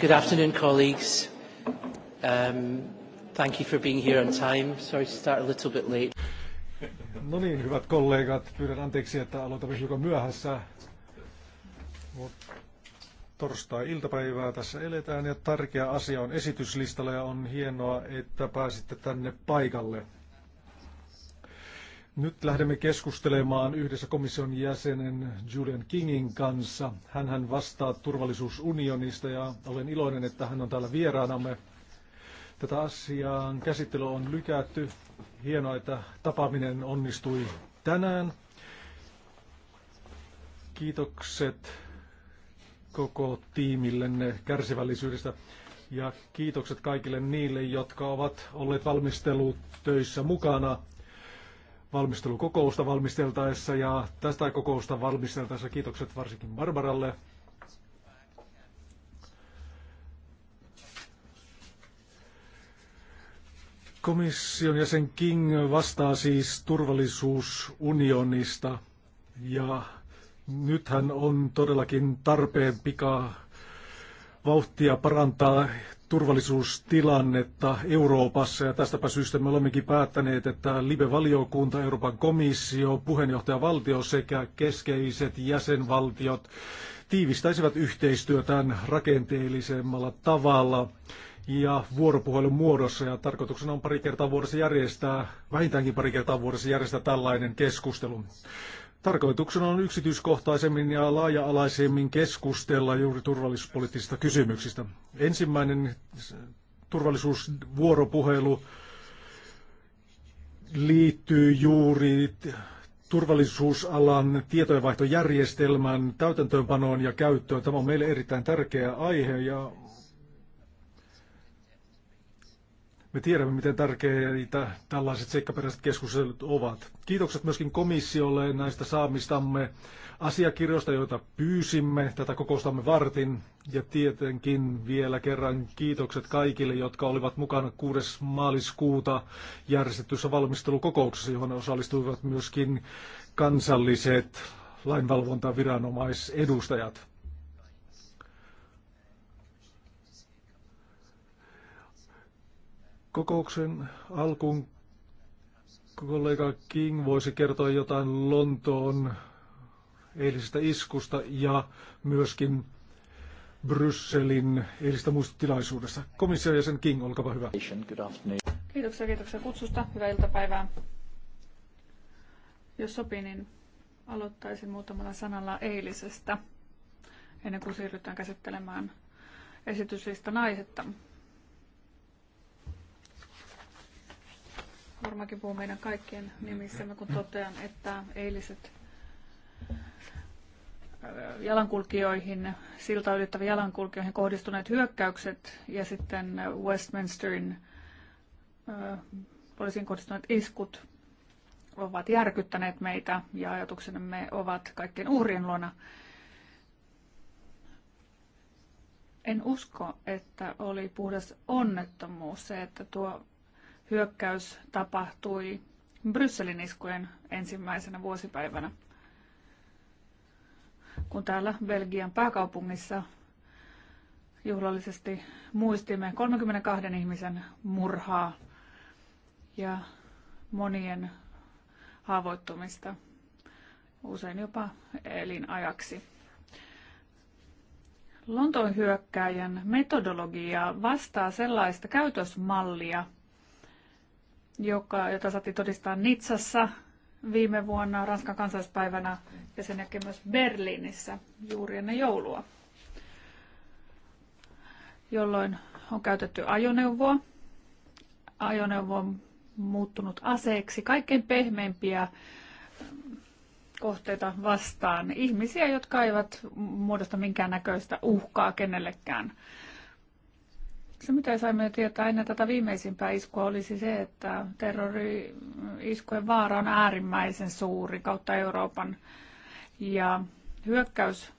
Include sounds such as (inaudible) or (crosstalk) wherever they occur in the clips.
Good afternoon, colleagues. Um, thank you for being here on time. Sorry to start a little bit late. No niin, hyvät kollegat, pyydän anteeksi, että aloitamme hiukan myöhässä. torstai-iltapäivää tässä eletään ja tärkeä asia on esityslistalla ja on hienoa, että pääsitte tänne paikalle. Nyt lähdemme keskustelemaan yhdessä komission jäsenen Julian Kingin kanssa. hän vastaa turvallisuusunionista ja olen iloinen, että hän on täällä vieraanamme. Tätä asian käsittely on lykätty. Hienoa, että tapaaminen onnistui tänään. Kiitokset koko tiimillenne kärsivällisyydestä ja kiitokset kaikille niille, jotka ovat olleet valmistelutöissä mukana – valmistelukokousta valmisteltaessa ja tästä kokousta valmisteltaessa kiitokset varsinkin Barbaralle. Komission jäsen King vastaa siis turvallisuusunionista ja nythän on todellakin tarpeen pika vauhtia parantaa turvallisuustilannetta Euroopassa ja tästäpä syystä me olemmekin päättäneet, että Libe-valiokunta, Euroopan komissio, puheenjohtajavaltio sekä keskeiset jäsenvaltiot tiivistäisivät yhteistyötään rakenteellisemmalla tavalla ja vuoropuhelun muodossa. Ja tarkoituksena on pari kertaa vuodessa järjestää, vähintäänkin pari kertaa vuodessa järjestää tällainen keskustelu. Tarkoituksena on yksityiskohtaisemmin ja laaja-alaisemmin keskustella juuri turvallisuuspoliittisista kysymyksistä. Ensimmäinen turvallisuusvuoropuhelu liittyy juuri turvallisuusalan tietojenvaihtojärjestelmän täytäntöönpanoon ja käyttöön. Tämä on meille erittäin tärkeä aihe ja Me tiedämme, miten tärkeitä tällaiset seikkaperäiset keskustelut ovat. Kiitokset myöskin komissiolle näistä saamistamme asiakirjoista, joita pyysimme tätä kokoustamme vartin. Ja tietenkin vielä kerran kiitokset kaikille, jotka olivat mukana 6. maaliskuuta järjestetyssä valmistelukokouksessa, johon osallistuivat myöskin kansalliset lainvalvontaviranomaisedustajat. Kokouksen alkuun kollega King voisi kertoa jotain Lontoon eilisestä iskusta ja myöskin Brysselin eilistä muistotilaisuudessa. Komission jäsen King, olkaa hyvä. Kiitoksia, kiitoksia kutsusta. Hyvää iltapäivää. Jos sopii, niin aloittaisin muutamalla sanalla eilisestä, ennen kuin siirrytään käsittelemään esityslistan aihetta. varmaankin puhun meidän kaikkien nimissä, kun totean, että eiliset äh, jalankulkijoihin, silta ylittäviin jalankulkijoihin kohdistuneet hyökkäykset ja sitten Westminsterin äh, poliisiin kohdistuneet iskut ovat järkyttäneet meitä ja ajatuksemme ovat kaikkien uhrien luona. En usko, että oli puhdas onnettomuus se, että tuo hyökkäys tapahtui Brysselin iskujen ensimmäisenä vuosipäivänä, kun täällä Belgian pääkaupungissa juhlallisesti muistimme 32 ihmisen murhaa ja monien haavoittumista, usein jopa elinajaksi. Lontoon hyökkäjän metodologia vastaa sellaista käytösmallia, joka, jota saatiin todistaa Nitsassa viime vuonna Ranskan kansallispäivänä ja sen jälkeen myös Berliinissä juuri ennen joulua, jolloin on käytetty ajoneuvoa. Ajoneuvo on muuttunut aseeksi kaikkein pehmeimpiä kohteita vastaan. Ihmisiä, jotka eivät muodosta minkäännäköistä uhkaa kenellekään. Se, mitä saimme tietää ennen tätä viimeisimpää iskua, olisi siis se, että terrori-iskujen vaara on äärimmäisen suuri kautta Euroopan. Ja hyökkäys,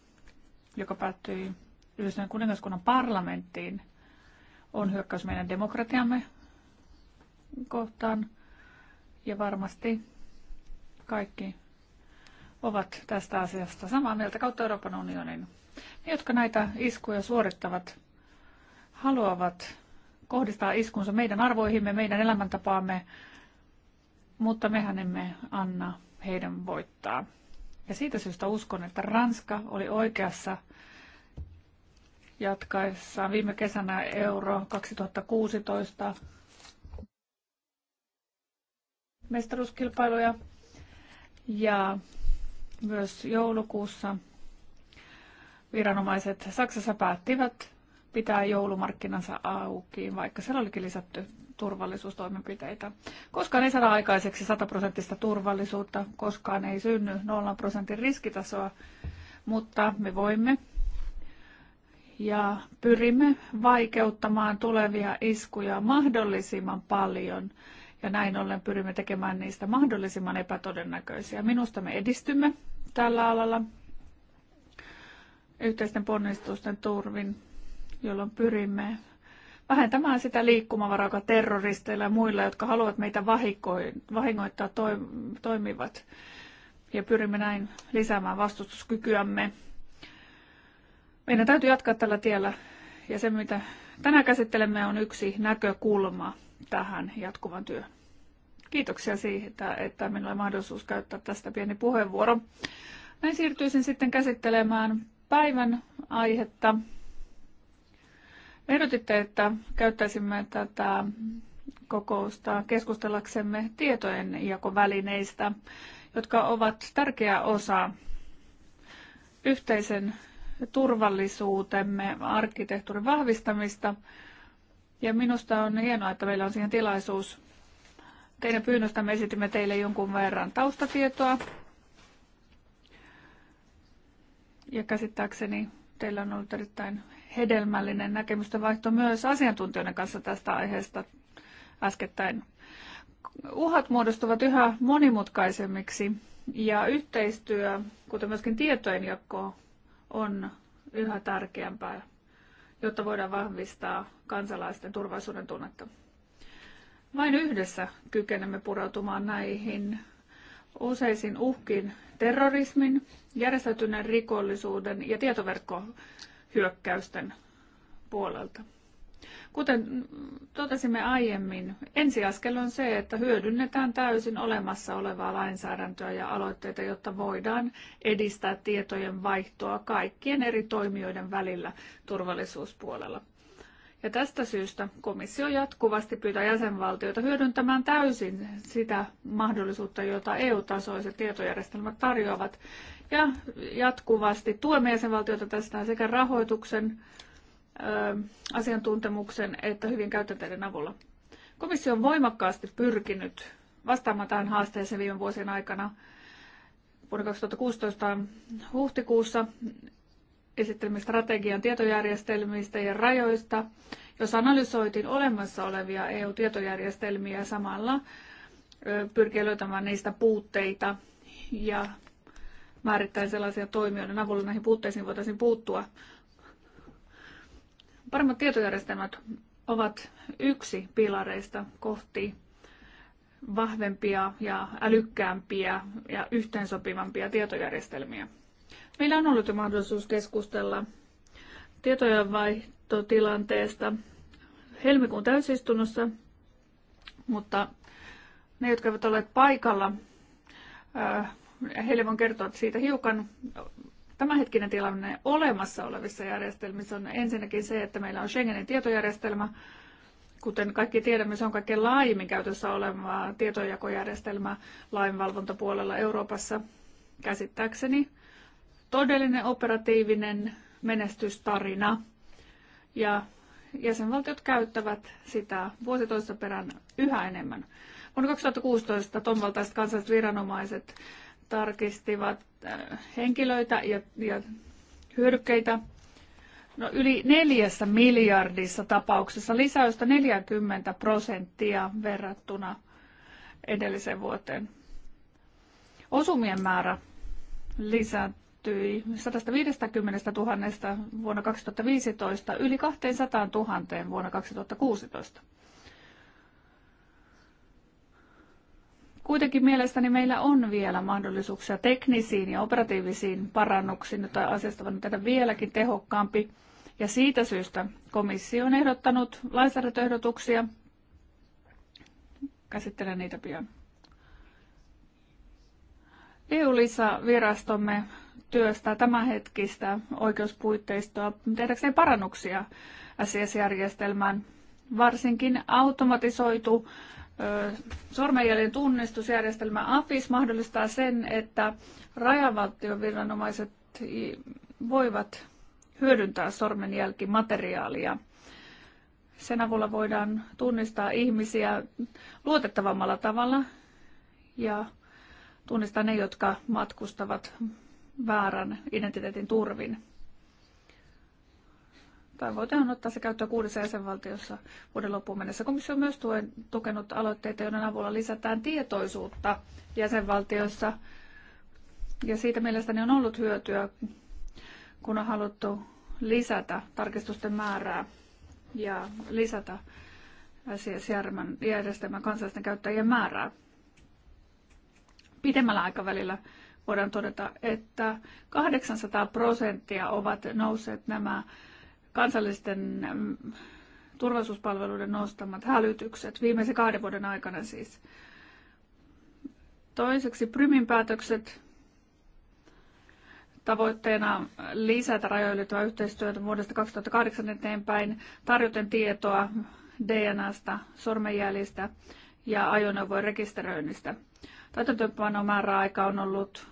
joka päättyi Yhdistyneen kuningaskunnan parlamenttiin, on hyökkäys meidän demokratiamme kohtaan. Ja varmasti kaikki ovat tästä asiasta samaa mieltä kautta Euroopan unionin. Ne, jotka näitä iskuja suorittavat, haluavat kohdistaa iskunsa meidän arvoihimme, meidän elämäntapaamme, mutta mehän emme anna heidän voittaa. Ja siitä syystä uskon, että Ranska oli oikeassa jatkaessaan viime kesänä euro 2016 mestaruuskilpailuja ja myös joulukuussa viranomaiset Saksassa päättivät pitää joulumarkkinansa auki, vaikka siellä olikin lisätty turvallisuustoimenpiteitä. Koskaan ei saada aikaiseksi 100 prosenttista turvallisuutta, koskaan ei synny 0 prosentin riskitasoa, mutta me voimme ja pyrimme vaikeuttamaan tulevia iskuja mahdollisimman paljon ja näin ollen pyrimme tekemään niistä mahdollisimman epätodennäköisiä. Minusta me edistymme tällä alalla yhteisten ponnistusten turvin jolloin pyrimme vähentämään sitä liikkumavaraa, joka terroristeilla ja muilla, jotka haluavat meitä vahingoittaa, toimivat. Ja pyrimme näin lisäämään vastustuskykyämme. Meidän täytyy jatkaa tällä tiellä. Ja se, mitä tänään käsittelemme, on yksi näkökulma tähän jatkuvan työhön. Kiitoksia siitä, että minulla on mahdollisuus käyttää tästä pieni puheenvuoro. Näin siirtyisin sitten käsittelemään päivän aihetta, Ehdotitte, että käyttäisimme tätä kokousta keskustellaksemme jakovälineistä, jotka ovat tärkeä osa yhteisen turvallisuutemme arkkitehtuurin vahvistamista. Ja minusta on hienoa, että meillä on siihen tilaisuus. Teidän pyynnöstä me esitimme teille jonkun verran taustatietoa. Ja käsittääkseni teillä on ollut erittäin hedelmällinen näkemystenvaihto vaihto myös asiantuntijoiden kanssa tästä aiheesta äskettäin. Uhat muodostuvat yhä monimutkaisemmiksi ja yhteistyö, kuten myöskin tietojenjako, on yhä tärkeämpää, jotta voidaan vahvistaa kansalaisten turvallisuuden tunnetta. Vain yhdessä kykenemme pureutumaan näihin useisiin uhkiin terrorismin, järjestäytyneen rikollisuuden ja tietoverkkoon hyökkäysten puolelta. Kuten totesimme aiemmin, ensiaskel on se, että hyödynnetään täysin olemassa olevaa lainsäädäntöä ja aloitteita, jotta voidaan edistää tietojen vaihtoa kaikkien eri toimijoiden välillä turvallisuuspuolella. Ja tästä syystä komissio jatkuvasti pyytää jäsenvaltioita hyödyntämään täysin sitä mahdollisuutta, jota EU-tasoiset tietojärjestelmät tarjoavat. Ja jatkuvasti tuemme jäsenvaltioita tästä sekä rahoituksen, ö, asiantuntemuksen että hyvin käytänteiden avulla. Komissio on voimakkaasti pyrkinyt vastaamaan tähän haasteeseen viime vuosien aikana. Vuonna 2016 huhtikuussa esittelemme strategian tietojärjestelmistä ja rajoista, jossa analysoitiin olemassa olevia EU-tietojärjestelmiä samalla pyrkiä löytämään niistä puutteita ja määrittää sellaisia toimia, joiden avulla näihin puutteisiin voitaisiin puuttua. Paremmat tietojärjestelmät ovat yksi pilareista kohti vahvempia ja älykkäämpiä ja yhteensopivampia tietojärjestelmiä. Meillä on ollut jo mahdollisuus keskustella tietojenvaihtotilanteesta helmikuun täysistunnossa, mutta ne, jotka eivät olleet paikalla, heille voin kertoa siitä hiukan. Tämänhetkinen tilanne olemassa olevissa järjestelmissä on ensinnäkin se, että meillä on Schengenin tietojärjestelmä. Kuten kaikki tiedämme, se on kaikkein laajimmin käytössä oleva tietojakojärjestelmä lainvalvontapuolella Euroopassa käsittääkseni todellinen operatiivinen menestystarina ja jäsenvaltiot käyttävät sitä vuositoista perään yhä enemmän. Vuonna 2016 tonvaltaiset kansalliset viranomaiset tarkistivat äh, henkilöitä ja, ja hyödykkeitä no, yli neljässä miljardissa tapauksessa lisäystä 40 prosenttia verrattuna edelliseen vuoteen. Osumien määrä lisää päättyi 150 000 vuonna 2015 yli 200 000 vuonna 2016. Kuitenkin mielestäni meillä on vielä mahdollisuuksia teknisiin ja operatiivisiin parannuksiin, jota asiasta on tehdä vieläkin tehokkaampi. Ja siitä syystä komissio on ehdottanut lainsäädäntöehdotuksia. Käsittelen niitä pian. EU-lisävirastomme työstä, tämänhetkistä oikeuspuitteistoa tehdäkseen parannuksia SIS-järjestelmään. Varsinkin automatisoitu sormenjäljen tunnistusjärjestelmä AFIS mahdollistaa sen, että rajavaltion viranomaiset voivat hyödyntää sormenjälkimateriaalia. Sen avulla voidaan tunnistaa ihmisiä luotettavammalla tavalla ja tunnistaa ne, jotka matkustavat väärän identiteetin turvin. Tavoite on ottaa se käyttöön kuudessa jäsenvaltiossa vuoden loppuun mennessä. Komissio on myös tuen, tukenut aloitteita, joiden avulla lisätään tietoisuutta jäsenvaltioissa. Ja siitä mielestäni on ollut hyötyä, kun on haluttu lisätä tarkistusten määrää ja lisätä järjestelmän kansallisten käyttäjien määrää. Pidemmällä aikavälillä voidaan todeta, että 800 prosenttia ovat nousseet nämä kansallisten mm, turvallisuuspalveluiden nostamat hälytykset viimeisen kahden vuoden aikana siis. Toiseksi Prymin päätökset tavoitteena lisätä rajoilytyä yhteistyötä vuodesta 2008 eteenpäin, tarjoten tietoa DNAsta, sormenjäljistä ja ajoneuvojen rekisteröinnistä määräaika on ollut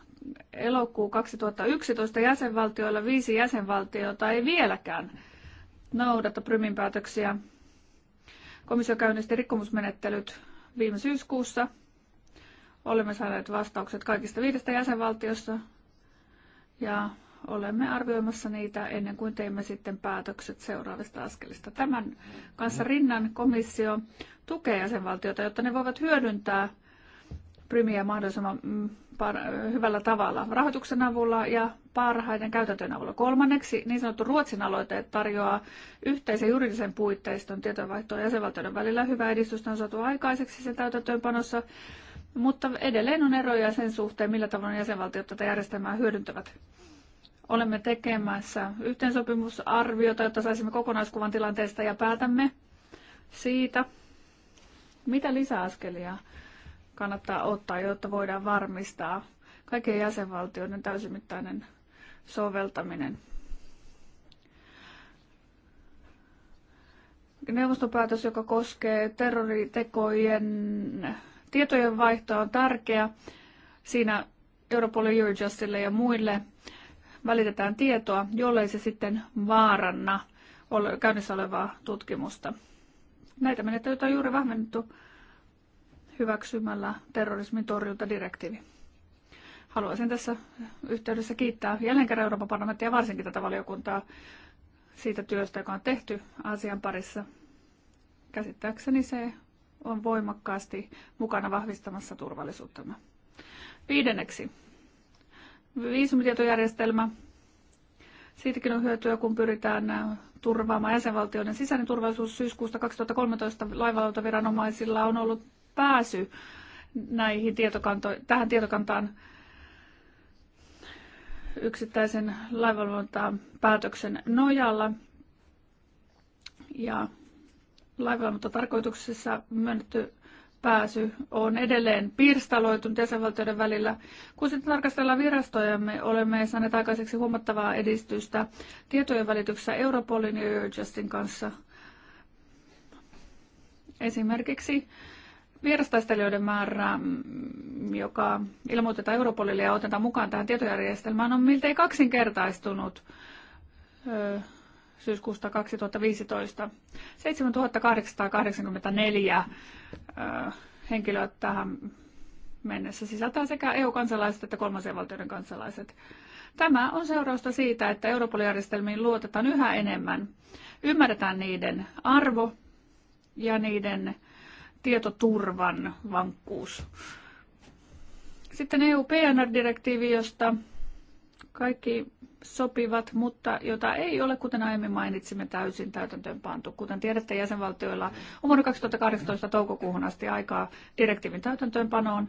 elokuu 2011 jäsenvaltioilla. Viisi jäsenvaltiota ei vieläkään noudata Prymin päätöksiä. Komissio käynnisti rikkomusmenettelyt viime syyskuussa. Olemme saaneet vastaukset kaikista viidestä jäsenvaltiosta ja olemme arvioimassa niitä ennen kuin teemme sitten päätökset seuraavista askelista. Tämän kanssa rinnan komissio tukee jäsenvaltiota, jotta ne voivat hyödyntää Prymiä mahdollisimman mm, hyvällä tavalla rahoituksen avulla ja parhaiden käytäntöjen avulla. Kolmanneksi niin sanottu Ruotsin aloite tarjoaa yhteisen juridisen puitteiston tietojenvaihtoa jäsenvaltioiden välillä. Hyvää edistystä on saatu aikaiseksi sen täytäntöönpanossa, mutta edelleen on eroja sen suhteen, millä tavalla jäsenvaltiot tätä järjestelmää hyödyntävät. Olemme tekemässä yhteensopimusarviota, jotta saisimme kokonaiskuvan tilanteesta ja päätämme siitä, mitä lisäaskelia kannattaa ottaa, jotta voidaan varmistaa kaiken jäsenvaltioiden täysimittainen soveltaminen. Neuvostopäätös, joka koskee terroritekojen tietojen vaihtoa, on tärkeä. Siinä Europolin Eurojustille ja muille välitetään tietoa, jollei se sitten vaaranna käynnissä olevaa tutkimusta. Näitä menettelyitä on juuri vahvennettu hyväksymällä terrorismin torjuntadirektiivi. Haluaisin tässä yhteydessä kiittää jälleen kerran Euroopan parlamenttia ja varsinkin tätä valiokuntaa siitä työstä, joka on tehty asian parissa. Käsittääkseni se on voimakkaasti mukana vahvistamassa turvallisuuttamme. Viidenneksi, viisumitietojärjestelmä. Siitäkin on hyötyä, kun pyritään turvaamaan jäsenvaltioiden sisäinen turvallisuus syyskuusta 2013 laivalauta on ollut pääsy näihin tietokanto- tähän tietokantaan yksittäisen laivanvalvontaan päätöksen nojalla. Ja tarkoituksessa myönnetty pääsy on edelleen pirstaloitunut jäsenvaltioiden välillä. Kun sitten tarkastellaan virastojamme, olemme saaneet aikaiseksi huomattavaa edistystä tietojen välityksessä Europolin ja Eurojustin kanssa. Esimerkiksi vierastaistelijoiden määrä, mm, joka ilmoitetaan Europolille ja otetaan mukaan tähän tietojärjestelmään, on miltei kaksinkertaistunut syyskuusta 2015. 7884 henkilöä tähän mennessä sisältää sekä EU-kansalaiset että kolmansien valtioiden kansalaiset. Tämä on seurausta siitä, että Europol-järjestelmiin luotetaan yhä enemmän. Ymmärretään niiden arvo ja niiden tietoturvan vankkuus. Sitten EU-PNR-direktiivi, josta kaikki sopivat, mutta jota ei ole, kuten aiemmin mainitsimme, täysin täytäntöönpantu. Kuten tiedätte, jäsenvaltioilla on vuonna 2018 toukokuuhun asti aikaa direktiivin täytäntöönpanoon.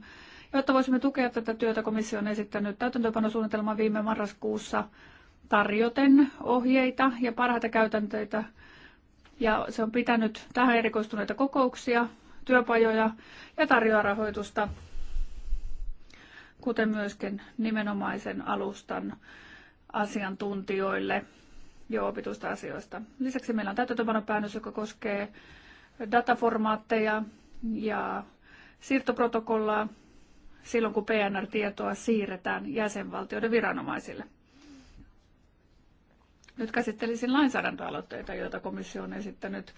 Jotta voisimme tukea tätä työtä, komissio on esittänyt täytäntöönpanosuunnitelman viime marraskuussa tarjoten ohjeita ja parhaita käytänteitä. Ja se on pitänyt tähän erikoistuneita kokouksia työpajoja ja tarjoaa rahoitusta, kuten myöskin nimenomaisen alustan asiantuntijoille jo opituista asioista. Lisäksi meillä on täytäntöpanopäännös, joka koskee dataformaatteja ja siirtoprotokollaa silloin, kun PNR-tietoa siirretään jäsenvaltioiden viranomaisille. Nyt käsittelisin lainsäädäntöaloitteita, joita komissio on esittänyt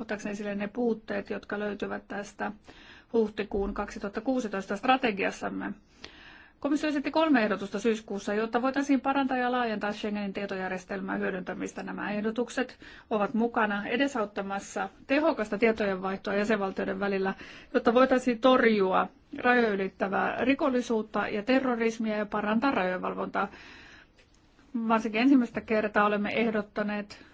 ottaakseni esille ne puutteet, jotka löytyvät tästä huhtikuun 2016 strategiassamme. Komissio esitti kolme ehdotusta syyskuussa, jotta voitaisiin parantaa ja laajentaa Schengenin tietojärjestelmää hyödyntämistä. Nämä ehdotukset ovat mukana edesauttamassa tehokasta tietojenvaihtoa jäsenvaltioiden välillä, jotta voitaisiin torjua rajojen ylittävää rikollisuutta ja terrorismia ja parantaa rajojen valvontaa. Varsinkin ensimmäistä kertaa olemme ehdottaneet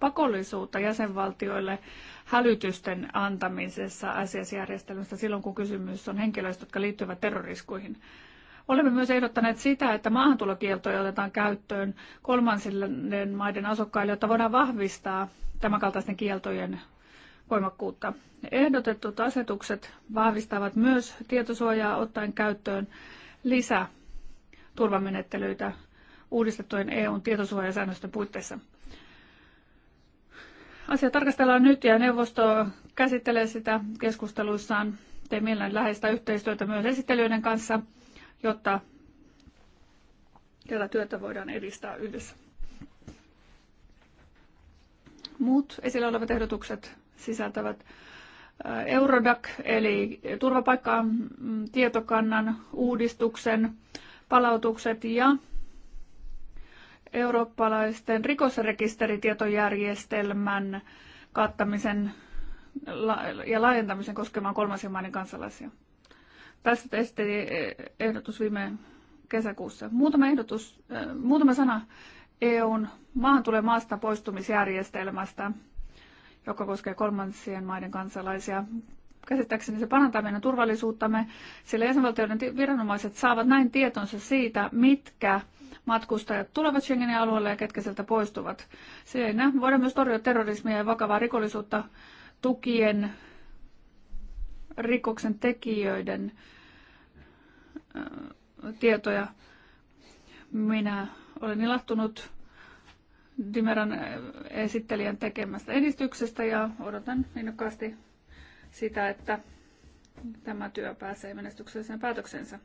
pakollisuutta jäsenvaltioille hälytysten antamisessa SIS-järjestelmästä silloin, kun kysymys on henkilöistä, jotka liittyvät terroriskuihin. Olemme myös ehdottaneet sitä, että maahantulokieltoja otetaan käyttöön kolmansien maiden asukkaille, jotta voidaan vahvistaa tämänkaltaisten kieltojen voimakkuutta. Ehdotetut asetukset vahvistavat myös tietosuojaa ottaen käyttöön lisää turvamenettelyitä uudistettujen EUn tietosuojasäännösten puitteissa. Asia tarkastellaan nyt ja neuvosto käsittelee sitä keskusteluissaan. Teemme läheistä yhteistyötä myös esittelijöiden kanssa, jotta tätä työtä voidaan edistää yhdessä. Muut esillä olevat ehdotukset sisältävät äh, Eurodac eli turvapaikka mm, tietokannan uudistuksen, palautukset ja eurooppalaisten rikosrekisteritietojärjestelmän kattamisen ja laajentamisen koskemaan kolmansien maiden kansalaisia. Tästä tehtiin eh, ehdotus viime kesäkuussa. Muutama, ehdotus, eh, muutama sana EUn tulee maasta poistumisjärjestelmästä, joka koskee kolmansien maiden kansalaisia. Käsittääkseni se parantaa meidän turvallisuuttamme, sillä jäsenvaltioiden viranomaiset saavat näin tietonsa siitä, mitkä matkustajat tulevat Schengenin alueelle ja ketkä sieltä poistuvat. Siinä voidaan myös torjua terrorismia ja vakavaa rikollisuutta tukien rikoksen tekijöiden tietoja. Minä olen ilahtunut Dimeran esittelijän tekemästä edistyksestä ja odotan innokkaasti sitä, että tämä työ pääsee menestykselliseen päätöksensä.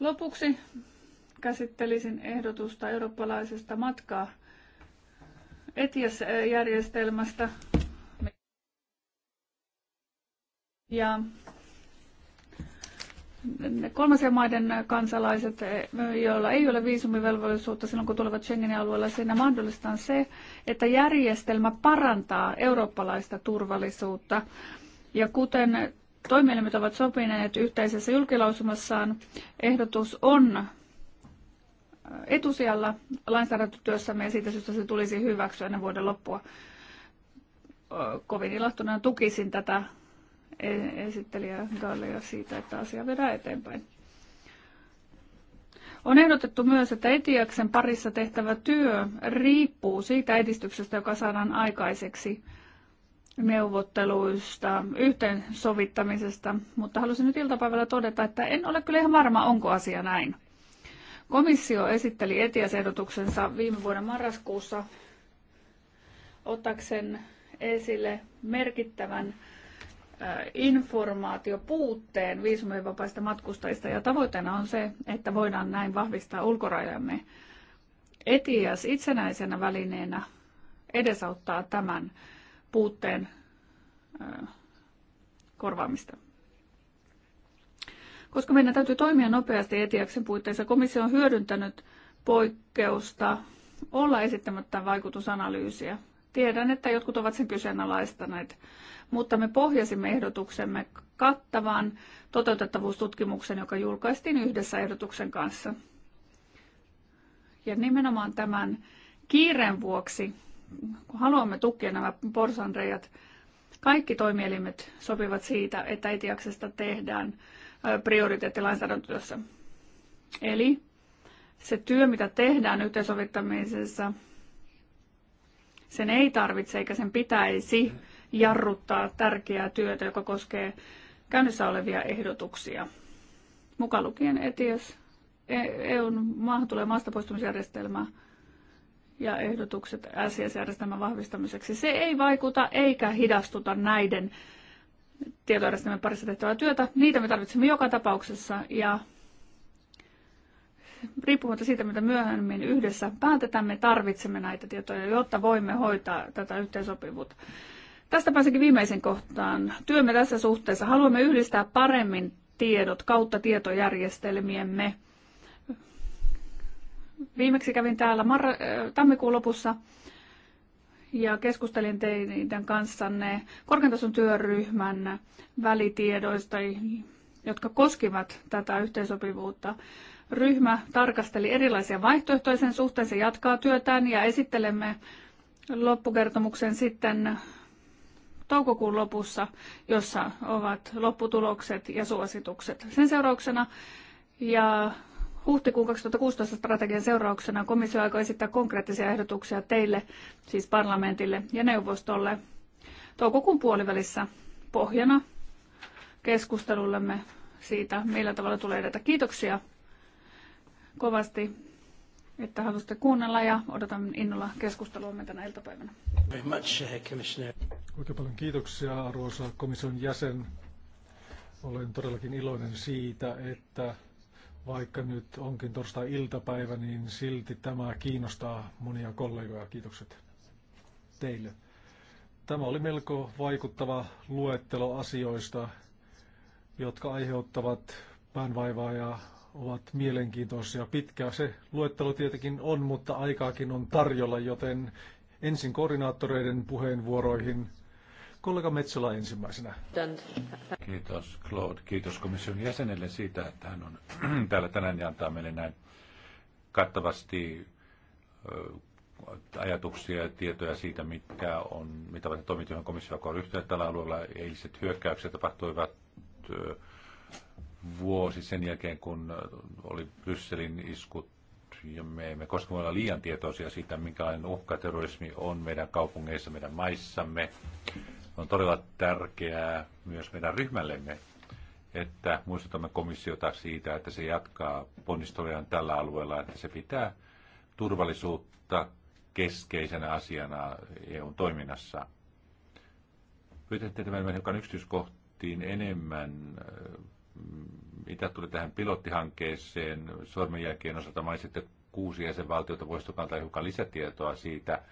Lopuksi käsittelisin ehdotusta eurooppalaisesta matkaa ETIAS-järjestelmästä. Ja kolmasien maiden kansalaiset, joilla ei ole viisumivelvollisuutta silloin, kun tulevat Schengenin alueella, siinä mahdollistaa se, että järjestelmä parantaa eurooppalaista turvallisuutta. Ja kuten toimielimet ovat sopineet yhteisessä julkilausumassaan, ehdotus on etusijalla lainsäädäntötyössämme ja siitä syystä se tulisi hyväksyä ennen vuoden loppua. Kovin ilahtuneena tukisin tätä e- esittelijä Gallia siitä, että asia viedään eteenpäin. On ehdotettu myös, että Etiaksen parissa tehtävä työ riippuu siitä edistyksestä, joka saadaan aikaiseksi neuvotteluista, yhteensovittamisesta, mutta halusin nyt iltapäivällä todeta, että en ole kyllä ihan varma, onko asia näin. Komissio esitteli etiasehdotuksensa viime vuoden marraskuussa otaksen esille merkittävän informaatiopuutteen viisumivapaista matkustajista ja tavoitteena on se, että voidaan näin vahvistaa ulkorajamme. ETIAS itsenäisenä välineenä edesauttaa tämän puutteen korvaamista koska meidän täytyy toimia nopeasti etiaksen puitteissa. Komissio on hyödyntänyt poikkeusta olla esittämättä vaikutusanalyysiä. Tiedän, että jotkut ovat sen kyseenalaistaneet, mutta me pohjasimme ehdotuksemme kattavan toteutettavuustutkimuksen, joka julkaistiin yhdessä ehdotuksen kanssa. Ja nimenomaan tämän kiireen vuoksi, kun haluamme tukea nämä porsanreijat, kaikki toimielimet sopivat siitä, että etiaksesta tehdään prioriteettilainsäädäntötyössä. Eli se työ, mitä tehdään yhteensovittamisessa, sen ei tarvitse eikä sen pitäisi jarruttaa tärkeää työtä, joka koskee käynnissä olevia ehdotuksia. Mukaan lukien ETIES, e, EUn maahan tulee maastapoistumisjärjestelmää ja ehdotukset SIS-järjestelmän vahvistamiseksi. Se ei vaikuta eikä hidastuta näiden tietojärjestelmän parissa tehtävää työtä. Niitä me tarvitsemme joka tapauksessa ja riippumatta siitä, mitä myöhemmin yhdessä päätetään, me tarvitsemme näitä tietoja, jotta voimme hoitaa tätä yhteensopivuutta. Tästä pääsenkin viimeisen kohtaan. Työmme tässä suhteessa haluamme yhdistää paremmin tiedot kautta tietojärjestelmiemme. Viimeksi kävin täällä mar- äh, tammikuun lopussa ja keskustelin teidän kanssanne korkeantason työryhmän välitiedoista, jotka koskivat tätä yhteensopivuutta. Ryhmä tarkasteli erilaisia vaihtoehtoja sen suhteen, se jatkaa työtään ja esittelemme loppukertomuksen sitten toukokuun lopussa, jossa ovat lopputulokset ja suositukset. Sen seurauksena ja Huhtikuun 2016 strategian seurauksena komissio aikoo esittää konkreettisia ehdotuksia teille, siis parlamentille ja neuvostolle toukokuun puolivälissä pohjana keskustelullemme siitä, millä tavalla tulee edetä. Kiitoksia kovasti, että halusitte kuunnella ja odotan innolla keskusteluamme tänä iltapäivänä. Oikein paljon kiitoksia arvoisa komission jäsen. Olen todellakin iloinen siitä, että vaikka nyt onkin torstai-iltapäivä, niin silti tämä kiinnostaa monia kollegoja. Kiitokset teille. Tämä oli melko vaikuttava luettelo asioista, jotka aiheuttavat päänvaivaa ja ovat mielenkiintoisia. Pitkää se luettelo tietenkin on, mutta aikaakin on tarjolla, joten ensin koordinaattoreiden puheenvuoroihin Kollega Metsola ensimmäisenä. Kiitos Claude, kiitos komission jäsenelle siitä, että hän on (clears throat) täällä tänään ja antaa meille näin kattavasti ajatuksia ja tietoja siitä, mitkä on, mitä ovat toimit, johon komissio on ryhtyä tällä alueella. Eiliset hyökkäykset tapahtuivat vuosi sen jälkeen, kun oli Brysselin iskut ja me emme koskaan voi olla liian tietoisia siitä, minkälainen uhka terrorismi on meidän kaupungeissa, meidän maissamme. On todella tärkeää myös meidän ryhmällemme, että muistutamme komissiota siitä, että se jatkaa ponnistelujaan tällä alueella, että se pitää turvallisuutta keskeisenä asiana EUn toiminnassa. Pyytäisin teitä menemään hiukan yksityiskohtiin enemmän, mitä tuli tähän pilottihankkeeseen. Sormenjälkien osalta mainitsitte kuusi jäsenvaltiota. Voisitko antaa hiukan lisätietoa siitä,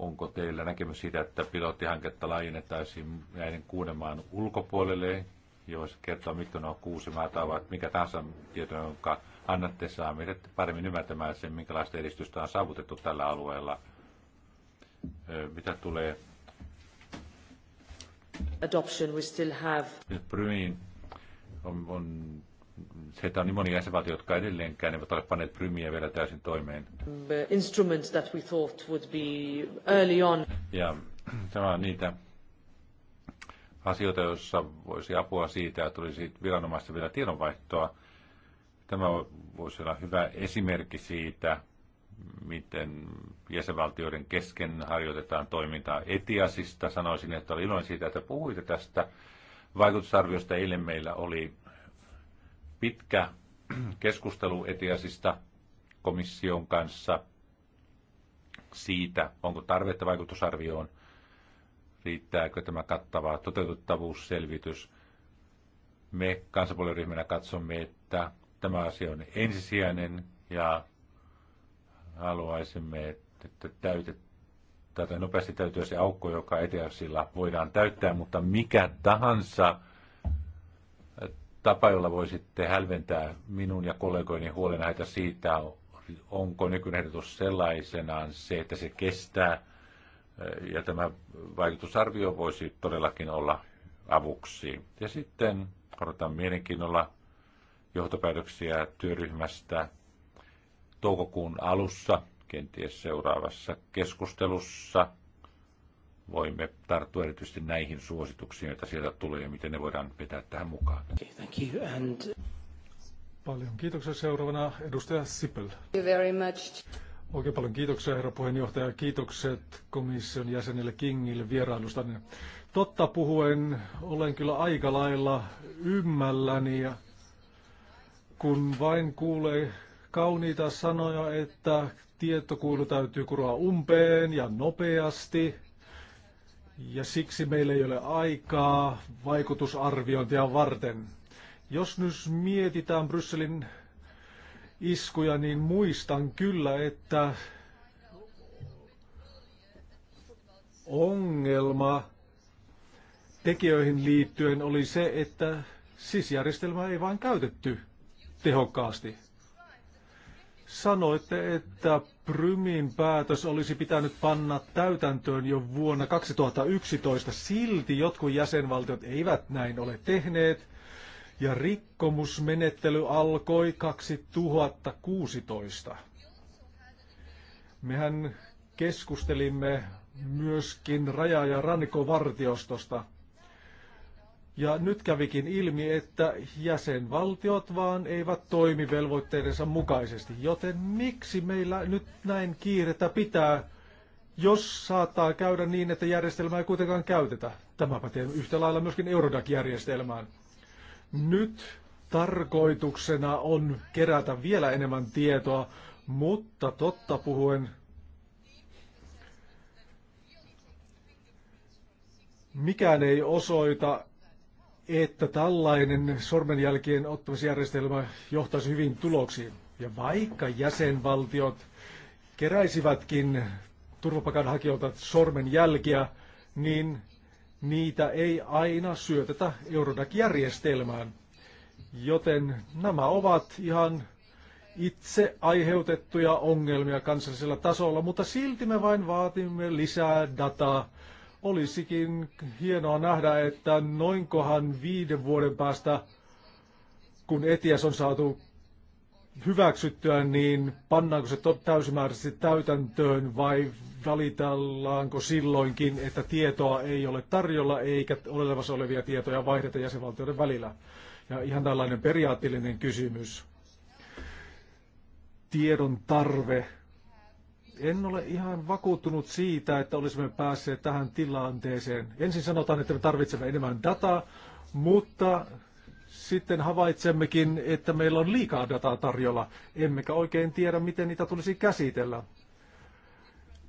onko teillä näkemys siitä, että pilottihanketta laajennettaisiin näiden kuuden maan ulkopuolelle, jos kertoo, mitkä on kuusi maata vai mikä tahansa tieto, jonka annatte, saa meidät paremmin ymmärtämään sen, minkälaista edistystä on saavutettu tällä alueella. Mitä tulee adoption we still have. Brynin on, on se, että on niin monia jäsenvaltioita, jotka edelleenkään eivät ole panneet prymiä vielä täysin toimeen. Instruments that we thought would be early on. Ja (clears throat) tämä on niitä asioita, joissa voisi apua siitä, että tulisi viranomaista vielä tiedonvaihtoa. Tämä voisi olla hyvä esimerkki siitä, miten jäsenvaltioiden kesken harjoitetaan toimintaa etiasista. Sanoisin, että olin iloinen siitä, että puhuitte tästä vaikutusarviosta. Eilen meillä oli pitkä keskustelu etiasista komission kanssa siitä, onko tarvetta vaikutusarvioon, riittääkö tämä kattava toteutettavuusselvitys. Me kansanpuoliryhmänä katsomme, että tämä asia on ensisijainen ja haluaisimme, että täytet, tätä nopeasti täytyy se aukko, joka etiasilla voidaan täyttää, mutta mikä tahansa tapa, jolla voisitte hälventää minun ja kollegoini huolenaita siitä, onko nykyinen ehdotus sellaisenaan se, että se kestää ja tämä vaikutusarvio voisi todellakin olla avuksi. Ja sitten odotan mielenkiinnolla johtopäätöksiä työryhmästä toukokuun alussa, kenties seuraavassa keskustelussa – voimme tarttua erityisesti näihin suosituksiin, joita sieltä tulee ja miten ne voidaan vetää tähän mukaan. Okay, thank you. And... Paljon kiitoksia. Seuraavana edustaja Sipel. Thank you very much. Oikein paljon kiitoksia herra puheenjohtaja. Kiitokset komission jäsenille Kingille vierailusta. Totta puhuen olen kyllä aika lailla ymmälläni ja kun vain kuulee kauniita sanoja, että tietokuilu täytyy kuroa umpeen ja nopeasti – ja siksi meillä ei ole aikaa vaikutusarviointia varten. Jos nyt mietitään Brysselin iskuja, niin muistan kyllä, että ongelma tekijöihin liittyen oli se, että sisjärjestelmää ei vain käytetty tehokkaasti. Sanoitte, että Prymin päätös olisi pitänyt panna täytäntöön jo vuonna 2011. Silti jotkut jäsenvaltiot eivät näin ole tehneet ja rikkomusmenettely alkoi 2016. Mehän keskustelimme myöskin raja- ja rannikkovartiostosta ja nyt kävikin ilmi, että jäsenvaltiot vaan eivät toimi velvoitteidensa mukaisesti. Joten miksi meillä nyt näin kiirettä pitää, jos saattaa käydä niin, että järjestelmää ei kuitenkaan käytetä? Tämä pätee yhtä lailla myöskin Eurodac-järjestelmään. Nyt tarkoituksena on kerätä vielä enemmän tietoa, mutta totta puhuen mikään ei osoita, että tällainen sormenjälkien ottamisjärjestelmä johtaisi hyvin tuloksiin. Ja vaikka jäsenvaltiot keräisivätkin turvapaikanhakijoilta sormenjälkiä, niin niitä ei aina syötetä Eurodac-järjestelmään. Joten nämä ovat ihan itse aiheutettuja ongelmia kansallisella tasolla, mutta silti me vain vaatimme lisää dataa Olisikin hienoa nähdä, että noinkohan viiden vuoden päästä, kun ETIAS on saatu hyväksyttyä, niin pannaanko se täysimääräisesti täytäntöön vai valitellaanko silloinkin, että tietoa ei ole tarjolla eikä olevassa olevia tietoja vaihdeta jäsenvaltioiden välillä? Ja ihan tällainen periaatteellinen kysymys. Tiedon tarve en ole ihan vakuuttunut siitä, että olisimme päässeet tähän tilanteeseen. Ensin sanotaan, että me tarvitsemme enemmän dataa, mutta sitten havaitsemmekin, että meillä on liikaa dataa tarjolla, emmekä oikein tiedä, miten niitä tulisi käsitellä.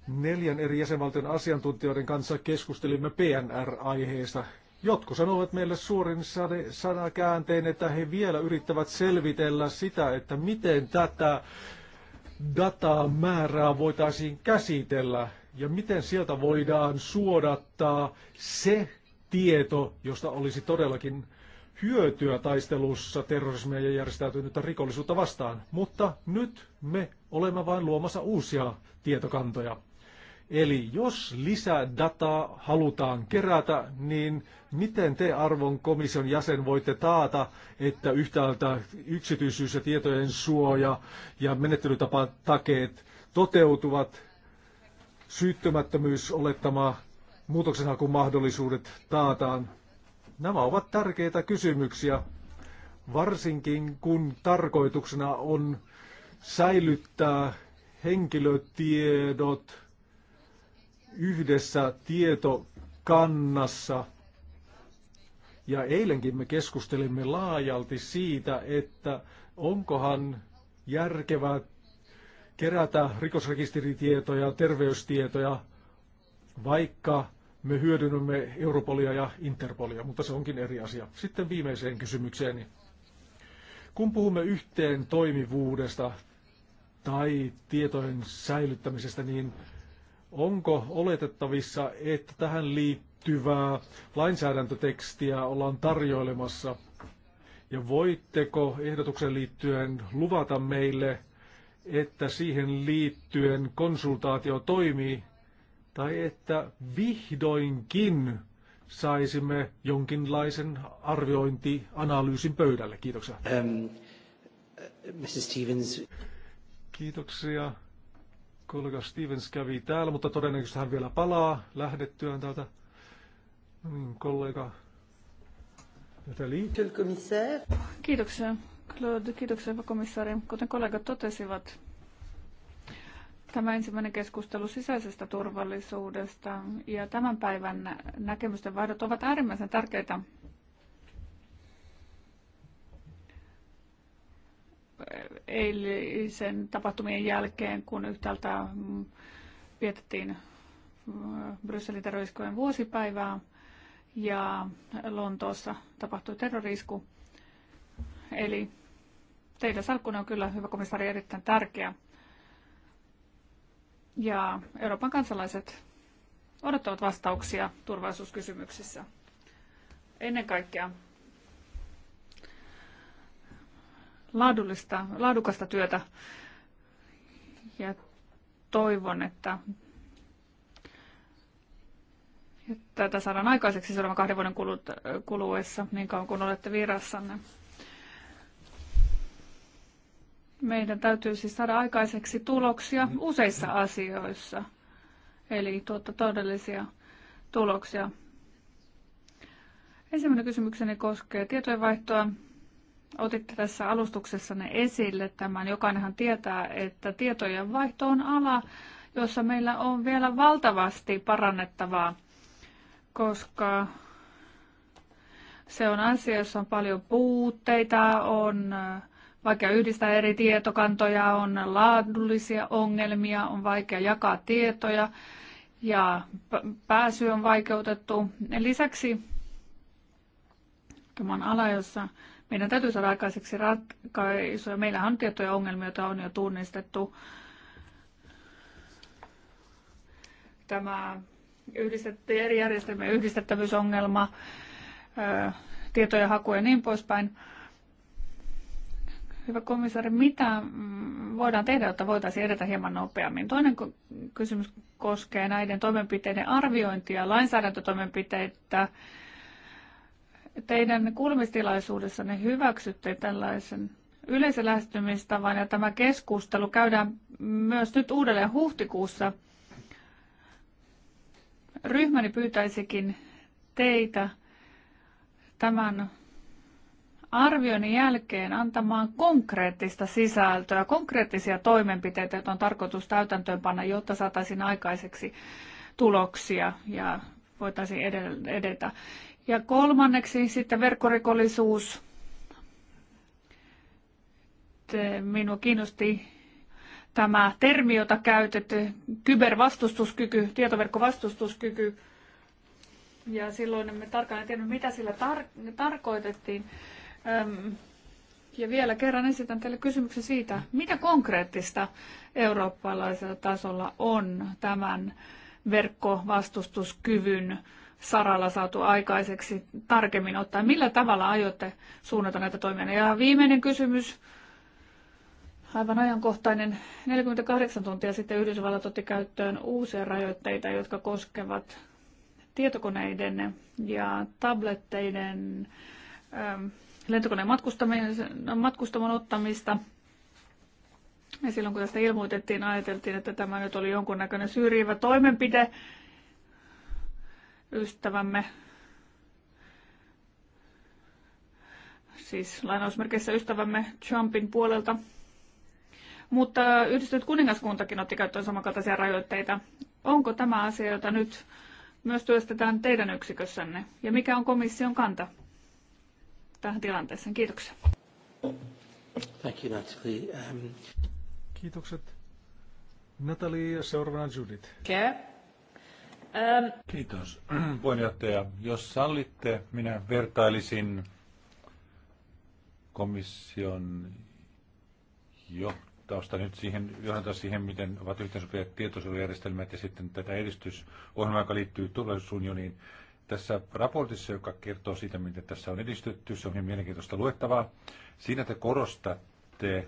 Neljän eri jäsenvaltion asiantuntijoiden kanssa keskustelimme PNR-aiheesta. Jotkut sanovat meille suurin sanakääntein, että he vielä yrittävät selvitellä sitä, että miten tätä määrää voitaisiin käsitellä ja miten sieltä voidaan suodattaa se tieto, josta olisi todellakin hyötyä taistelussa terrorismia ja järjestäytynyttä rikollisuutta vastaan. Mutta nyt me olemme vain luomassa uusia tietokantoja. Eli jos lisädataa halutaan kerätä, niin miten te arvon komission jäsen voitte taata, että yhtäältä yksityisyys ja tietojen suoja ja menettelytapatakeet toteutuvat, syyttömättömyys olettama, kuin mahdollisuudet taataan? Nämä ovat tärkeitä kysymyksiä, varsinkin kun tarkoituksena on säilyttää henkilötiedot, yhdessä tietokannassa. Ja eilenkin me keskustelimme laajalti siitä, että onkohan järkevää kerätä rikosrekisteritietoja, terveystietoja, vaikka me hyödynnämme Europolia ja Interpolia, mutta se onkin eri asia. Sitten viimeiseen kysymykseeni. Kun puhumme yhteen toimivuudesta tai tietojen säilyttämisestä, niin Onko oletettavissa, että tähän liittyvää lainsäädäntötekstiä ollaan tarjoilemassa? Ja voitteko ehdotuksen liittyen luvata meille, että siihen liittyen konsultaatio toimii, tai että vihdoinkin saisimme jonkinlaisen arviointianalyysin pöydälle. Kiitoksia. Um, uh, Mrs. Stevens. Kiitoksia kollega Stevens kävi täällä, mutta todennäköisesti hän vielä palaa lähdettyään täältä. No niin, kollega Nathalie. Kiitoksia, Claude. Kiitoksia, hyvä komissaari. Kuten kollegat totesivat, tämä ensimmäinen keskustelu sisäisestä turvallisuudesta ja tämän päivän näkemysten vaihdot ovat äärimmäisen tärkeitä eilisen tapahtumien jälkeen, kun yhtäältä mm, vietettiin mm, Brysselin terroriskojen vuosipäivää ja Lontoossa tapahtui terrorisku. Eli teidän salkkunne on kyllä, hyvä komissaari, erittäin tärkeä. Ja Euroopan kansalaiset odottavat vastauksia turvallisuuskysymyksissä. Ennen kaikkea laadullista, laadukasta työtä ja toivon, että, että tätä saadaan aikaiseksi seuraavan kahden vuoden kuluessa, niin kauan kun olette virassanne. Meidän täytyy siis saada aikaiseksi tuloksia useissa asioissa, eli tuottaa todellisia tuloksia. Ensimmäinen kysymykseni koskee tietojenvaihtoa otitte tässä alustuksessanne esille tämän. Jokainenhan tietää, että tietojen vaihto on ala, jossa meillä on vielä valtavasti parannettavaa, koska se on asia, jossa on paljon puutteita, on vaikea yhdistää eri tietokantoja, on laadullisia ongelmia, on vaikea jakaa tietoja ja pääsy on vaikeutettu. Lisäksi Tämä ala, jossa meidän täytyy saada aikaiseksi ratkaisuja. Meillä on tiettyjä ongelmia, joita on jo tunnistettu. Tämä eri järjestelmien yhdistettävyysongelma, tietojen haku ja niin poispäin. Hyvä komissaari, mitä voidaan tehdä, jotta voitaisiin edetä hieman nopeammin? Toinen kysymys koskee näiden toimenpiteiden arviointia, lainsäädäntötoimenpiteitä teidän kuulemistilaisuudessanne hyväksytte tällaisen yleisen lähestymistavan ja tämä keskustelu käydään myös nyt uudelleen huhtikuussa. Ryhmäni pyytäisikin teitä tämän arvioinnin jälkeen antamaan konkreettista sisältöä, konkreettisia toimenpiteitä, joita on tarkoitus täytäntöönpanna, jotta saataisiin aikaiseksi tuloksia ja voitaisiin edetä. Ja kolmanneksi sitten verkkorikollisuus. Minua kiinnosti tämä termi, jota käytetty, kybervastustuskyky, tietoverkkovastustuskyky. Ja silloin emme tarkalleen tiedä, mitä sillä tar- tarkoitettiin. Öm, ja vielä kerran esitän teille kysymyksen siitä, mitä konkreettista eurooppalaisella tasolla on tämän verkkovastustuskyvyn saralla saatu aikaiseksi tarkemmin ottaen? Millä tavalla aiotte suunnata näitä toimia? Ja viimeinen kysymys, aivan ajankohtainen. 48 tuntia sitten Yhdysvallat otti käyttöön uusia rajoitteita, jotka koskevat tietokoneiden ja tabletteiden ähm, lentokoneen matkustamon ottamista. Ja silloin kun tästä ilmoitettiin, ajateltiin, että tämä nyt oli jonkunnäköinen syrjivä toimenpide, ystävämme, siis lainausmerkeissä ystävämme Trumpin puolelta. Mutta yhdistynyt kuningaskuntakin otti käyttöön samankaltaisia rajoitteita. Onko tämä asia, jota nyt myös työstetään teidän yksikössänne? Ja mikä on komission kanta tähän tilanteeseen? Kiitoksia. Thank you, Natalie. Um... Kiitokset. Natalie ja seuraavana Judith. Okay. Ähm. Kiitos, (clears throat) puheenjohtaja. Jos sallitte, minä vertailisin komission johtausta nyt siihen, johdata siihen, miten ovat yhteensopivia tietosuojajärjestelmät ja sitten tätä edistysohjelmaa, joka liittyy turvallisuusunioniin. Tässä raportissa, joka kertoo siitä, miten tässä on edistytty, se on hyvin mielenkiintoista luettavaa. Siinä te korostatte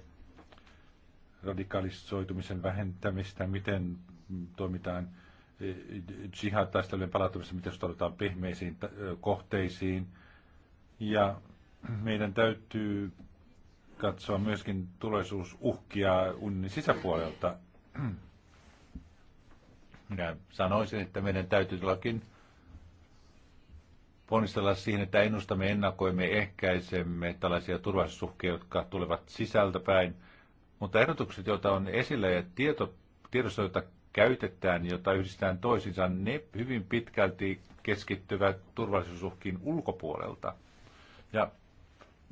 radikalisoitumisen vähentämistä, miten toimitaan jihad-taistelujen palautumista, miten suhtaudutaan pehmeisiin kohteisiin. Ja meidän täytyy katsoa myöskin tulevaisuusuhkia unnin sisäpuolelta. Minä sanoisin, että meidän täytyy todellakin ponnistella siihen, että ennustamme, ennakoimme, ehkäisemme tällaisia turvallisuusuhkia, jotka tulevat sisältä päin. Mutta ehdotukset, joita on esillä ja tieto, tiedossa, joita käytetään, jota yhdistetään toisiinsa, ne hyvin pitkälti keskittyvät turvallisuusuhkiin ulkopuolelta. Ja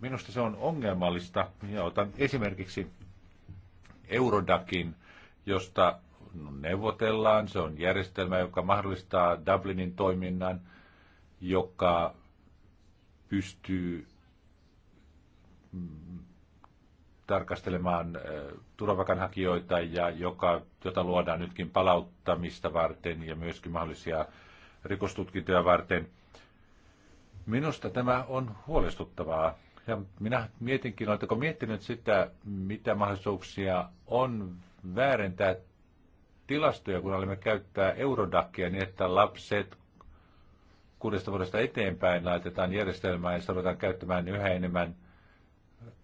minusta se on ongelmallista. Minä otan esimerkiksi Eurodakin, josta neuvotellaan. Se on järjestelmä, joka mahdollistaa Dublinin toiminnan, joka pystyy tarkastelemaan turvapaikanhakijoita, ja joka, jota luodaan nytkin palauttamista varten ja myöskin mahdollisia rikostutkintoja varten. Minusta tämä on huolestuttavaa. Ja minä mietinkin, oletteko miettinyt sitä, mitä mahdollisuuksia on väärentää tilastoja, kun olemme käyttää Eurodakia niin, että lapset kuudesta vuodesta eteenpäin laitetaan järjestelmään ja sitä käyttämään yhä enemmän –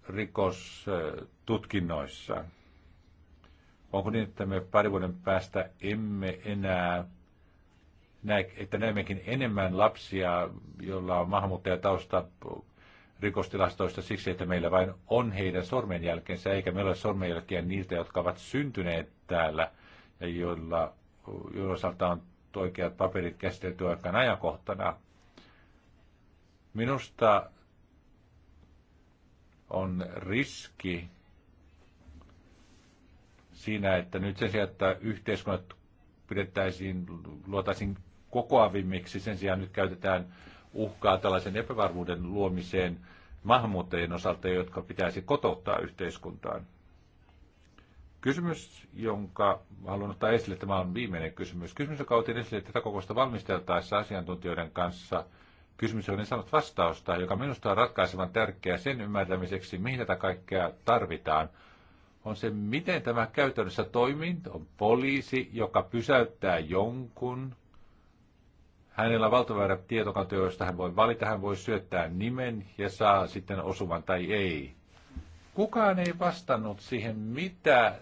rikostutkinnoissa. Onko niin, että me pari vuoden päästä emme enää näe, että näemmekin enemmän lapsia, joilla on maahanmuuttajatausta rikostilastoista siksi, että meillä vain on heidän sormenjälkensä, eikä meillä ole sormenjälkiä niiltä, jotka ovat syntyneet täällä ja joilla, joilla osalta on oikeat paperit käsitelty aikaan ajankohtana. Minusta on riski siinä, että nyt sen sijaan, että yhteiskunnat pidettäisiin, luotaisiin kokoavimmiksi, sen sijaan nyt käytetään uhkaa tällaisen epävarmuuden luomiseen maahanmuuttajien osalta, jotka pitäisi kotouttaa yhteiskuntaan. Kysymys, jonka haluan ottaa esille, tämä on viimeinen kysymys. Kysymys, joka otin esille tätä kokousta valmisteltaessa asiantuntijoiden kanssa – kysymys on niin saanut vastausta, joka minusta on ratkaisevan tärkeää sen ymmärtämiseksi, mihin tätä kaikkea tarvitaan. On se, miten tämä käytännössä toimii. On poliisi, joka pysäyttää jonkun. Hänellä on valtaväärä tietokantoja, joista hän voi valita. Hän voi syöttää nimen ja saa sitten osuvan tai ei. Kukaan ei vastannut siihen, mitä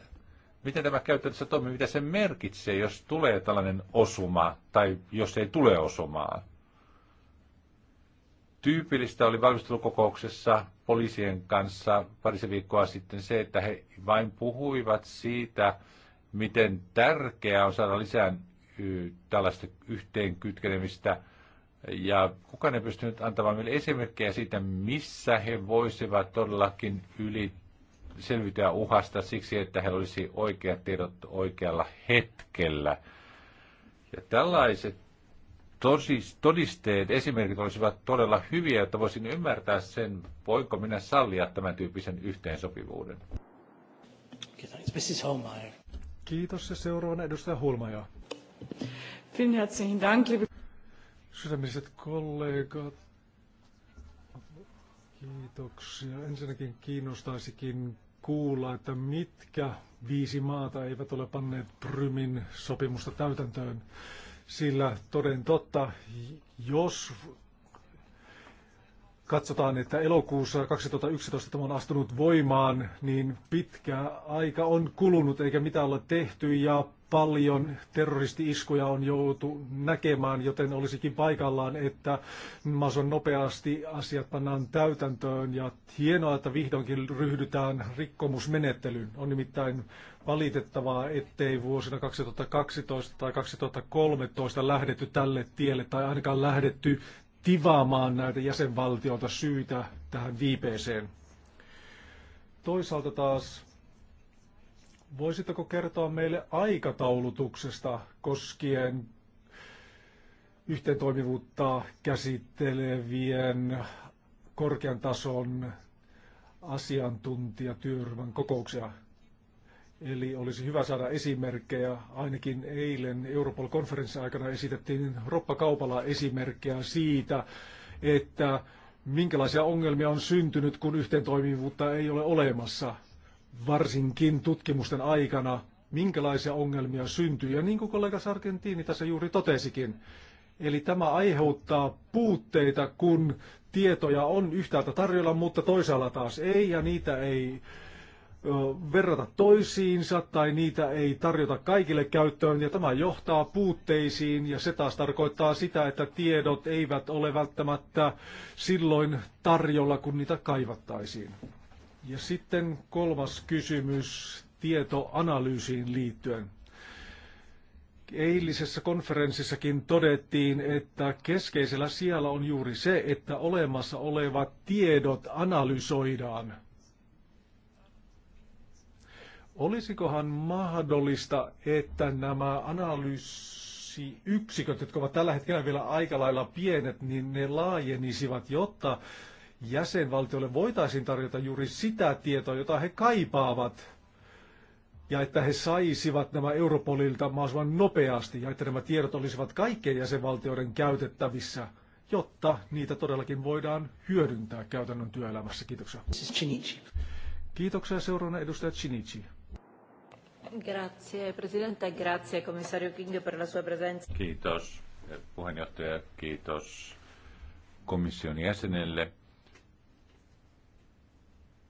miten tämä käytännössä toimii, mitä se merkitsee, jos tulee tällainen osuma tai jos ei tule osumaa tyypillistä oli valmistelukokouksessa poliisien kanssa parisen viikkoa sitten se, että he vain puhuivat siitä, miten tärkeää on saada lisää tällaista yhteenkytkenemistä. Ja kukaan ei pystynyt antamaan meille esimerkkejä siitä, missä he voisivat todellakin yli selviytyä uhasta siksi, että heillä olisi oikeat tiedot oikealla hetkellä. Ja tällaiset tosis, todisteet, esimerkit olisivat todella hyviä, että voisin ymmärtää sen, voinko minä sallia tämän tyyppisen yhteensopivuuden. Kiitos ja seuraavana edustaja Hulmaja. Sydämiset kollegat, kiitoksia. Ensinnäkin kiinnostaisikin kuulla, että mitkä viisi maata eivät ole panneet Prymin sopimusta täytäntöön sillä toden totta, jos katsotaan, että elokuussa 2011 tämä on astunut voimaan, niin pitkä aika on kulunut eikä mitään ole tehty ja paljon terroristi-iskuja on joutu näkemään, joten olisikin paikallaan, että mason nopeasti asiat pannaan täytäntöön. Ja hienoa, että vihdoinkin ryhdytään rikkomusmenettelyyn. On nimittäin valitettavaa, ettei vuosina 2012 tai 2013 lähdetty tälle tielle tai ainakaan lähdetty tivaamaan näitä jäsenvaltioita syitä tähän viipeeseen. Toisaalta taas Voisitteko kertoa meille aikataulutuksesta koskien yhteentoimivuutta käsittelevien korkean tason asiantuntijatyöryhmän kokouksia? Eli olisi hyvä saada esimerkkejä. Ainakin eilen Europol-konferenssin aikana esitettiin roppakaupalla esimerkkejä siitä, että minkälaisia ongelmia on syntynyt, kun yhteentoimivuutta ei ole olemassa varsinkin tutkimusten aikana, minkälaisia ongelmia syntyy. Ja niin kuin kollega Sargentini tässä juuri totesikin, eli tämä aiheuttaa puutteita, kun tietoja on yhtäältä tarjolla, mutta toisaalla taas ei, ja niitä ei verrata toisiinsa tai niitä ei tarjota kaikille käyttöön ja tämä johtaa puutteisiin ja se taas tarkoittaa sitä, että tiedot eivät ole välttämättä silloin tarjolla, kun niitä kaivattaisiin. Ja sitten kolmas kysymys tietoanalyysiin liittyen. Eilisessä konferenssissakin todettiin, että keskeisellä siellä on juuri se, että olemassa olevat tiedot analysoidaan. Olisikohan mahdollista, että nämä analyysiyksiköt, jotka ovat tällä hetkellä vielä aika lailla pienet, niin ne laajenisivat, jotta jäsenvaltioille voitaisiin tarjota juuri sitä tietoa, jota he kaipaavat, ja että he saisivat nämä Europolilta mahdollisimman nopeasti, ja että nämä tiedot olisivat kaikkien jäsenvaltioiden käytettävissä, jotta niitä todellakin voidaan hyödyntää käytännön työelämässä. Kiitoksia. Kiitoksia seuraavana edustaja Chinichi. Grazie Presidente, grazie Commissario King per la sua presenza. Kiitos puheenjohtaja, kiitos komission jäsenelle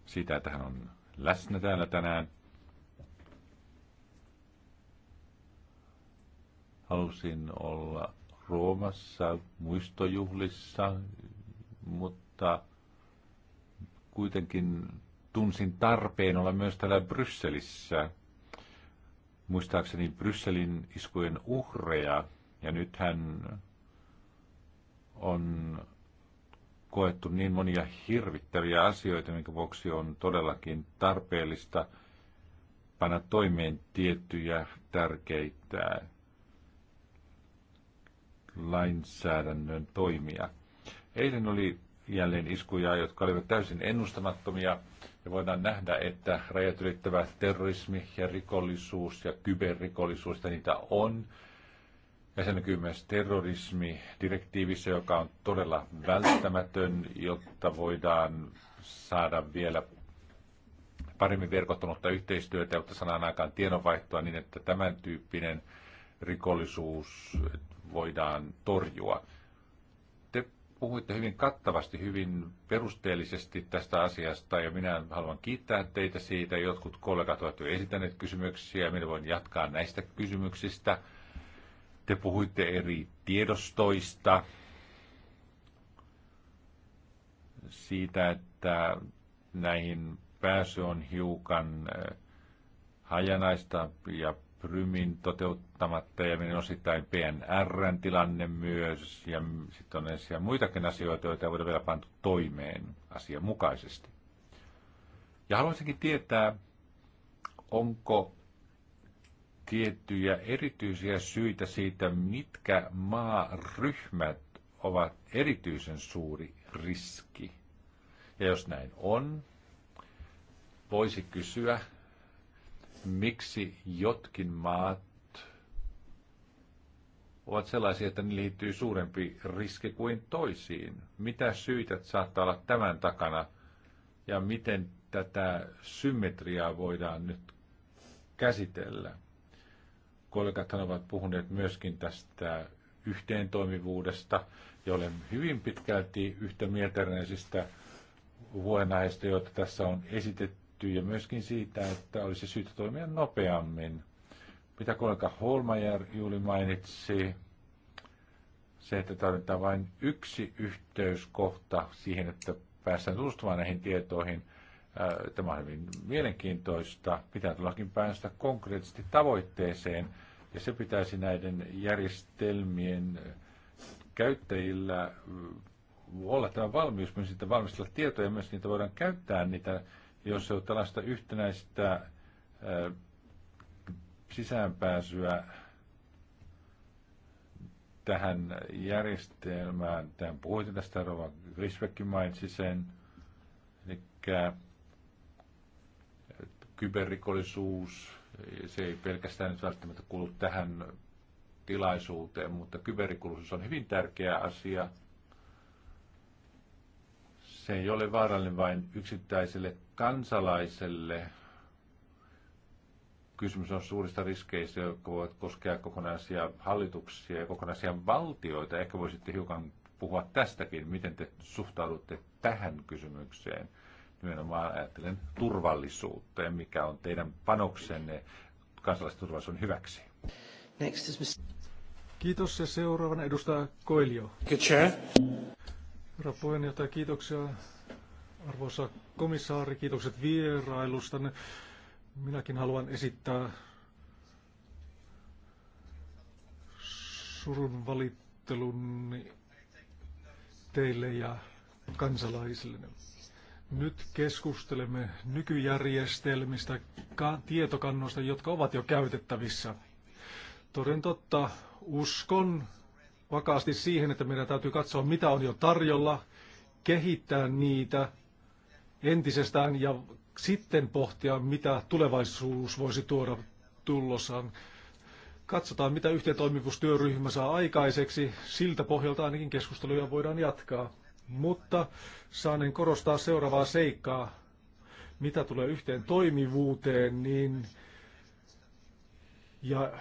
siitä, että hän on läsnä täällä tänään. Halusin olla Roomassa muistojuhlissa, mutta kuitenkin tunsin tarpeen olla myös täällä Brysselissä. Muistaakseni Brysselin iskujen uhreja, ja nythän on koettu niin monia hirvittäviä asioita, minkä vuoksi on todellakin tarpeellista panna toimeen tiettyjä tärkeitä lainsäädännön toimia. Eilen oli jälleen iskuja, jotka olivat täysin ennustamattomia, ja voidaan nähdä, että rajat ylittävä terrorismi ja rikollisuus ja kyberrikollisuus, ja niitä on, näkyy myös terrorismi joka on todella välttämätön, jotta voidaan saada vielä paremmin verkottunutta yhteistyötä, jotta saadaan aikaan tiedonvaihtoa niin, että tämän tyyppinen rikollisuus voidaan torjua. Te puhuitte hyvin kattavasti, hyvin perusteellisesti tästä asiasta ja minä haluan kiittää teitä siitä. Jotkut kollegat ovat jo esittäneet kysymyksiä ja minä voin jatkaa näistä kysymyksistä – te puhuitte eri tiedostoista, siitä, että näihin pääsy on hiukan äh, hajanaista ja Prymin toteuttamatta ja minun osittain PNRn tilanne myös ja sitten on ensin muitakin asioita, joita voidaan vielä pantu toimeen asianmukaisesti. Ja haluaisinkin tietää, onko tiettyjä erityisiä syitä siitä, mitkä maaryhmät ovat erityisen suuri riski. Ja jos näin on, voisi kysyä, miksi jotkin maat ovat sellaisia, että niihin liittyy suurempi riski kuin toisiin. Mitä syitä saattaa olla tämän takana ja miten tätä symmetriaa voidaan nyt käsitellä? Kollegathan ovat puhuneet myöskin tästä yhteentoimivuudesta, ja olen hyvin pitkälti yhtä mieltä näistä huolenaiheista, joita tässä on esitetty, ja myöskin siitä, että olisi syytä toimia nopeammin. Mitä kollega Holmajer juuri mainitsi, se, että tarvitaan vain yksi yhteyskohta siihen, että päästään tutustumaan näihin tietoihin, tämä on hyvin mielenkiintoista. Pitää tullakin päästä konkreettisesti tavoitteeseen – ja se pitäisi näiden järjestelmien käyttäjillä olla tämä valmius myös niitä valmistella tietoja, myös niitä voidaan käyttää niitä, jos on tällaista yhtenäistä sisäänpääsyä tähän järjestelmään. Tähän puhuitte tästä, Rova Grisbeckin mainitsi sen. Eli kyberrikollisuus, se ei pelkästään nyt välttämättä kuulu tähän tilaisuuteen, mutta kyberrikollisuus on hyvin tärkeä asia. Se ei ole vaarallinen vain yksittäiselle kansalaiselle. Kysymys on suurista riskeistä, jotka voivat koskea kokonaisia hallituksia ja kokonaisia valtioita. Ehkä voisitte hiukan puhua tästäkin, miten te suhtaudutte tähän kysymykseen – nimenomaan ajattelen turvallisuutta ja mikä on teidän panoksenne kansalaisturvallisuuden hyväksi. Next is Kiitos ja seuraavana edustaja Koilio. Herra puheenjohtaja, kiitoksia. Arvoisa komissaari, kiitokset vierailusta. Minäkin haluan esittää surun valittelun teille ja kansalaisille. Nyt keskustelemme nykyjärjestelmistä, tietokannoista, jotka ovat jo käytettävissä. Toden totta, uskon vakaasti siihen, että meidän täytyy katsoa, mitä on jo tarjolla, kehittää niitä entisestään ja sitten pohtia, mitä tulevaisuus voisi tuoda tullossaan. Katsotaan, mitä toimivuustyöryhmä saa aikaiseksi. Siltä pohjalta ainakin keskusteluja voidaan jatkaa. Mutta saanen korostaa seuraavaa seikkaa. Mitä tulee yhteen toimivuuteen niin, ja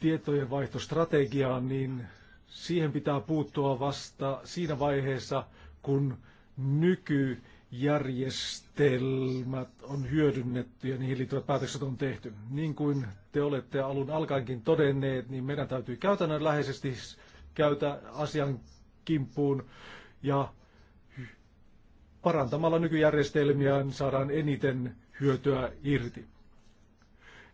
tietojenvaihtostrategiaan, niin siihen pitää puuttua vasta siinä vaiheessa, kun nykyjärjestelmät on hyödynnetty ja niihin liittyvät päätökset on tehty. Niin kuin te olette alun alkaenkin todenneet, niin meidän täytyy käytännönläheisesti käytä asian kimppuun ja parantamalla nykyjärjestelmiään saadaan eniten hyötyä irti.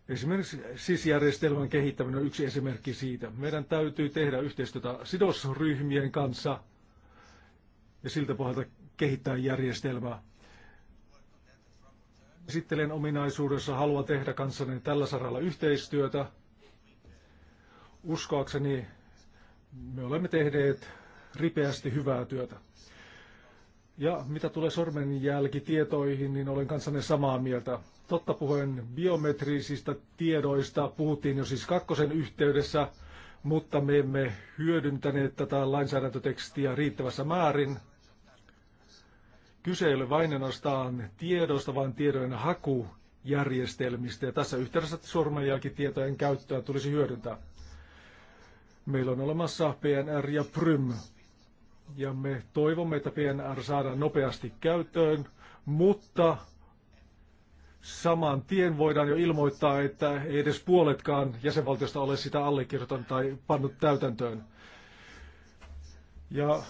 Esimerkiksi SIS-järjestelmän kehittäminen on yksi esimerkki siitä. Meidän täytyy tehdä yhteistyötä sidosryhmien kanssa ja siltä pohjalta kehittää järjestelmää. Esittelen ominaisuudessa haluan tehdä kanssanne tällä saralla yhteistyötä. Uskoakseni me olemme tehneet ripeästi hyvää työtä. Ja mitä tulee sormenjälkitietoihin, niin olen kanssanne samaa mieltä. Totta puheen biometriisistä tiedoista puhuttiin jo siis kakkosen yhteydessä, mutta me emme hyödyntäneet tätä lainsäädäntötekstiä riittävässä määrin. Kyse ei ole vain ainoastaan tiedoista, vaan tiedojen hakujärjestelmistä. Ja tässä yhteydessä sormenjälkitietojen käyttöä tulisi hyödyntää. Meillä on olemassa PNR ja PRYM ja me toivomme, että PNR saadaan nopeasti käyttöön, mutta saman tien voidaan jo ilmoittaa, että ei edes puoletkaan jäsenvaltiosta ole sitä allekirjoittanut tai pannut täytäntöön. Ja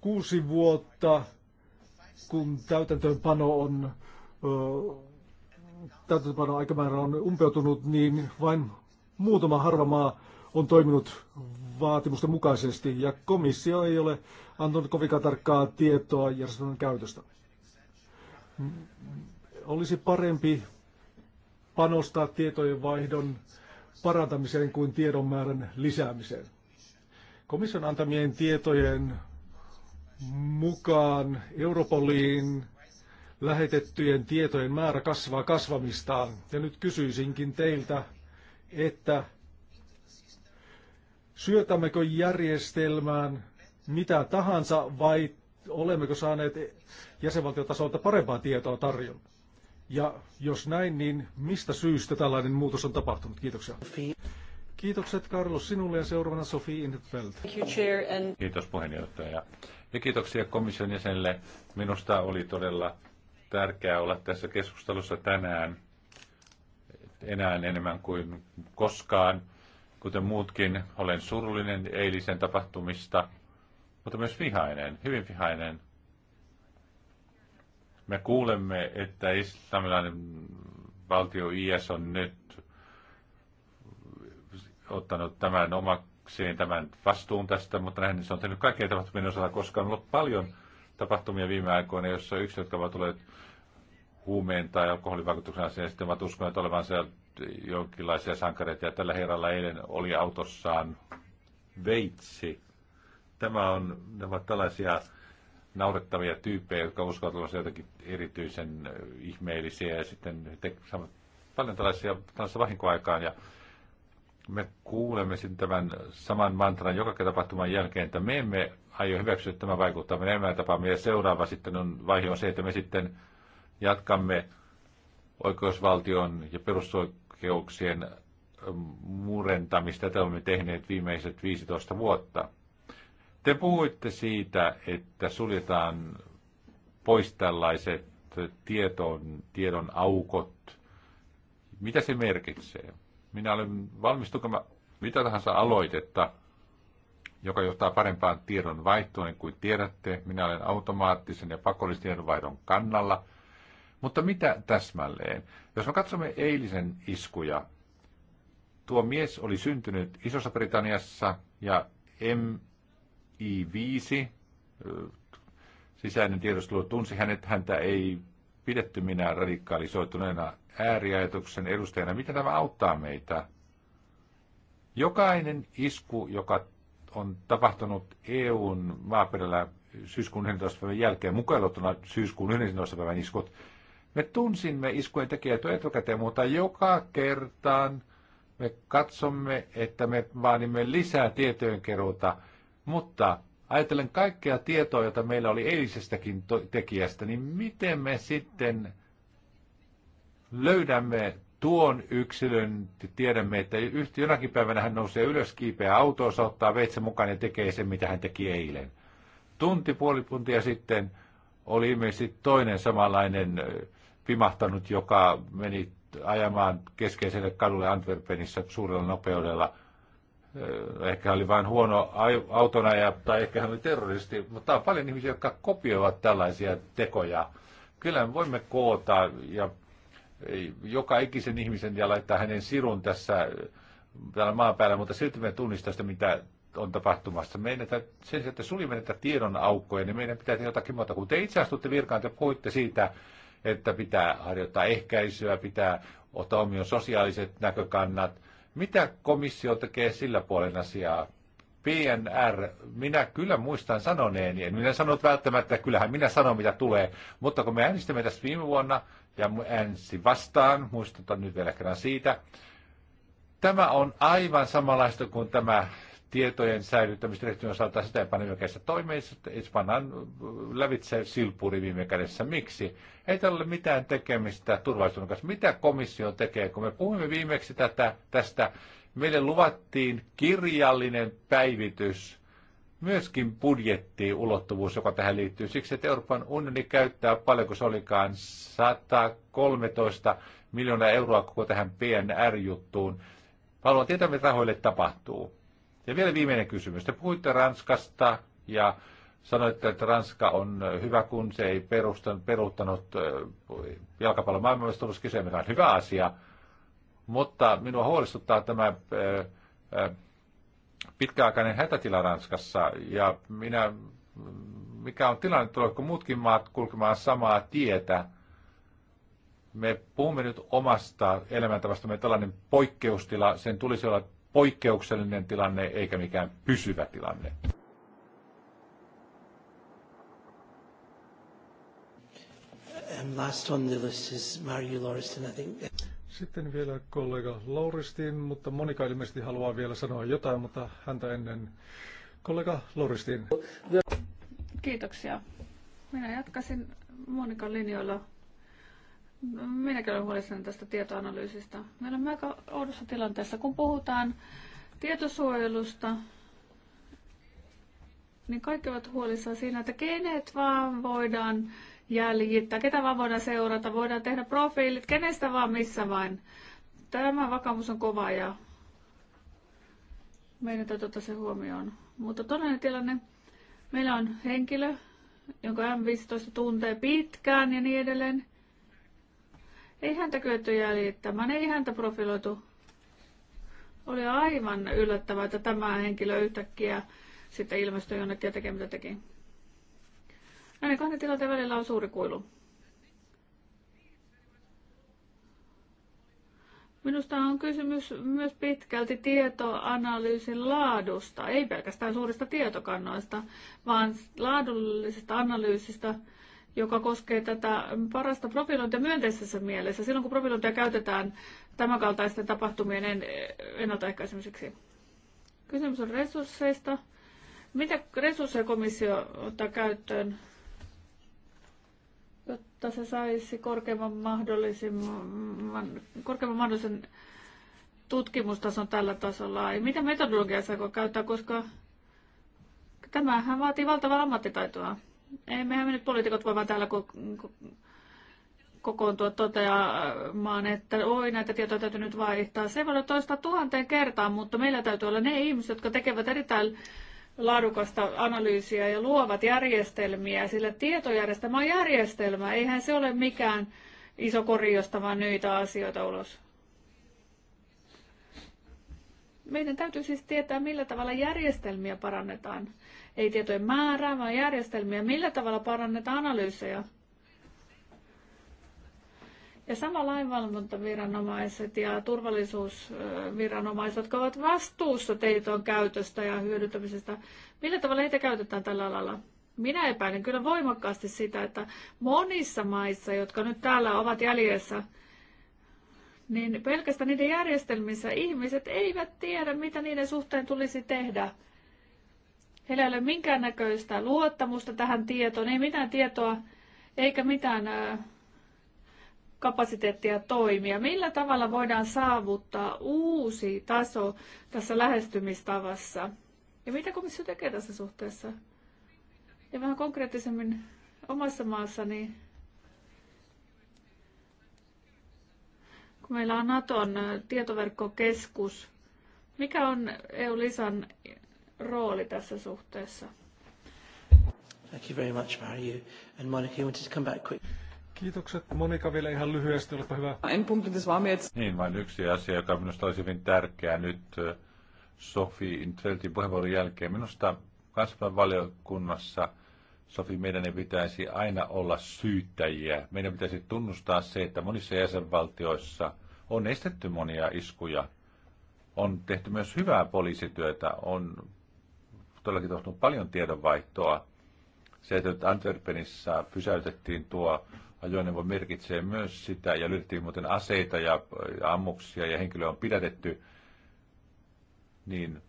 kuusi vuotta, kun täytäntöönpano on, täytäntöönpano aikamäärä on umpeutunut, niin vain muutama harva maa on toiminut vaatimusten mukaisesti ja komissio ei ole antanut kovinkaan tarkkaa tietoa järjestelmän käytöstä. Olisi parempi panostaa tietojen vaihdon parantamiseen kuin tiedon määrän lisäämiseen. Komission antamien tietojen mukaan Europoliin lähetettyjen tietojen määrä kasvaa kasvamistaan. Ja nyt kysyisinkin teiltä, että syötämmekö järjestelmään mitä tahansa vai olemmeko saaneet jäsenvaltiotasolta parempaa tietoa tarjolla? Ja jos näin, niin mistä syystä tällainen muutos on tapahtunut? Kiitoksia. Kiitokset Carlos sinulle ja seuraavana Sophie Intfeld. Kiitos puheenjohtaja. Ja kiitoksia komission jäsenelle. Minusta oli todella tärkeää olla tässä keskustelussa tänään enää enemmän kuin koskaan. Kuten muutkin, olen surullinen eilisen tapahtumista, mutta myös vihainen, hyvin vihainen. Me kuulemme, että islamilainen valtio IS on nyt ottanut tämän omakseen tämän vastuun tästä, mutta näin se on tehnyt kaikkien tapahtumien osalta, koska on ollut paljon tapahtumia viime aikoina, joissa yksilöt, jotka ovat tulleet huumeen tai alkoholivaikutuksen asiaan, ja sitten ovat uskoneet olevansa jonkinlaisia sankareita. Ja tällä herralla eilen oli autossaan veitsi. Tämä on, ne ovat tällaisia naurettavia tyyppejä, jotka uskaltavat jotenkin erityisen ihmeellisiä ja sitten te, saavat paljon tällaisia, tällaista vahinkoaikaan. Ja me kuulemme sitten tämän saman mantran joka tapahtuman jälkeen, että me emme aio hyväksyä tämän vaikuttaminen enemmän tapaamme. Ja seuraava sitten on vaihe on se, että me sitten jatkamme oikeusvaltion ja perusoikeuden ihmisoikeuksien ähm, murentamista. Tätä olemme tehneet viimeiset 15 vuotta. Te puhuitte siitä, että suljetaan pois tällaiset tiedon, tiedon aukot. Mitä se merkitsee? Minä olen valmistunut mitä tahansa aloitetta, joka johtaa parempaan tiedon vaihtoon, niin kuin tiedätte. Minä olen automaattisen ja pakollisen tiedonvaihdon kannalla. Mutta mitä täsmälleen? Jos me katsomme eilisen iskuja, tuo mies oli syntynyt Isossa Britanniassa ja MI5, sisäinen tiedostelu tunsi hänet, häntä ei pidetty minä radikaalisoituneena ääriajatuksen edustajana. Mitä tämä auttaa meitä? Jokainen isku, joka on tapahtunut EUn maaperällä syyskuun 11. päivän jälkeen, mukaan syyskuun 11. päivän iskut, me tunsimme iskujen tekijät etukäteen, mutta joka kertaan me katsomme, että me vaadimme lisää tietojen keruuta, mutta ajatellen kaikkea tietoa, jota meillä oli eilisestäkin tekijästä, niin miten me sitten löydämme tuon yksilön, tiedämme, että jonakin päivänä hän nousee ylös, kiipeää autoonsa, ottaa veitsen mukaan ja tekee sen, mitä hän teki eilen. Tunti, puoli tuntia sitten oli ilmeisesti toinen samanlainen pimahtanut, joka meni ajamaan keskeiselle kadulle Antwerpenissä suurella nopeudella. Ehkä oli vain huono autonaja tai ehkä hän oli terroristi, mutta on paljon ihmisiä, jotka kopioivat tällaisia tekoja. Kyllä me voimme koota ja e, joka ikisen ihmisen ja laittaa hänen sirun tässä e, täällä maan päällä, mutta silti me tunnistaa sitä, mitä on tapahtumassa. Meidän, että sen sijaan, että suljimme näitä tiedon aukkoja, niin meidän pitää tehdä jotakin muuta. Kun te itse astutte virkaan, te puhuitte siitä, että pitää harjoittaa ehkäisyä, pitää ottaa huomioon sosiaaliset näkökannat. Mitä komissio tekee sillä puolen asiaa? PNR, minä kyllä muistan sanoneeni, en minä sanonut välttämättä, kyllähän minä sanon mitä tulee, mutta kun me äänestimme tässä viime vuonna ja äänsi vastaan, muistutan nyt vielä kerran siitä, tämä on aivan samanlaista kuin tämä tietojen säilyttämistä direktiivin osalta sitä ei panna viime toimeissa, että se pannaan lävitse silppuri viime kädessä. Miksi? Ei tällä ole mitään tekemistä turvallisuuden kanssa. Mitä komissio tekee? Kun me puhumme viimeksi tätä, tästä, meille luvattiin kirjallinen päivitys, myöskin budjettiulottuvuus, joka tähän liittyy. Siksi, että Euroopan unioni käyttää paljon, kun se olikaan 113 miljoonaa euroa koko tähän PNR-juttuun. Haluan tietää, mitä rahoille tapahtuu ja vielä viimeinen kysymys. Te puhuitte Ranskasta ja sanoitte, että Ranska on hyvä, kun se ei peruuttanut jalkapallon maailmanmestaruuskisoja, mikä on hyvä asia. Mutta minua huolestuttaa tämä pitkäaikainen hätätila Ranskassa ja minä, mikä on tilanne, tuleeko muutkin maat kulkemaan samaa tietä? Me puhumme nyt omasta elämäntavastamme tällainen poikkeustila, sen tulisi olla poikkeuksellinen tilanne eikä mikään pysyvä tilanne. Um, last on Lauristin, I think. Sitten vielä kollega Lauristin, mutta Monika ilmeisesti haluaa vielä sanoa jotain, mutta häntä ennen kollega Lauristin. Kiitoksia. Minä jatkaisin Monikan linjoilla. Minäkin olen huolissani tästä tietoanalyysistä. Meillä on aika oudossa tilanteessa, kun puhutaan tietosuojelusta, niin kaikki ovat huolissaan siinä, että kenet vaan voidaan jäljittää, ketä vaan voidaan seurata, voidaan tehdä profiilit, kenestä vaan missä vain. Tämä vakamus on kova ja meidän täytyy ottaa se huomioon. Mutta todellinen tilanne, meillä on henkilö, jonka M15 tuntee pitkään ja niin edelleen. Ei häntä kyetty jäljittämään, ei häntä profiloitu. Oli aivan yllättävää, että tämä henkilö yhtäkkiä sitten ilmestyi jonnekin ja teki mitä teki. Näiden no niin, kahden tilanteen välillä on suuri kuilu. Minusta on kysymys myös pitkälti tietoanalyysin laadusta, ei pelkästään suurista tietokannoista, vaan laadullisesta analyysistä joka koskee tätä parasta profilointia myönteisessä mielessä, silloin kun profilointia käytetään tämänkaltaisten tapahtumien ennaltaehkäisemiseksi. Kysymys on resursseista. Mitä resursseja komissio ottaa käyttöön, jotta se saisi korkeimman, mahdollisimman, korkeimman mahdollisen tutkimustason tällä tasolla? Ja mitä metodologiaa saako käyttää, koska tämähän vaatii valtavaa ammattitaitoa mehän me nyt poliitikot voi vaan täällä kokoontua toteamaan, että oi näitä tietoja täytyy nyt vaihtaa. Se voi toista tuhanteen kertaan, mutta meillä täytyy olla ne ihmiset, jotka tekevät erittäin laadukasta analyysiä ja luovat järjestelmiä, sillä tietojärjestelmä on järjestelmä. Eihän se ole mikään iso kori, josta vaan nöitä asioita ulos. Meidän täytyy siis tietää, millä tavalla järjestelmiä parannetaan – ei tietojen määrää, vaan järjestelmiä, millä tavalla parannetaan analyysejä. Ja sama lainvalvontaviranomaiset ja turvallisuusviranomaiset, jotka ovat vastuussa tietojen käytöstä ja hyödyntämisestä, millä tavalla heitä käytetään tällä alalla? Minä epäilen kyllä voimakkaasti sitä, että monissa maissa, jotka nyt täällä ovat jäljessä, niin pelkästään niiden järjestelmissä ihmiset eivät tiedä, mitä niiden suhteen tulisi tehdä – Heillä ei ole minkäännäköistä luottamusta tähän tietoon, ei mitään tietoa eikä mitään kapasiteettia toimia. Millä tavalla voidaan saavuttaa uusi taso tässä lähestymistavassa? Ja mitä komissio tekee tässä suhteessa? Ja vähän konkreettisemmin omassa maassani, kun meillä on Naton tietoverkkokeskus, mikä on EU-lisan rooli tässä suhteessa. Thank you very much, Mario. And Monica, you wanted to come back quick. Kiitokset. Monika vielä ihan lyhyesti, olepa hyvä. En Niin, vain yksi asia, joka minusta olisi hyvin tärkeää nyt äh, Sofi Intreltin puheenvuoron jälkeen. Minusta kasvan valiokunnassa Sofi, meidän ei pitäisi aina olla syyttäjiä. Meidän pitäisi tunnustaa se, että monissa jäsenvaltioissa on estetty monia iskuja. On tehty myös hyvää poliisityötä, on todellakin tohtunut paljon tiedonvaihtoa. Se, että Antwerpenissä pysäytettiin tuo ajoneuvo, merkitsee myös sitä, ja löydettiin muuten aseita ja, ammuksia, ja henkilö on pidätetty, niin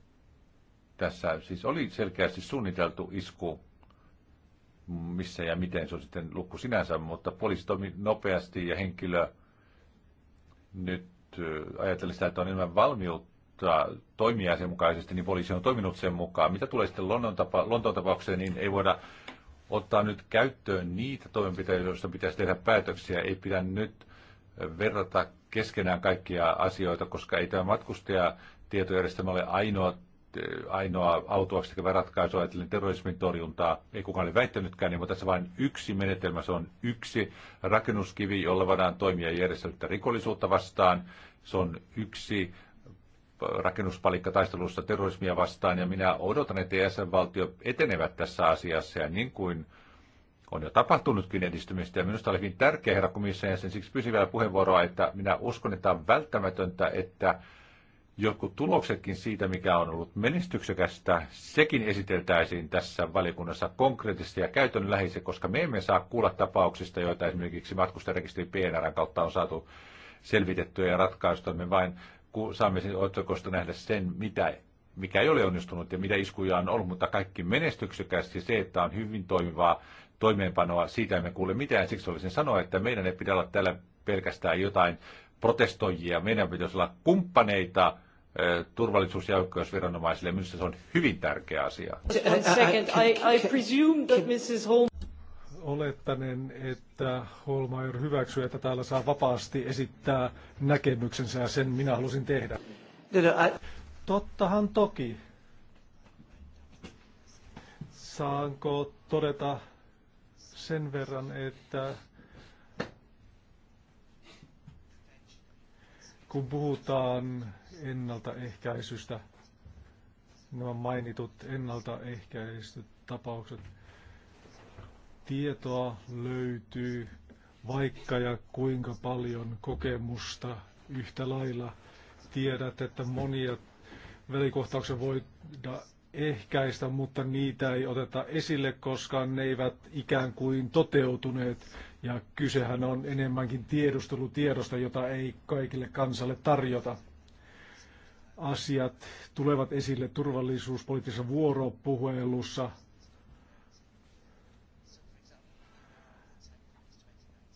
tässä siis oli selkeästi suunniteltu isku, missä ja miten se on sitten lukku sinänsä, mutta poliisi toimi nopeasti ja henkilö nyt äh, ajatteli sitä, että on enemmän valmiutta, valvonta toimia sen mukaisesti, niin poliisi on toiminut sen mukaan. Mitä tulee sitten Lontoon, tapa, Lontoon tapaukseen, niin ei voida ottaa nyt käyttöön niitä toimenpiteitä, joista pitäisi tehdä päätöksiä. Ei pidä nyt verrata keskenään kaikkia asioita, koska ei tämä matkustajatietojärjestelmä ole ainoa ainoa autuaksi tekevä ratkaisu ajatellen terrorismin torjuntaa. Ei kukaan ole väittänytkään, niin mutta tässä vain yksi menetelmä. Se on yksi rakennuskivi, jolla voidaan toimia järjestelyttä rikollisuutta vastaan. Se on yksi rakennuspalikkataistelussa terrorismia vastaan, ja minä odotan, että jäsenvaltio etenevät tässä asiassa, ja niin kuin on jo tapahtunutkin edistymistä, ja minusta oli hyvin tärkeä herra komissio, ja sen siksi pysyvää puheenvuoroa, että minä uskon, että on välttämätöntä, että jotkut tuloksetkin siitä, mikä on ollut menestyksekästä, sekin esiteltäisiin tässä valikunnassa konkreettisesti ja käytännönläheisesti, koska me emme saa kuulla tapauksista, joita esimerkiksi matkustajarekisteri PNR kautta on saatu selvitettyä ja ratkaistua. Me vain kun saamme sen otsakosta nähdä sen, mitä, mikä ei ole onnistunut ja mitä iskuja on ollut, mutta kaikki menestyksekästi se, että on hyvin toimivaa toimeenpanoa, siitä emme kuule mitään. Siksi olisin sanoa, että meidän ei pidä olla täällä pelkästään jotain protestoijia, meidän pitäisi olla kumppaneita turvallisuus- ja oikeusviranomaisille. Minusta se on hyvin tärkeä asia. second. Uh, uh, uh, I, I presume that Mrs olettanen, että Holmaier hyväksyy, että täällä saa vapaasti esittää näkemyksensä ja sen minä halusin tehdä. No, no, Tottahan toki. Saanko todeta sen verran, että kun puhutaan ennaltaehkäisystä, nämä mainitut ennaltaehkäisyt tapaukset – tietoa löytyy vaikka ja kuinka paljon kokemusta yhtä lailla. Tiedät, että monia välikohtauksia voidaan ehkäistä, mutta niitä ei oteta esille, koska ne eivät ikään kuin toteutuneet. Ja kysehän on enemmänkin tiedustelutiedosta, jota ei kaikille kansalle tarjota. Asiat tulevat esille turvallisuuspoliittisessa vuoropuhelussa –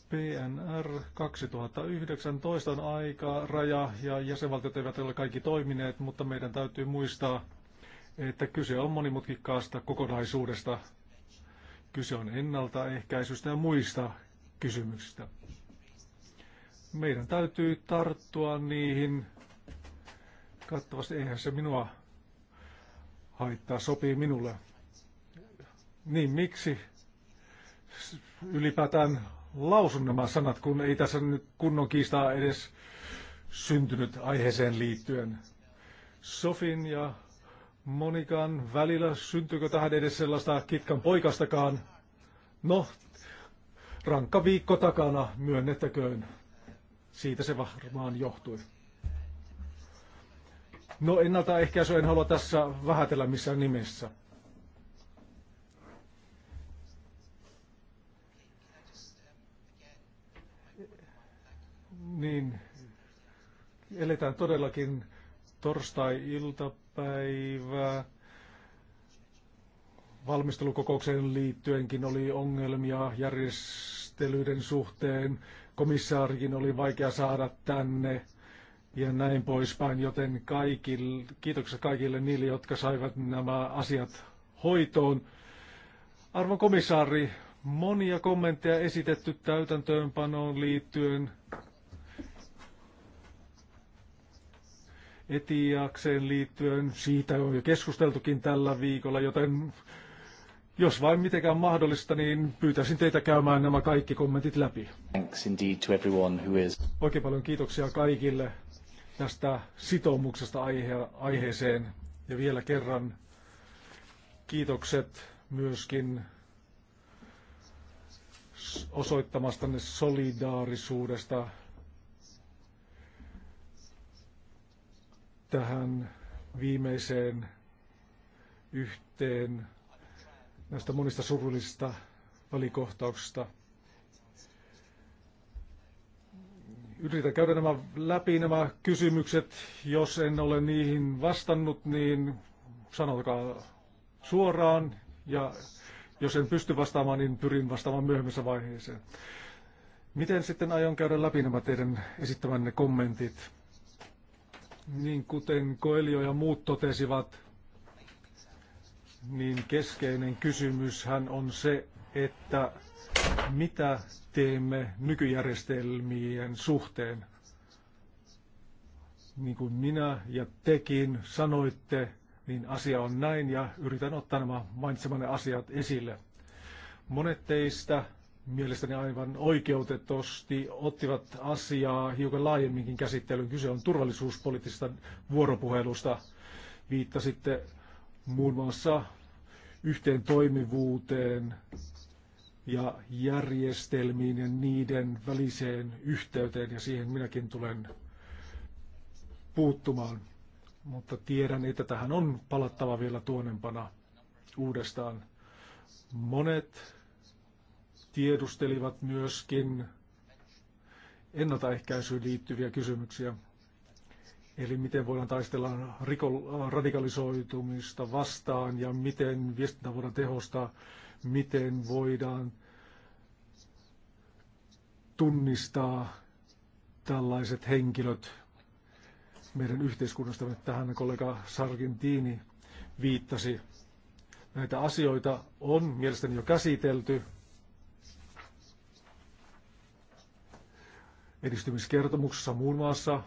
PNR 2019 on aika, raja ja jäsenvaltiot eivät ole kaikki toimineet, mutta meidän täytyy muistaa, että kyse on monimutkikkaasta kokonaisuudesta. Kyse on ennaltaehkäisystä ja muista kysymyksistä. Meidän täytyy tarttua niihin kattavasti. Eihän se minua haittaa, sopii minulle. Niin miksi ylipäätään lausun nämä sanat, kun ei tässä nyt kunnon kiistaa edes syntynyt aiheeseen liittyen. Sofin ja Monikan välillä syntyykö tähän edes sellaista kitkan poikastakaan? No, rankka viikko takana, myönnettäköön. Siitä se varmaan johtui. No ennaltaehkäisy en halua tässä vähätellä missään nimessä. niin eletään todellakin torstai-iltapäivää. Valmistelukokoukseen liittyenkin oli ongelmia järjestelyiden suhteen. Komissaarikin oli vaikea saada tänne ja näin poispäin, joten kaikille, kiitokset kaikille niille, jotka saivat nämä asiat hoitoon. Arvon komissaari, monia kommentteja esitetty täytäntöönpanoon liittyen etiakseen liittyen. Siitä on jo keskusteltukin tällä viikolla, joten jos vain mitenkään mahdollista, niin pyytäisin teitä käymään nämä kaikki kommentit läpi. Thanks indeed to everyone who is. Oikein paljon kiitoksia kaikille tästä sitoumuksesta aihe- aiheeseen. Ja vielä kerran kiitokset myöskin osoittamastanne solidaarisuudesta tähän viimeiseen yhteen näistä monista surullisista välikohtauksista. Yritän käydä nämä läpi nämä kysymykset. Jos en ole niihin vastannut, niin sanokaa suoraan. Ja jos en pysty vastaamaan, niin pyrin vastaamaan myöhemmässä vaiheeseen. Miten sitten aion käydä läpi nämä teidän esittämänne kommentit? Niin kuten Koelio ja muut totesivat, niin keskeinen kysymyshän on se, että mitä teemme nykyjärjestelmien suhteen. Niin kuin minä ja tekin sanoitte, niin asia on näin ja yritän ottaa nämä mainitsemanne asiat esille. Monet teistä mielestäni aivan oikeutetusti ottivat asiaa hiukan laajemminkin käsittelyyn. Kyse on turvallisuuspoliittisesta vuoropuhelusta. Viittasitte muun muassa yhteen toimivuuteen ja järjestelmiin ja niiden väliseen yhteyteen ja siihen minäkin tulen puuttumaan. Mutta tiedän, että tähän on palattava vielä tuonempana uudestaan. Monet tiedustelivat myöskin ennaltaehkäisyyn liittyviä kysymyksiä. Eli miten voidaan taistella rikol- radikalisoitumista vastaan ja miten viestintä voidaan tehostaa, miten voidaan tunnistaa tällaiset henkilöt meidän yhteiskunnastamme. Tähän kollega Sargentini viittasi. Näitä asioita on mielestäni jo käsitelty edistymiskertomuksessa muun muassa.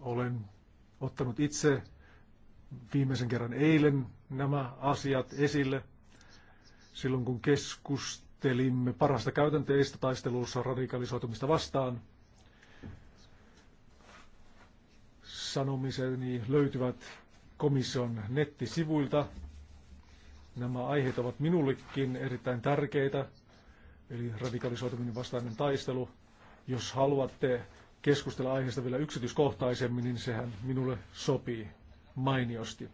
Olen ottanut itse viimeisen kerran eilen nämä asiat esille. Silloin kun keskustelimme parasta käytänteistä taistelussa radikalisoitumista vastaan, sanomiseni löytyvät komission nettisivuilta. Nämä aiheet ovat minullekin erittäin tärkeitä, eli radikalisoituminen vastainen taistelu, jos haluatte keskustella aiheesta vielä yksityiskohtaisemmin, niin sehän minulle sopii mainiosti.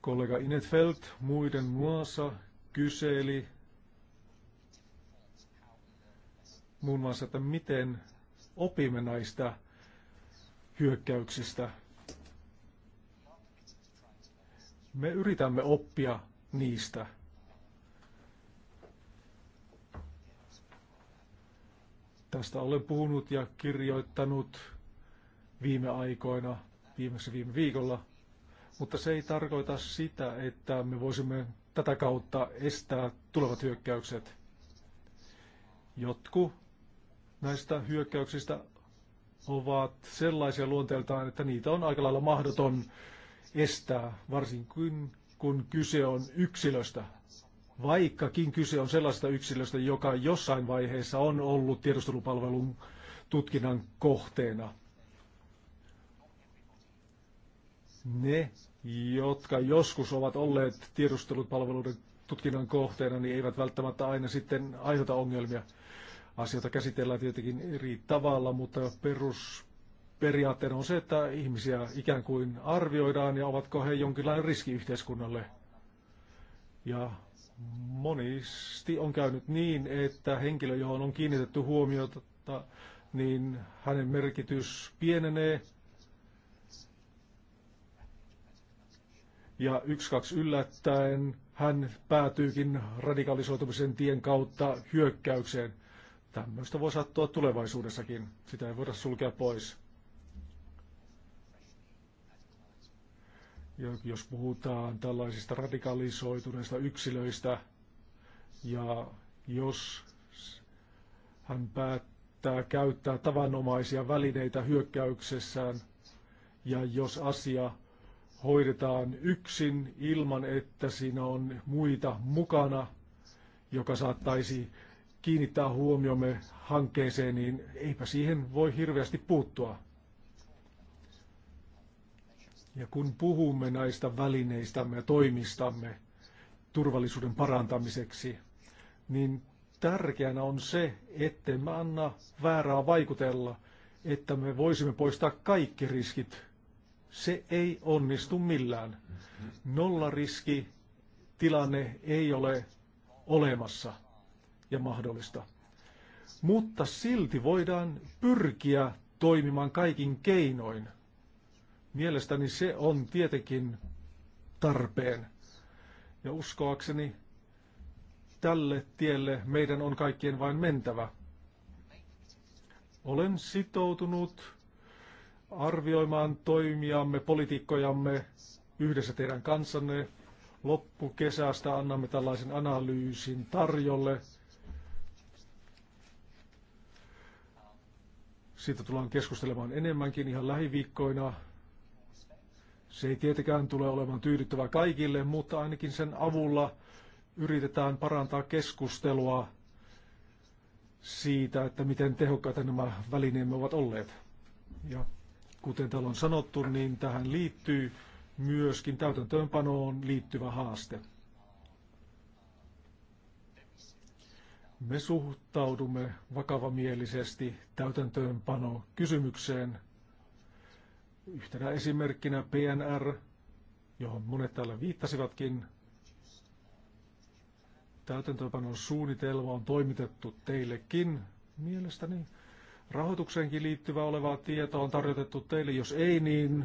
Kollega Inetfeld muiden muassa kyseli muun muassa, että miten opimme näistä hyökkäyksistä. Me yritämme oppia niistä. Tästä olen puhunut ja kirjoittanut viime aikoina, viimeksi viime viikolla, mutta se ei tarkoita sitä, että me voisimme tätä kautta estää tulevat hyökkäykset. Jotkut näistä hyökkäyksistä ovat sellaisia luonteeltaan, että niitä on aika lailla mahdoton estää, varsinkin kun kyse on yksilöstä vaikkakin kyse on sellaista yksilöstä, joka jossain vaiheessa on ollut tiedustelupalvelun tutkinnan kohteena. Ne, jotka joskus ovat olleet tiedustelupalveluiden tutkinnan kohteena, niin eivät välttämättä aina sitten aiheuta ongelmia. Asioita käsitellään tietenkin eri tavalla, mutta perusperiaatteena on se, että ihmisiä ikään kuin arvioidaan ja ovatko he jonkinlainen riski yhteiskunnalle. Ja Monisti on käynyt niin, että henkilö, johon on kiinnitetty huomiota, niin hänen merkitys pienenee. Ja yksi kaksi yllättäen hän päätyykin radikalisoitumisen tien kautta hyökkäykseen. Tämmöistä voi sattua tulevaisuudessakin. Sitä ei voida sulkea pois. Ja jos puhutaan tällaisista radikalisoituneista yksilöistä, ja jos hän päättää käyttää tavanomaisia välineitä hyökkäyksessään, ja jos asia hoidetaan yksin ilman, että siinä on muita mukana, joka saattaisi kiinnittää huomiomme hankkeeseen, niin eipä siihen voi hirveästi puuttua. Ja kun puhumme näistä välineistämme ja toimistamme turvallisuuden parantamiseksi, niin tärkeänä on se, ettei me anna väärää vaikutella, että me voisimme poistaa kaikki riskit. Se ei onnistu millään. Nollariski tilanne ei ole olemassa ja mahdollista. Mutta silti voidaan pyrkiä toimimaan kaikin keinoin – Mielestäni se on tietenkin tarpeen. Ja uskoakseni tälle tielle meidän on kaikkien vain mentävä. Olen sitoutunut arvioimaan toimiamme, politiikkojamme yhdessä teidän kanssanne. Loppukesästä annamme tällaisen analyysin tarjolle. Siitä tullaan keskustelemaan enemmänkin ihan lähiviikkoina. Se ei tietenkään tule olemaan tyydyttävä kaikille, mutta ainakin sen avulla yritetään parantaa keskustelua siitä, että miten tehokkaita nämä välineemme ovat olleet. Ja kuten täällä on sanottu, niin tähän liittyy myöskin täytäntöönpanoon liittyvä haaste. Me suhtaudumme vakavamielisesti täytäntöönpano kysymykseen – Yhtenä esimerkkinä PNR, johon monet täällä viittasivatkin. Täytäntöpanon suunnitelma on toimitettu teillekin. Mielestäni rahoitukseenkin liittyvä olevaa tietoa on tarjotettu teille. Jos ei, niin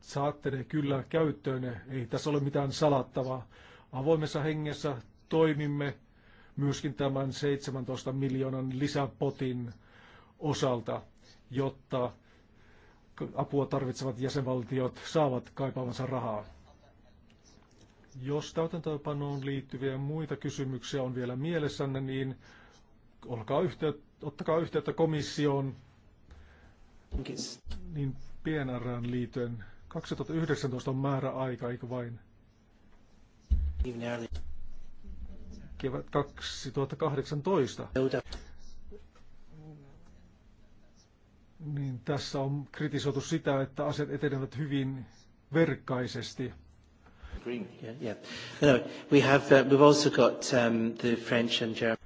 saatte ne kyllä käyttöön. Ei tässä ole mitään salattavaa. Avoimessa hengessä toimimme myöskin tämän 17 miljoonan lisäpotin osalta, jotta apua tarvitsevat jäsenvaltiot saavat kaipaamansa rahaa. Jos täytäntöönpanoon liittyviä muita kysymyksiä on vielä mielessänne, niin olkaa yhteyttä, ottakaa yhteyttä komissioon niin PNRään liittyen. 2019 on määrä aika, eikö vain? Kevät 2018. niin tässä on kritisoitu sitä, että asiat etenevät hyvin verkkaisesti. we have, uh, we've also got um, the French and German.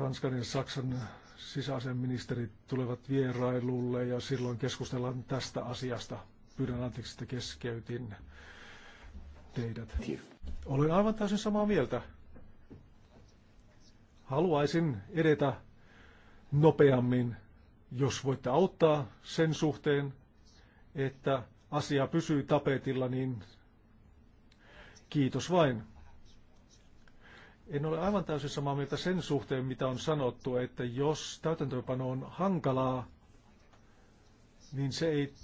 Ranskan ja Saksan sisäisen ministerit tulevat vierailulle ja silloin keskustellaan tästä asiasta. Pyydän anteeksi, että keskeytin teidät. Olen aivan täysin samaa mieltä. Haluaisin edetä nopeammin jos voitte auttaa sen suhteen, että asia pysyy tapetilla, niin kiitos vain. En ole aivan täysin samaa mieltä sen suhteen, mitä on sanottu, että jos täytäntöönpano on hankalaa, niin se ei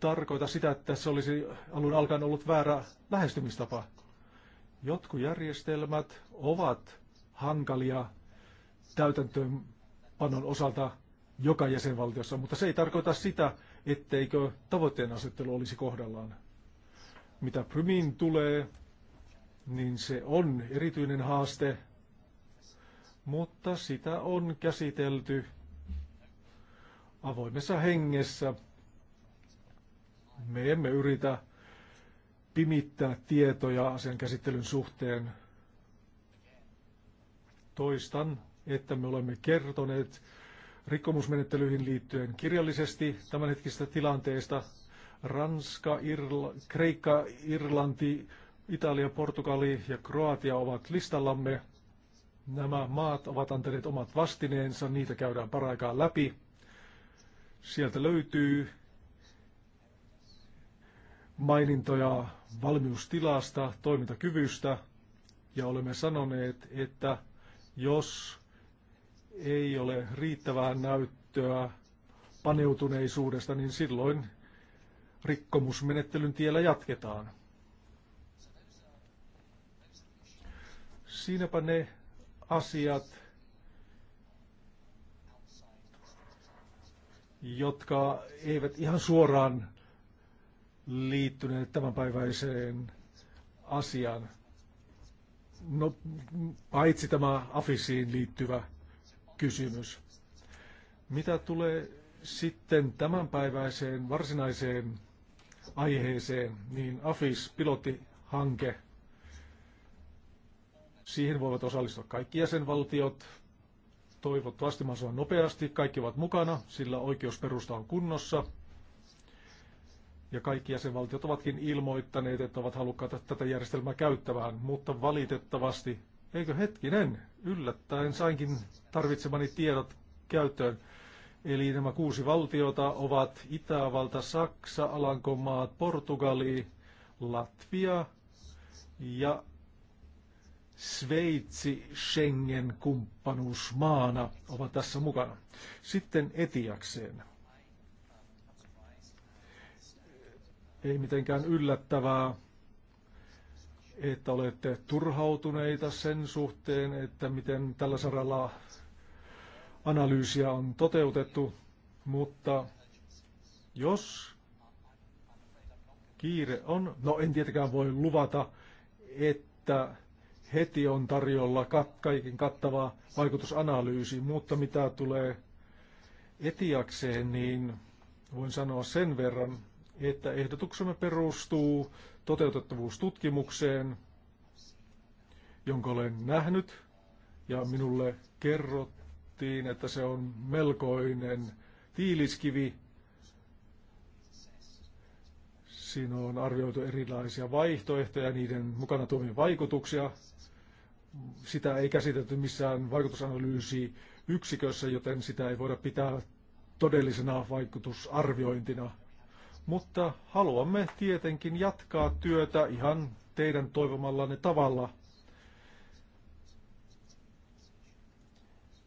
tarkoita sitä, että se olisi alun alkaen ollut väärä lähestymistapa. Jotkut järjestelmät ovat hankalia täytäntöönpanon osalta, joka jäsenvaltiossa, mutta se ei tarkoita sitä, etteikö tavoitteen asettelu olisi kohdallaan. Mitä Prymiin tulee, niin se on erityinen haaste, mutta sitä on käsitelty avoimessa hengessä. Me emme yritä pimittää tietoja asian käsittelyn suhteen. Toistan, että me olemme kertoneet rikkomusmenettelyihin liittyen kirjallisesti tämänhetkisestä tilanteesta. Ranska, Irla, Kreikka, Irlanti, Italia, Portugali ja Kroatia ovat listallamme. Nämä maat ovat antaneet omat vastineensa, niitä käydään paraikaa läpi. Sieltä löytyy mainintoja valmiustilasta, toimintakyvystä, ja olemme sanoneet, että jos ei ole riittävää näyttöä paneutuneisuudesta, niin silloin rikkomusmenettelyn tiellä jatketaan. Siinäpä ne asiat, jotka eivät ihan suoraan liittyneet tämänpäiväiseen asiaan. No, paitsi tämä AFISiin liittyvä kysymys. Mitä tulee sitten tämänpäiväiseen varsinaiseen aiheeseen, niin AFIS-pilottihanke, siihen voivat osallistua kaikki jäsenvaltiot, toivottavasti mahdollisimman nopeasti, kaikki ovat mukana, sillä oikeusperusta on kunnossa. Ja kaikki jäsenvaltiot ovatkin ilmoittaneet, että ovat halukkaita tätä järjestelmää käyttämään, mutta valitettavasti Eikö hetkinen, yllättäen sainkin tarvitsemani tiedot käyttöön. Eli nämä kuusi valtiota ovat Itävalta, Saksa, Alankomaat, Portugali, Latvia ja Sveitsi Schengen-kumppanuusmaana ovat tässä mukana. Sitten etiakseen. Ei mitenkään yllättävää, että olette turhautuneita sen suhteen, että miten tällä saralla analyysiä on toteutettu, mutta jos kiire on, no en tietenkään voi luvata, että heti on tarjolla kat, kaiken kattava vaikutusanalyysi, mutta mitä tulee etiakseen, niin voin sanoa sen verran, että ehdotuksemme perustuu toteutettavuustutkimukseen, jonka olen nähnyt, ja minulle kerrottiin, että se on melkoinen tiiliskivi. Siinä on arvioitu erilaisia vaihtoehtoja, niiden mukana tuomia vaikutuksia. Sitä ei käsitelty missään vaikutusanalyysi yksikössä, joten sitä ei voida pitää todellisena vaikutusarviointina – mutta haluamme tietenkin jatkaa työtä ihan teidän toivomallanne tavalla.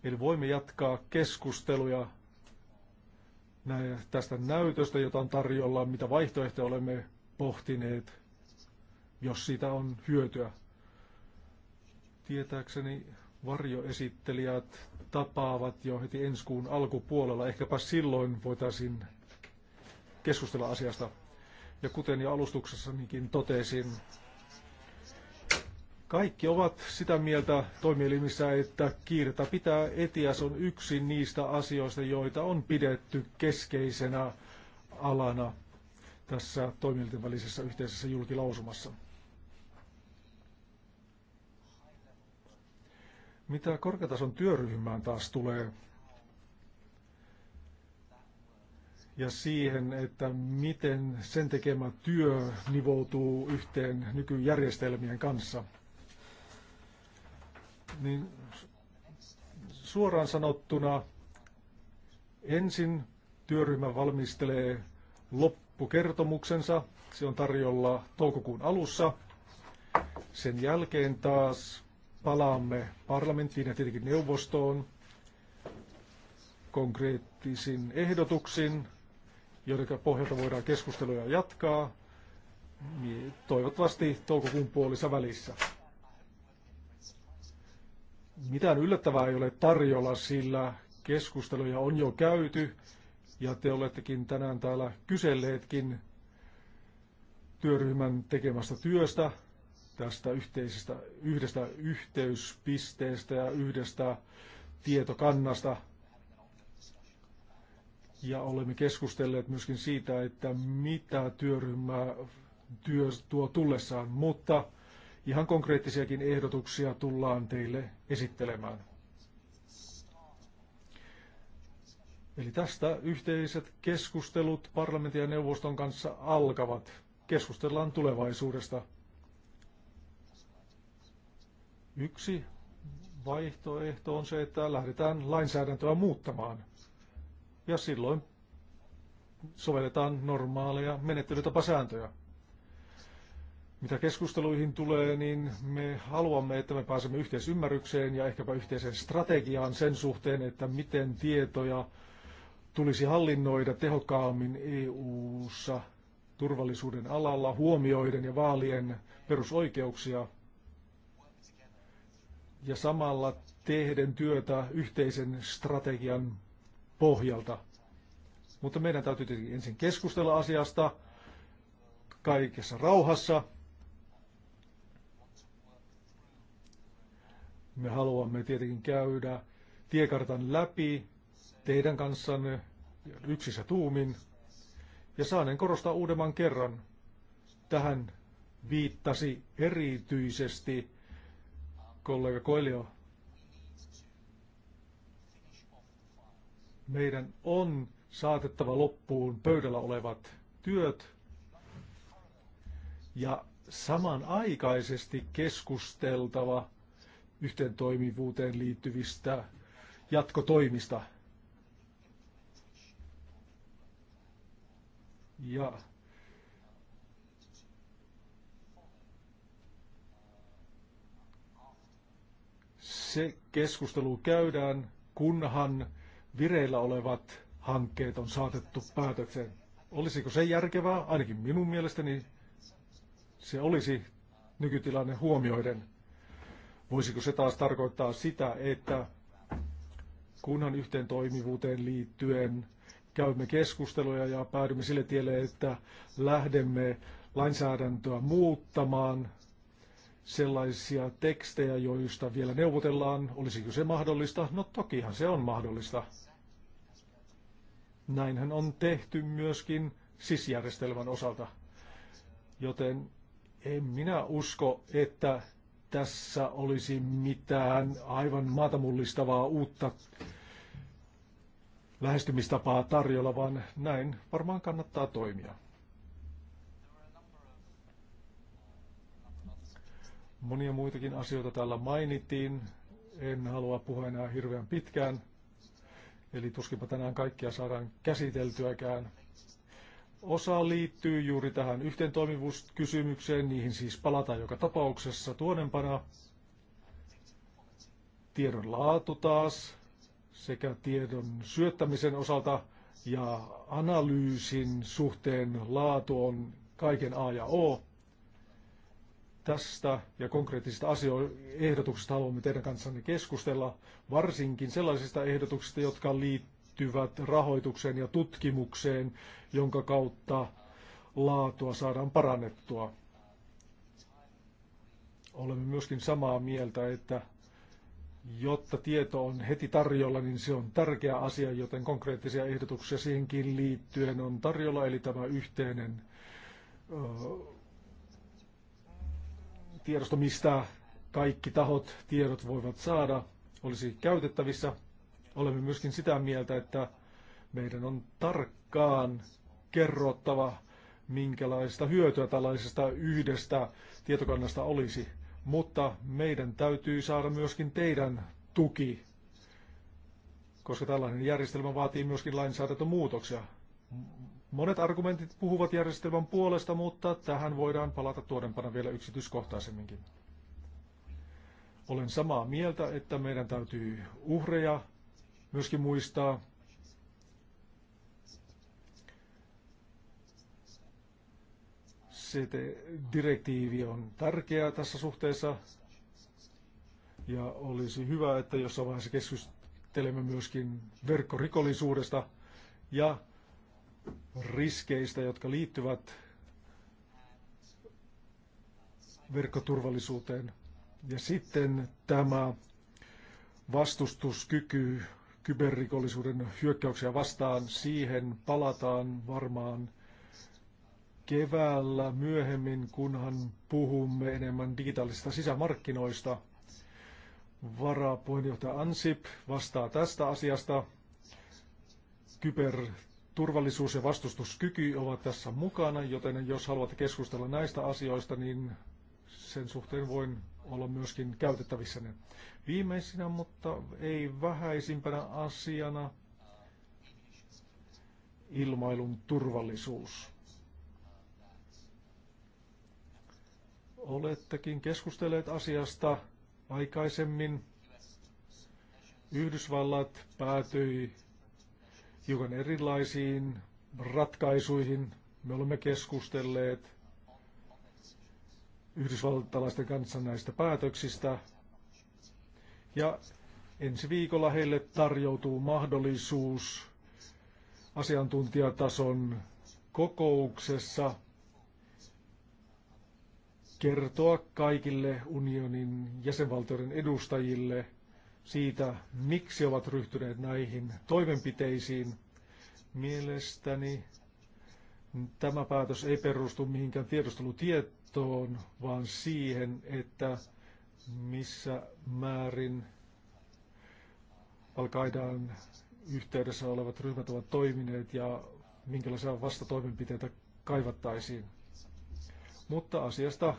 Eli voimme jatkaa keskusteluja tästä näytöstä, jota on tarjolla, mitä vaihtoehtoja olemme pohtineet, jos siitä on hyötyä. Tietääkseni varjoesittelijät tapaavat jo heti ensi kuun alkupuolella. Ehkäpä silloin voitaisiin keskustella asiasta. Ja kuten jo alustuksessanikin totesin, kaikki ovat sitä mieltä toimielimissä, että kiirettä pitää Se on yksi niistä asioista, joita on pidetty keskeisenä alana tässä toimielinten välisessä yhteisessä julkilausumassa. Mitä korkeatason työryhmään taas tulee, ja siihen, että miten sen tekemä työ nivoutuu yhteen nykyjärjestelmien kanssa. Niin suoraan sanottuna ensin työryhmä valmistelee loppukertomuksensa. Se on tarjolla toukokuun alussa. Sen jälkeen taas palaamme parlamenttiin ja tietenkin neuvostoon konkreettisin ehdotuksin joiden pohjalta voidaan keskusteluja jatkaa niin toivottavasti toukokuun puolissa välissä. Mitään yllättävää ei ole tarjolla, sillä keskusteluja on jo käyty ja te olettekin tänään täällä kyselleetkin työryhmän tekemästä työstä, tästä yhteisestä, yhdestä yhteyspisteestä ja yhdestä tietokannasta – ja olemme keskustelleet myöskin siitä, että mitä työryhmä työ tuo tullessaan, mutta ihan konkreettisiakin ehdotuksia tullaan teille esittelemään. Eli tästä yhteiset keskustelut parlamentin ja neuvoston kanssa alkavat. Keskustellaan tulevaisuudesta. Yksi vaihtoehto on se, että lähdetään lainsäädäntöä muuttamaan – ja silloin sovelletaan normaaleja menettelytapasääntöjä. Mitä keskusteluihin tulee, niin me haluamme, että me pääsemme yhteisymmärrykseen ja ehkäpä yhteiseen strategiaan sen suhteen, että miten tietoja tulisi hallinnoida tehokkaammin EU-ssa turvallisuuden alalla huomioiden ja vaalien perusoikeuksia ja samalla tehden työtä yhteisen strategian pohjalta. Mutta meidän täytyy tietenkin ensin keskustella asiasta kaikessa rauhassa. Me haluamme tietenkin käydä tiekartan läpi teidän kanssanne yksissä tuumin. Ja saanen korostaa uudemman kerran. Tähän viittasi erityisesti kollega Koelio Meidän on saatettava loppuun pöydällä olevat työt ja samanaikaisesti keskusteltava yhteen toimivuuteen liittyvistä jatkotoimista. Ja se keskustelu käydään, kunhan vireillä olevat hankkeet on saatettu päätökseen. Olisiko se järkevää? Ainakin minun mielestäni se olisi nykytilanne huomioiden. Voisiko se taas tarkoittaa sitä, että kunnan yhteen toimivuuteen liittyen käymme keskusteluja ja päädymme sille tielle, että lähdemme lainsäädäntöä muuttamaan sellaisia tekstejä, joista vielä neuvotellaan. Olisiko se mahdollista? No tokihan se on mahdollista. Näinhän on tehty myöskin sisjärjestelmän osalta. Joten en minä usko, että tässä olisi mitään aivan maatamullistavaa uutta lähestymistapaa tarjolla, vaan näin varmaan kannattaa toimia. Monia muitakin asioita täällä mainittiin. En halua puhua enää hirveän pitkään. Eli tuskinpa tänään kaikkia saadaan käsiteltyäkään. Osa liittyy juuri tähän yhteentoimivuuskysymykseen, niihin siis palataan joka tapauksessa tuonempana. Tiedon laatu taas sekä tiedon syöttämisen osalta ja analyysin suhteen laatu on kaiken A ja O. Tästä ja konkreettisista asioehdotuksista ehdotuksista haluamme teidän kanssanne keskustella, varsinkin sellaisista ehdotuksista, jotka liittyvät rahoitukseen ja tutkimukseen, jonka kautta laatua saadaan parannettua. Olemme myöskin samaa mieltä, että jotta tieto on heti tarjolla, niin se on tärkeä asia, joten konkreettisia ehdotuksia siihenkin liittyen on tarjolla, eli tämä yhteinen tiedosto, mistä kaikki tahot tiedot voivat saada, olisi käytettävissä. Olemme myöskin sitä mieltä, että meidän on tarkkaan kerrottava, minkälaista hyötyä tällaisesta yhdestä tietokannasta olisi. Mutta meidän täytyy saada myöskin teidän tuki, koska tällainen järjestelmä vaatii myöskin lainsäädäntömuutoksia. Monet argumentit puhuvat järjestelmän puolesta, mutta tähän voidaan palata tuodempana vielä yksityiskohtaisemminkin. Olen samaa mieltä, että meidän täytyy uhreja myöskin muistaa. Se direktiivi on tärkeä tässä suhteessa ja olisi hyvä, että jossain vaiheessa keskustelemme myöskin verkkorikollisuudesta ja riskeistä, jotka liittyvät verkkoturvallisuuteen. Ja sitten tämä vastustuskyky kyberrikollisuuden hyökkäyksiä vastaan, siihen palataan varmaan keväällä myöhemmin, kunhan puhumme enemmän digitaalisista sisämarkkinoista. Varapuheenjohtaja Ansip vastaa tästä asiasta. Kyber turvallisuus ja vastustuskyky ovat tässä mukana, joten jos haluat keskustella näistä asioista, niin sen suhteen voin olla myöskin ne. Viimeisinä, mutta ei vähäisimpänä asiana, ilmailun turvallisuus. Olettekin keskustelleet asiasta aikaisemmin. Yhdysvallat päätyi hiukan erilaisiin ratkaisuihin. Me olemme keskustelleet yhdysvaltalaisten kanssa näistä päätöksistä. Ja ensi viikolla heille tarjoutuu mahdollisuus asiantuntijatason kokouksessa kertoa kaikille unionin jäsenvaltioiden edustajille – siitä, miksi ovat ryhtyneet näihin toimenpiteisiin. Mielestäni tämä päätös ei perustu mihinkään tiedustelutietoon, vaan siihen, että missä määrin alkaidaan yhteydessä olevat ryhmät ovat toimineet ja minkälaisia vastatoimenpiteitä kaivattaisiin. Mutta asiasta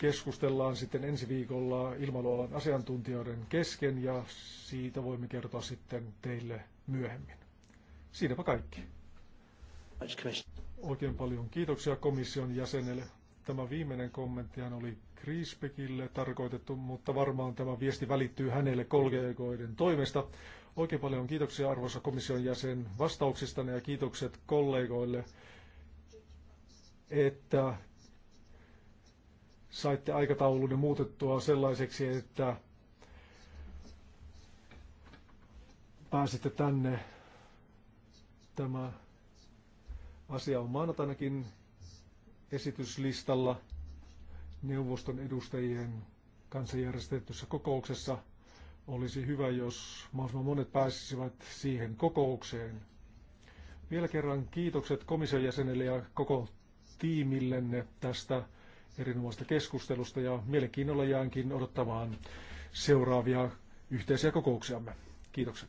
keskustellaan sitten ensi viikolla ilmailualan asiantuntijoiden kesken ja siitä voimme kertoa sitten teille myöhemmin. Siinäpä kaikki. Oikein paljon kiitoksia komission jäsenelle. Tämä viimeinen kommenttihan oli Kriisbekille tarkoitettu, mutta varmaan tämä viesti välittyy hänelle kollegoiden toimesta. Oikein paljon kiitoksia arvoisa komission jäsen vastauksistanne ja kiitokset kollegoille, että saitte aikataulunne muutettua sellaiseksi, että pääsitte tänne. Tämä asia on maanantainakin esityslistalla neuvoston edustajien kanssa järjestetyssä kokouksessa. Olisi hyvä, jos mahdollisimman monet pääsisivät siihen kokoukseen. Vielä kerran kiitokset komission jäsenelle ja koko tiimillenne tästä erinomaista keskustelusta ja mielenkiinnolla jäänkin odottamaan seuraavia yhteisiä kokouksiamme. Kiitokset.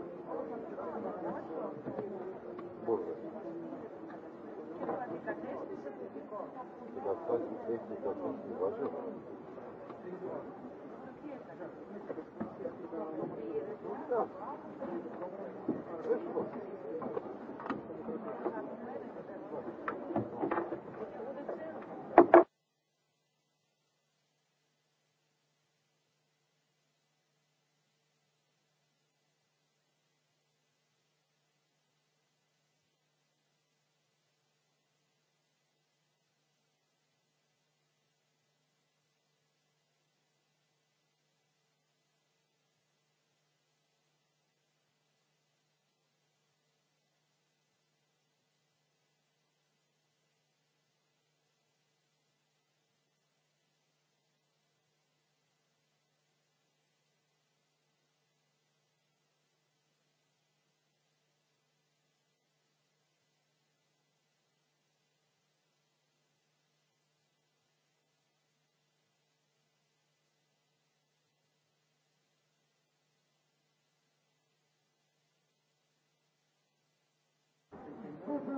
Μπορούμε. Καταστάσεις έχει καθώς τη βάζω. Thank you.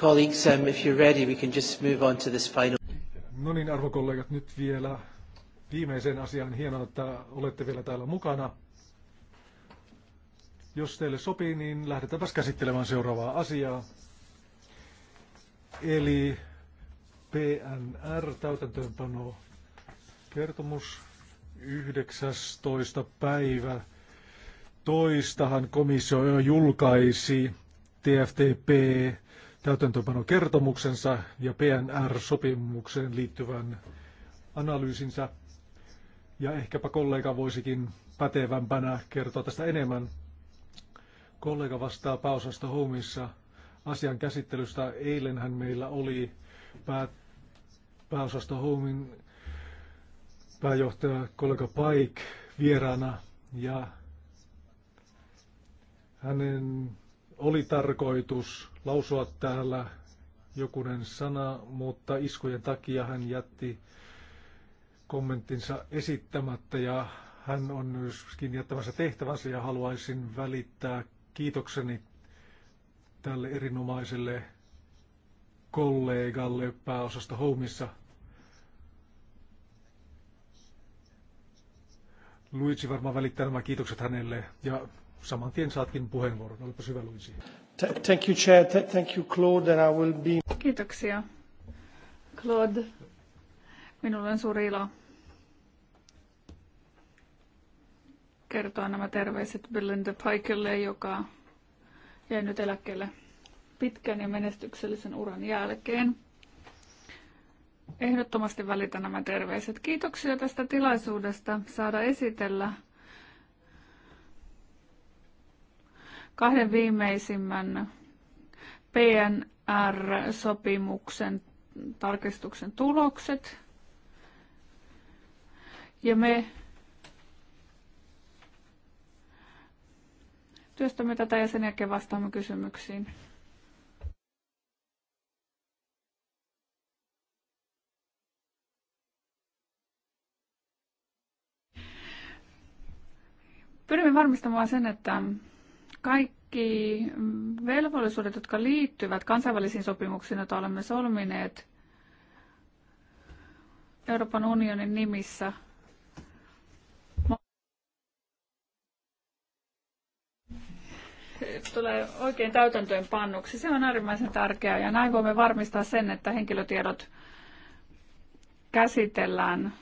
Colleagues, um, if you're ready, we can just move on to this final. No niin, arvokollegat, nyt vielä viimeiseen asiaan. Hienoa, että olette vielä täällä mukana. Jos teille sopii, niin lähdetäänpäs käsittelemään seuraavaa asiaa. Eli PNR, täytäntöönpano, kertomus 19. päivä. Toistahan komissio julkaisi TFTP täytäntöönpanokertomuksensa ja PNR-sopimukseen liittyvän analyysinsä. Ja ehkäpä kollega voisikin pätevämpänä kertoa tästä enemmän. Kollega vastaa pääosasta Homissa asian käsittelystä. Eilenhän meillä oli pää, pääosasto Homin pääjohtaja kollega Paik vieraana ja hänen oli tarkoitus lausua täällä jokunen sana, mutta iskujen takia hän jätti kommenttinsa esittämättä ja hän on myöskin jättämässä tehtävänsä ja haluaisin välittää kiitokseni tälle erinomaiselle kollegalle pääosasta Homissa. Luigi varmaan välittää nämä kiitokset hänelle ja saman tien saatkin puheenvuoron. Olipa hyvä Luisi. Thank you, Chair. Thank you, Claude, and I will be... Kiitoksia, Claude. Minulla on suuri ilo kertoa nämä terveiset Belinda Paikelle, joka jäi nyt eläkkeelle pitkän ja menestyksellisen uran jälkeen. Ehdottomasti välitän nämä terveiset. Kiitoksia tästä tilaisuudesta saada esitellä kahden viimeisimmän PNR-sopimuksen tarkistuksen tulokset. Ja me työstämme tätä ja sen jälkeen vastaamme kysymyksiin. Pyrimme varmistamaan sen, että kaikki mm, velvollisuudet, jotka liittyvät kansainvälisiin sopimuksiin, joita olemme solmineet Euroopan unionin nimissä, tulee oikein täytäntöön pannuksi. Se on äärimmäisen tärkeää ja näin voimme varmistaa sen, että henkilötiedot käsitellään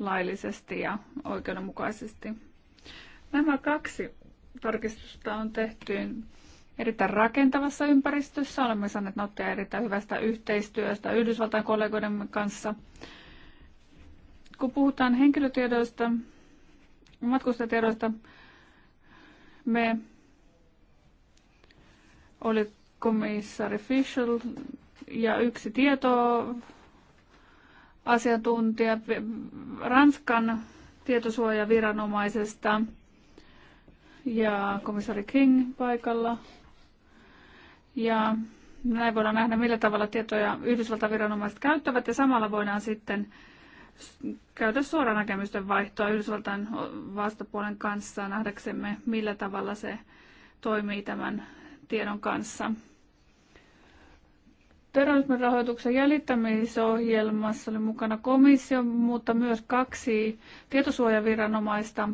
laillisesti ja oikeudenmukaisesti. Nämä kaksi tarkistusta on tehty erittäin rakentavassa ympäristössä. Olemme saaneet nauttia erittäin hyvästä yhteistyöstä Yhdysvaltain kollegoiden kanssa. Kun puhutaan henkilötiedoista, matkustajatiedoista, me oli komissaari Fischel ja yksi tieto asiantuntija Ranskan tietosuojaviranomaisesta – ja komissari King paikalla. Ja näin voidaan nähdä, millä tavalla tietoja Yhdysvaltain käyttävät ja samalla voidaan sitten käydä suoraan näkemysten vaihtoa Yhdysvaltain vastapuolen kanssa nähdäksemme, millä tavalla se toimii tämän tiedon kanssa. Terrorismin rahoituksen jäljittämisohjelmassa oli mukana komissio, mutta myös kaksi tietosuojaviranomaista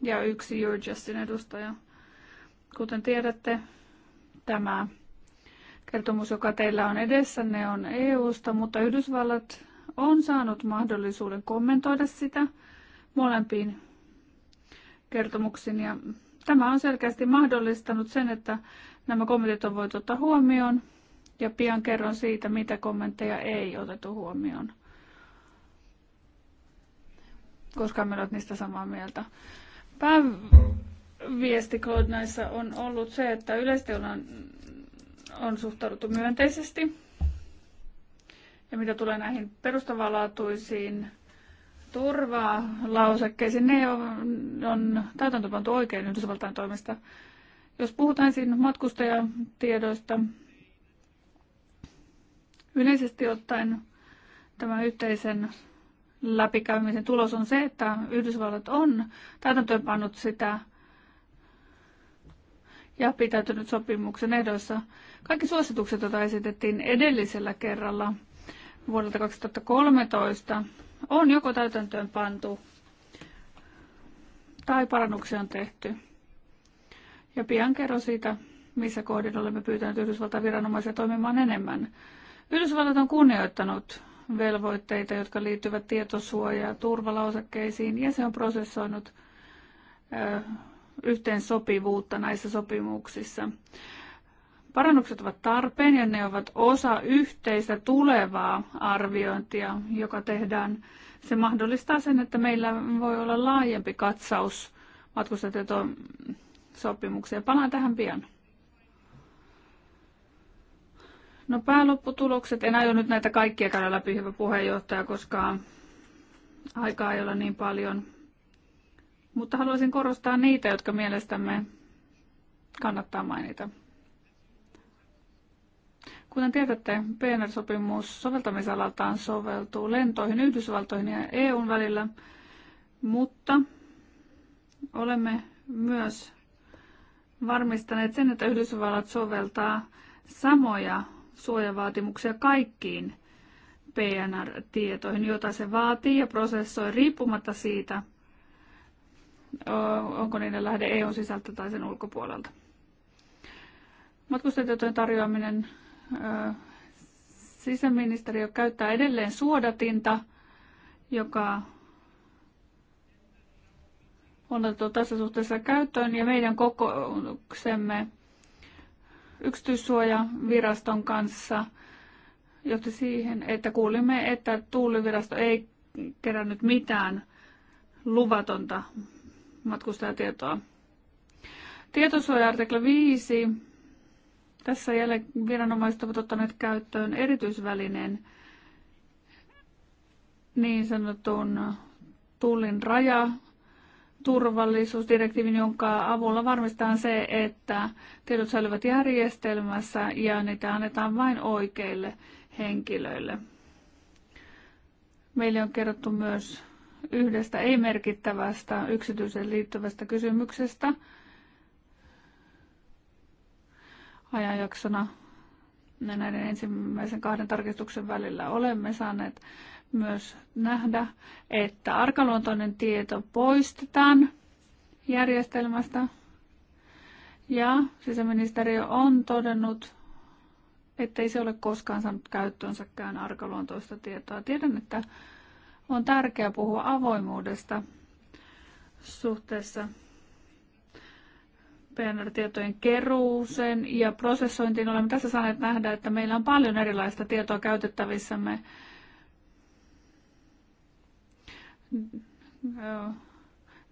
ja yksi Eurojustin edustaja. Kuten tiedätte, tämä kertomus, joka teillä on edessä, ne on EUsta, mutta Yhdysvallat on saanut mahdollisuuden kommentoida sitä molempiin kertomuksiin. Ja tämä on selkeästi mahdollistanut sen, että nämä kommentit on voitu ottaa huomioon ja pian kerron siitä, mitä kommentteja ei otettu huomioon, koska me olemme niistä samaa mieltä. Pääviesti näissä on ollut se, että yleisesti on, on suhtauduttu myönteisesti. Ja mitä tulee näihin perustavanlaatuisiin turvalausekkeisiin, ne on, on täytäntöpantu oikein Yhdysvaltain toimesta. Jos puhutaan siinä matkustajatiedoista, yleisesti ottaen tämän yhteisen läpikäymisen tulos on se, että Yhdysvallat on täytäntöönpannut sitä ja pitäytynyt sopimuksen ehdoissa. Kaikki suositukset, joita esitettiin edellisellä kerralla vuodelta 2013, on joko täytäntöön pantu tai parannuksia on tehty. Ja pian kerro siitä, missä kohdin olemme pyytäneet Yhdysvaltain viranomaisia toimimaan enemmän. Yhdysvallat on kunnioittanut velvoitteita, jotka liittyvät tietosuojaan ja turvalausekkeisiin, ja se on prosessoinut yhteensopivuutta näissä sopimuksissa. Parannukset ovat tarpeen ja ne ovat osa yhteistä tulevaa arviointia, joka tehdään. Se mahdollistaa sen, että meillä voi olla laajempi katsaus matkustajatietosopimuksia. Palaan tähän pian. No päälopputulokset, en aio nyt näitä kaikkia käydä läpi, hyvä puheenjohtaja, koska aikaa ei ole niin paljon. Mutta haluaisin korostaa niitä, jotka mielestämme kannattaa mainita. Kuten tiedätte, PNR-sopimus soveltamisalaltaan soveltuu lentoihin Yhdysvaltoihin ja EUn välillä, mutta olemme myös varmistaneet sen, että Yhdysvallat soveltaa samoja suojavaatimuksia kaikkiin PNR-tietoihin, joita se vaatii ja prosessoi riippumatta siitä, onko niiden lähde EUn sisältä tai sen ulkopuolelta. Matkustajatietojen tarjoaminen sisäministeriö käyttää edelleen suodatinta, joka on otettu tässä suhteessa käyttöön ja meidän kokouksemme yksityissuojaviraston kanssa johti siihen, että kuulimme, että tuulivirasto ei kerännyt mitään luvatonta matkustajatietoa. Tietosuoja-artikla 5. Tässä jälleen viranomaiset ovat ottaneet käyttöön erityisvälineen niin sanotun tullin raja turvallisuusdirektiivin, jonka avulla varmistetaan se, että tiedot säilyvät järjestelmässä ja niitä annetaan vain oikeille henkilöille. Meille on kerrottu myös yhdestä ei-merkittävästä yksityiseen liittyvästä kysymyksestä ajanjaksona näiden ensimmäisen kahden tarkistuksen välillä olemme saaneet myös nähdä, että arkaluontoinen tieto poistetaan järjestelmästä. Ja sisäministeriö on todennut, ettei se ole koskaan saanut käyttöönsäkään arkaluontoista tietoa. Tiedän, että on tärkeää puhua avoimuudesta suhteessa PNR-tietojen keruuseen ja prosessointiin. Olemme tässä saaneet nähdä, että meillä on paljon erilaista tietoa käytettävissämme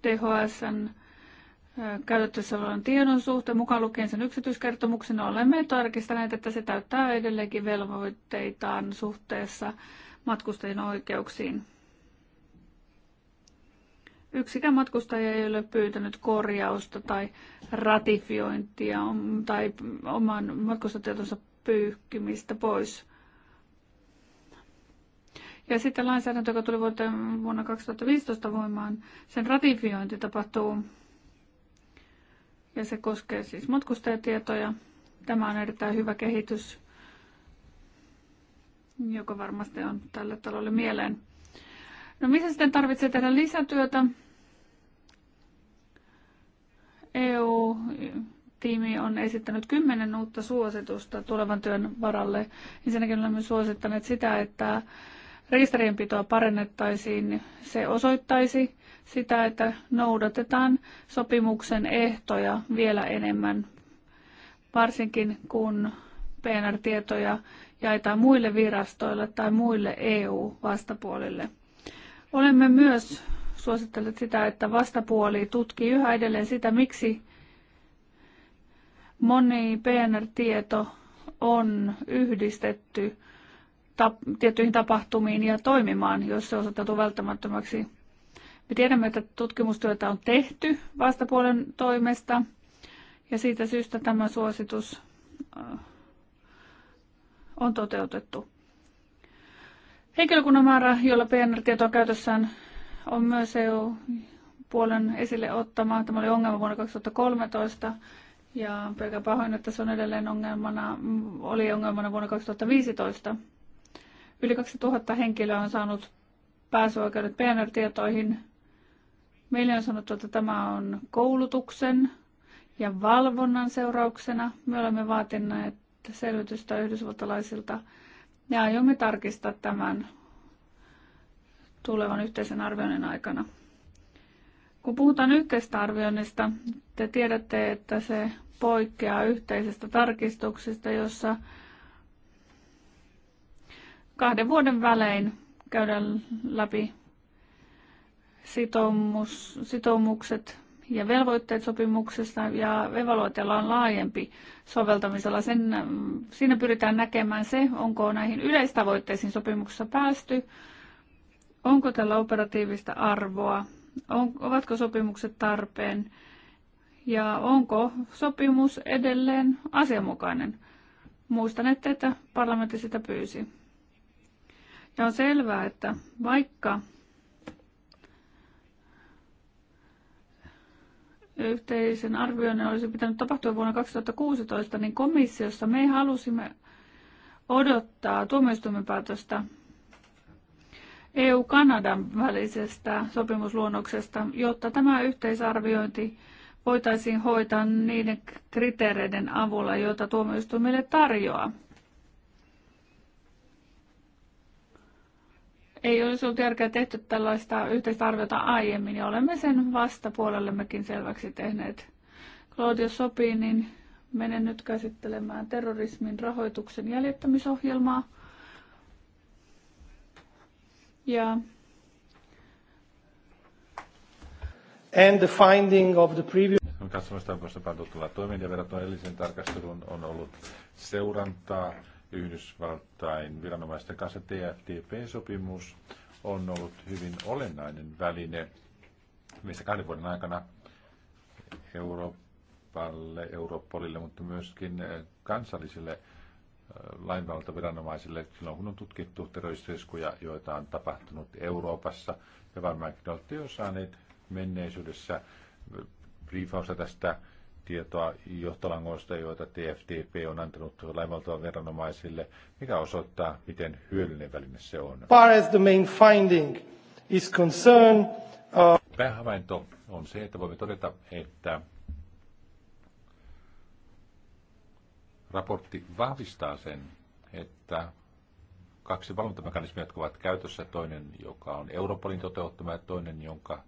THSn käytettävissä olevan tiedon suhteen, mukaan lukien sen yksityiskertomuksen, olemme tarkistaneet, että se täyttää edelleenkin velvoitteitaan suhteessa matkustajien oikeuksiin. Yksikään matkustaja ei ole pyytänyt korjausta tai ratifiointia tai oman matkustajatietonsa pyyhkimistä pois. Ja sitten lainsäädäntö, joka tuli vuoteen, vuonna 2015 voimaan, sen ratifiointi tapahtuu ja se koskee siis matkustajatietoja. Tämä on erittäin hyvä kehitys, joka varmasti on tälle talolle mieleen. No missä sitten tarvitsee tehdä lisätyötä? EU-tiimi on esittänyt kymmenen uutta suositusta tulevan työn varalle. Ensinnäkin olemme suosittaneet sitä, että rekisterinpitoa parennettaisiin, niin se osoittaisi sitä, että noudatetaan sopimuksen ehtoja vielä enemmän, varsinkin kun PNR-tietoja jaetaan muille virastoille tai muille EU-vastapuolille. Olemme myös suositelleet sitä, että vastapuoli tutkii yhä edelleen sitä, miksi moni PNR-tieto on yhdistetty ta- tiettyihin tapahtumiin ja toimimaan, jos se osoittautuu välttämättömäksi. Me tiedämme, että tutkimustyötä on tehty vastapuolen toimesta ja siitä syystä tämä suositus äh, on toteutettu. Henkilökunnan määrä, jolla pnr on käytössään on myös EU-puolen esille ottama. Tämä oli ongelma vuonna 2013 ja pelkään pahoin, että se on edelleen ongelmana, oli ongelmana vuonna 2015. Yli 2000 henkilöä on saanut pääsyoikeudet PNR-tietoihin. Meille on sanottu, että tämä on koulutuksen ja valvonnan seurauksena. Me olemme vaatineet selvitystä yhdysvaltalaisilta ja aiomme tarkistaa tämän tulevan yhteisen arvioinnin aikana. Kun puhutaan yhteistä arvioinnista, te tiedätte, että se poikkeaa yhteisestä tarkistuksesta, jossa kahden vuoden välein käydä läpi sitoumus, sitoumukset ja velvoitteet sopimuksesta ja evaluoitella on laajempi soveltamisella. Sen, siinä pyritään näkemään se, onko näihin yleistavoitteisiin sopimuksessa päästy, onko tällä operatiivista arvoa, on, ovatko sopimukset tarpeen ja onko sopimus edelleen asianmukainen. Muistan, että, että parlamentti sitä pyysi. Ja on selvää, että vaikka yhteisen arvioinnin olisi pitänyt tapahtua vuonna 2016, niin komissiossa me halusimme odottaa tuomioistuimen päätöstä EU-Kanadan välisestä sopimusluonnoksesta, jotta tämä yhteisarviointi voitaisiin hoitaa niiden kriteereiden avulla, joita tuomioistuimille tarjoaa. ei olisi ollut järkeä tehty tällaista yhteistä arviota aiemmin, ja olemme sen vastapuolellemmekin selväksi tehneet. Claudio sopii, niin menen nyt käsittelemään terrorismin rahoituksen jäljittämisohjelmaa. Ja And the finding of the previous... Katsomista on päätuttavaa toimintaa verrattuna edellisen tarkastelun on ollut seurantaa Yhdysvaltain viranomaisten kanssa TFTP-sopimus on ollut hyvin olennainen väline missä kahden vuoden aikana Euroopalle, Europolille, mutta myöskin eh, kansallisille eh, lainvaltaviranomaisille silloin, kun on tutkittu terroristiskuja, joita on tapahtunut Euroopassa. Ja varmaankin olette jo saaneet menneisyydessä eh, briefausta tästä tietoa johtolangoista, joita TFTP on antanut laivaltoa viranomaisille, mikä osoittaa, miten hyödyllinen väline se on. Far as the main finding is concerned, uh, Päähavainto on se, että voimme todeta, että raportti vahvistaa sen, että kaksi valvontamekanismia, jotka ovat käytössä, toinen, joka on Europolin toteuttama ja toinen, jonka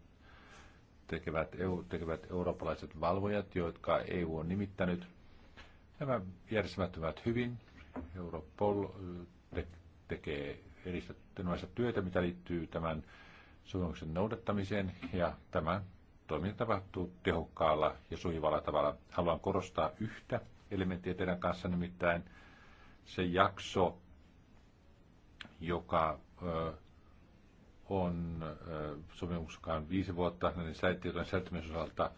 tekevät, EU, tekevät eurooppalaiset valvojat, jotka EU on nimittänyt. Nämä järjestelmättömät hyvin. Europol äh, te, tekee edistettävänsä työtä, mitä liittyy tämän sopimuksen noudattamiseen, ja tämä toiminta tapahtuu tehokkaalla ja sujuvalla tavalla. Haluan korostaa yhtä elementtiä teidän kanssa, nimittäin se jakso, joka äh, on sopimuksen viisi vuotta niin säilyttietojen säilyttämisen osalta,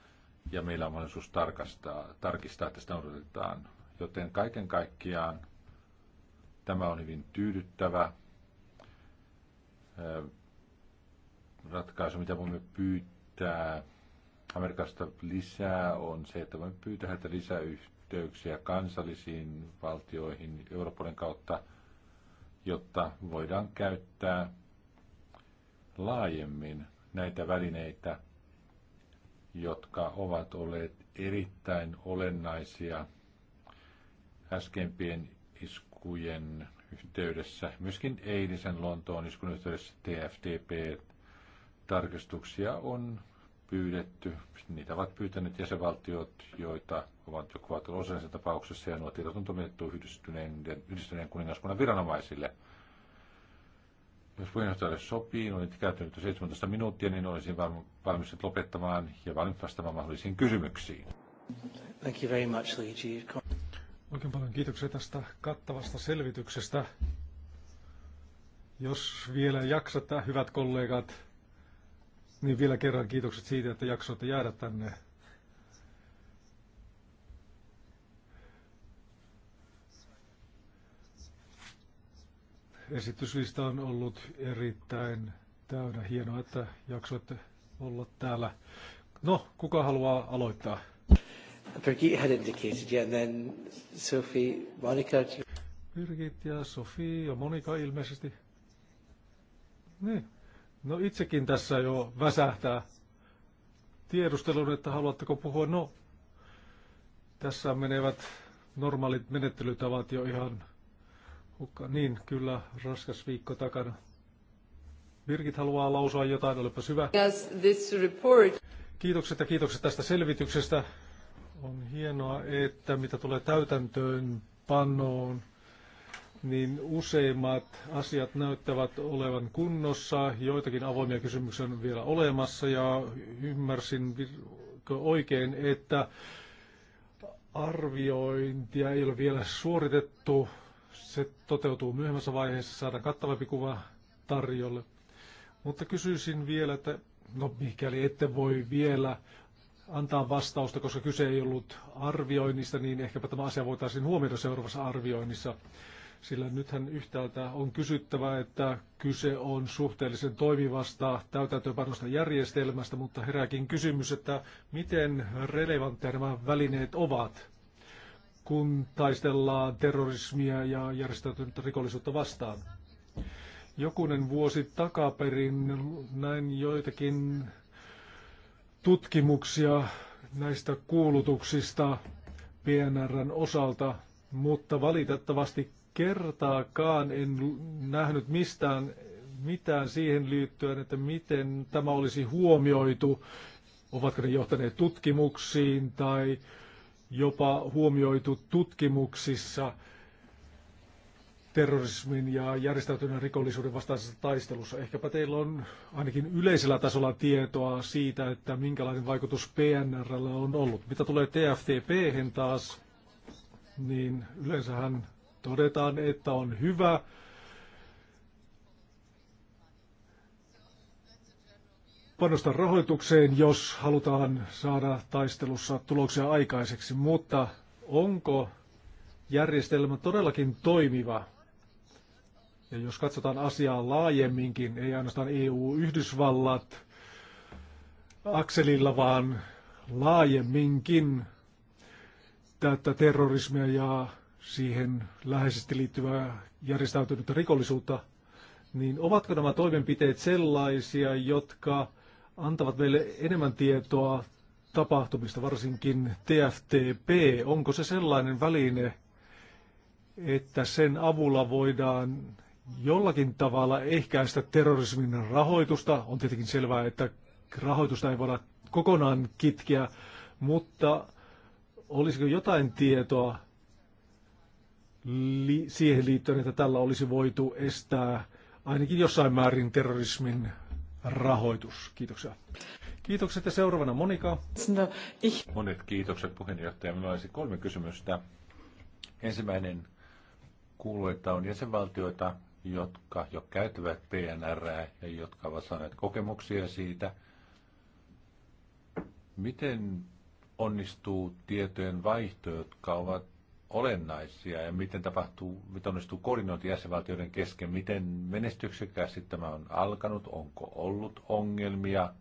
ja meillä on mahdollisuus tarkastaa, tarkistaa, että sitä odotetaan. Joten kaiken kaikkiaan tämä on hyvin tyydyttävä ratkaisu, mitä voimme pyytää Amerikasta lisää, on se, että voimme pyytää heiltä lisää kansallisiin valtioihin Euroopan kautta, jotta voidaan käyttää laajemmin näitä välineitä, jotka ovat olleet erittäin olennaisia äskempien iskujen yhteydessä, myöskin eilisen Lontoon iskun yhteydessä TFTP-tarkistuksia on pyydetty. Niitä ovat pyytäneet jäsenvaltiot, joita ovat jo kuvattu osallisessa tapauksessa, ja nuo tiedot on toimitettu yhdistyneen, yhdistyneen kuningaskunnan viranomaisille – jos puheenjohtajalle sopii, olen käyttänyt 17 minuuttia, niin olisin valmis lopettamaan ja valmis vastaamaan mahdollisiin kysymyksiin. Thank you very much, Luigi. Oikein paljon kiitoksia tästä kattavasta selvityksestä. Jos vielä jaksatte, hyvät kollegat, niin vielä kerran kiitokset siitä, että jaksoitte jäädä tänne Esityslista on ollut erittäin täynnä. Hienoa, että jaksoitte olla täällä. No, kuka haluaa aloittaa? Birgit had indicated, yeah, and then Sophie, Monica. Birgit ja Sophie ja Monika ilmeisesti. Niin. No itsekin tässä jo väsähtää tiedustelun, että haluatteko puhua. No, tässä menevät normaalit menettelytavat jo ihan Hukka, niin kyllä, raskas viikko takana. Birgit haluaa lausua jotain, olipa hyvä. Yes, this report. Kiitokset ja kiitokset tästä selvityksestä. On hienoa, että mitä tulee täytäntöön panoon, niin useimmat asiat näyttävät olevan kunnossa. Joitakin avoimia kysymyksiä on vielä olemassa ja ymmärsin oikein, että arviointia ei ole vielä suoritettu se toteutuu myöhemmässä vaiheessa, saada kattavampi kuva tarjolle. Mutta kysyisin vielä, että no mikäli ette voi vielä antaa vastausta, koska kyse ei ollut arvioinnista, niin ehkäpä tämä asia voitaisiin huomioida seuraavassa arvioinnissa. Sillä nythän yhtäältä on kysyttävä, että kyse on suhteellisen toimivasta täytäntöönpanosta järjestelmästä, mutta herääkin kysymys, että miten relevantteja nämä välineet ovat kun taistellaan terrorismia ja järjestäytynyttä rikollisuutta vastaan. Jokunen vuosi takaperin näin joitakin tutkimuksia näistä kuulutuksista PNRn osalta, mutta valitettavasti kertaakaan en nähnyt mistään mitään siihen liittyen, että miten tämä olisi huomioitu, ovatko ne johtaneet tutkimuksiin tai jopa huomioitu tutkimuksissa terrorismin ja järjestäytyneen rikollisuuden vastaisessa taistelussa. Ehkäpä teillä on ainakin yleisellä tasolla tietoa siitä, että minkälainen vaikutus PNRllä on ollut. Mitä tulee tftp taas, niin yleensähän todetaan, että on hyvä panosta rahoitukseen, jos halutaan saada taistelussa tuloksia aikaiseksi, mutta onko järjestelmä todellakin toimiva? Ja jos katsotaan asiaa laajemminkin, ei ainoastaan EU-Yhdysvallat akselilla, vaan laajemminkin tätä terrorismia ja siihen läheisesti liittyvää järjestäytynyttä rikollisuutta, niin ovatko nämä toimenpiteet sellaisia, jotka antavat meille enemmän tietoa tapahtumista, varsinkin TFTP. Onko se sellainen väline, että sen avulla voidaan jollakin tavalla ehkäistä terrorismin rahoitusta? On tietenkin selvää, että rahoitusta ei voida kokonaan kitkeä, mutta olisiko jotain tietoa li- siihen liittyen, että tällä olisi voitu estää ainakin jossain määrin terrorismin rahoitus. Kiitoksia. Kiitokset ja seuraavana Monika. No, ich... Monet kiitokset puheenjohtaja. Minulla olisi kolme kysymystä. Ensimmäinen kuuluu, että on jäsenvaltioita, jotka jo käyttävät PNR ja jotka ovat saaneet kokemuksia siitä. Miten onnistuu tietojen vaihto, jotka ovat olennaisia ja miten tapahtuu, miten onnistuu koordinointi jäsenvaltioiden kesken, miten menestyksekkäästi tämä on alkanut, onko ollut ongelmia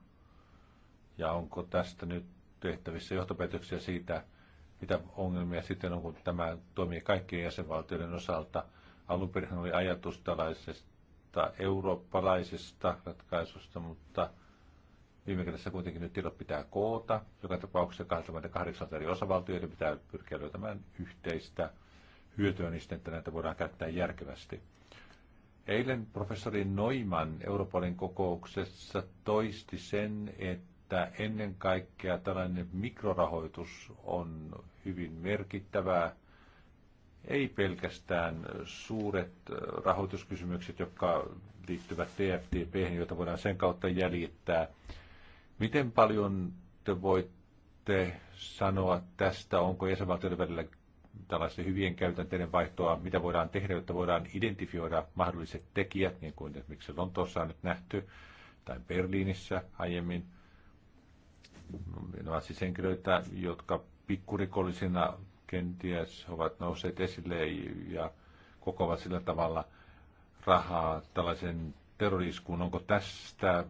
ja onko tästä nyt tehtävissä johtopäätöksiä siitä, mitä ongelmia sitten on, kun tämä toimii kaikkien jäsenvaltioiden osalta. Alun perin oli ajatus tällaisesta eurooppalaisesta ratkaisusta, mutta Viime kädessä kuitenkin nyt tiedot pitää koota. Joka tapauksessa 28 eri osavaltioiden pitää pyrkiä löytämään yhteistä hyötyä niistä, että näitä voidaan käyttää järkevästi. Eilen professori Noiman Europolin kokouksessa toisti sen, että ennen kaikkea tällainen mikrorahoitus on hyvin merkittävää. Ei pelkästään suuret rahoituskysymykset, jotka liittyvät TFTP, joita voidaan sen kautta jäljittää, Miten paljon te voitte sanoa tästä, onko jäsenvaltioiden välillä tällaisten hyvien käytänteiden vaihtoa, mitä voidaan tehdä, jotta voidaan identifioida mahdolliset tekijät, niin kuin esimerkiksi Lontoossa on nyt nähty, tai Berliinissä aiemmin. Ne ovat siis henkilöitä, jotka pikkurikollisina kenties ovat nousseet esille ja kokoavat sillä tavalla rahaa tällaisen terroriskuun. Onko tästä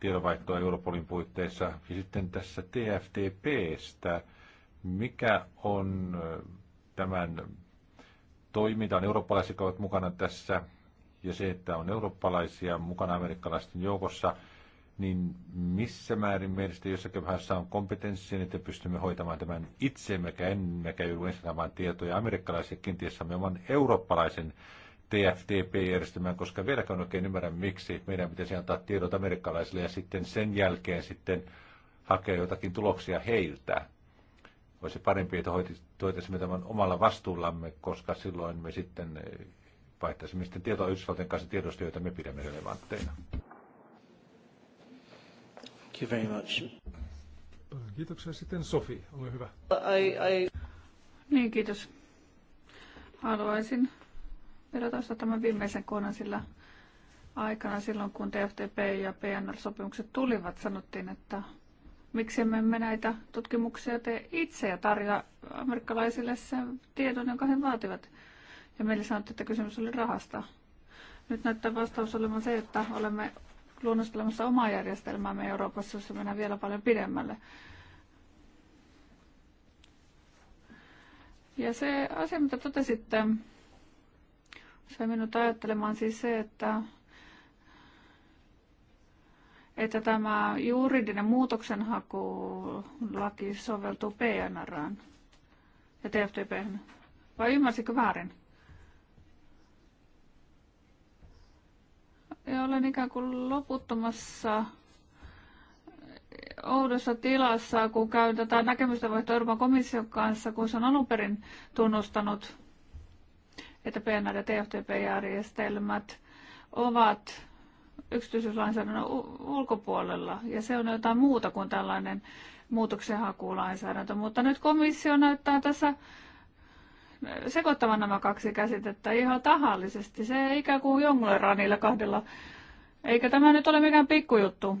tiedonvaihtoa Europolin puitteissa. Ja sitten tässä TFTPstä, mikä on tämän toiminta, on eurooppalaiset jotka ovat mukana tässä, ja se, että on eurooppalaisia mukana amerikkalaisten joukossa, niin missä määrin meistä jossakin vaiheessa on kompetenssia, niin että pystymme hoitamaan tämän itse, emmekä emmekä joudu ensin tietoja amerikkalaisille, kenties saamme oman eurooppalaisen TFTP-järjestelmään, koska vieläkään oikein ymmärrä, miksi meidän pitäisi antaa tiedot amerikkalaisille ja sitten sen jälkeen sitten hakea jotakin tuloksia heiltä. Olisi parempi, että hoitaisimme tämän omalla vastuullamme, koska silloin me sitten eh, vaihtaisimme sitten tietoa Yhdysvaltain kanssa tiedosta, joita me pidämme relevantteina. Thank you very much. Kiitoksia. Sitten Sofi, ole hyvä. I, I... Niin, kiitos. Haluaisin Vedän toista tämän viimeisen kohdan, sillä aikana silloin, kun TFTP ja PNR-sopimukset tulivat, sanottiin, että miksi me emme näitä tutkimuksia tee itse ja tarjoa amerikkalaisille sen tiedon, jonka he vaativat. Ja meille sanottiin, että kysymys oli rahasta. Nyt näyttää vastaus olevan se, että olemme luonnostelemassa omaa järjestelmäämme Euroopassa, jossa mennään vielä paljon pidemmälle. Ja se asia, mitä totesitte se minut ajattelemaan siis se, että, että tämä juridinen muutoksenhakulaki soveltuu PNRään ja TFTPhän. Vai ymmärsikö väärin? Ja olen ikään kuin loputtomassa oudossa tilassa, kun käyn tätä näkemystä vaihtoa Euroopan komission kanssa, kun se on alun perin tunnustanut että PNR- ja TFTP-järjestelmät ovat yksityisyyslainsäädännön ulkopuolella, ja se on jotain muuta kuin tällainen muutoksenhakulainsäädäntö. Mutta nyt komissio näyttää tässä sekoittavan nämä kaksi käsitettä ihan tahallisesti. Se ikään kuin jongleraa niillä kahdella. Eikä tämä nyt ole mikään pikkujuttu.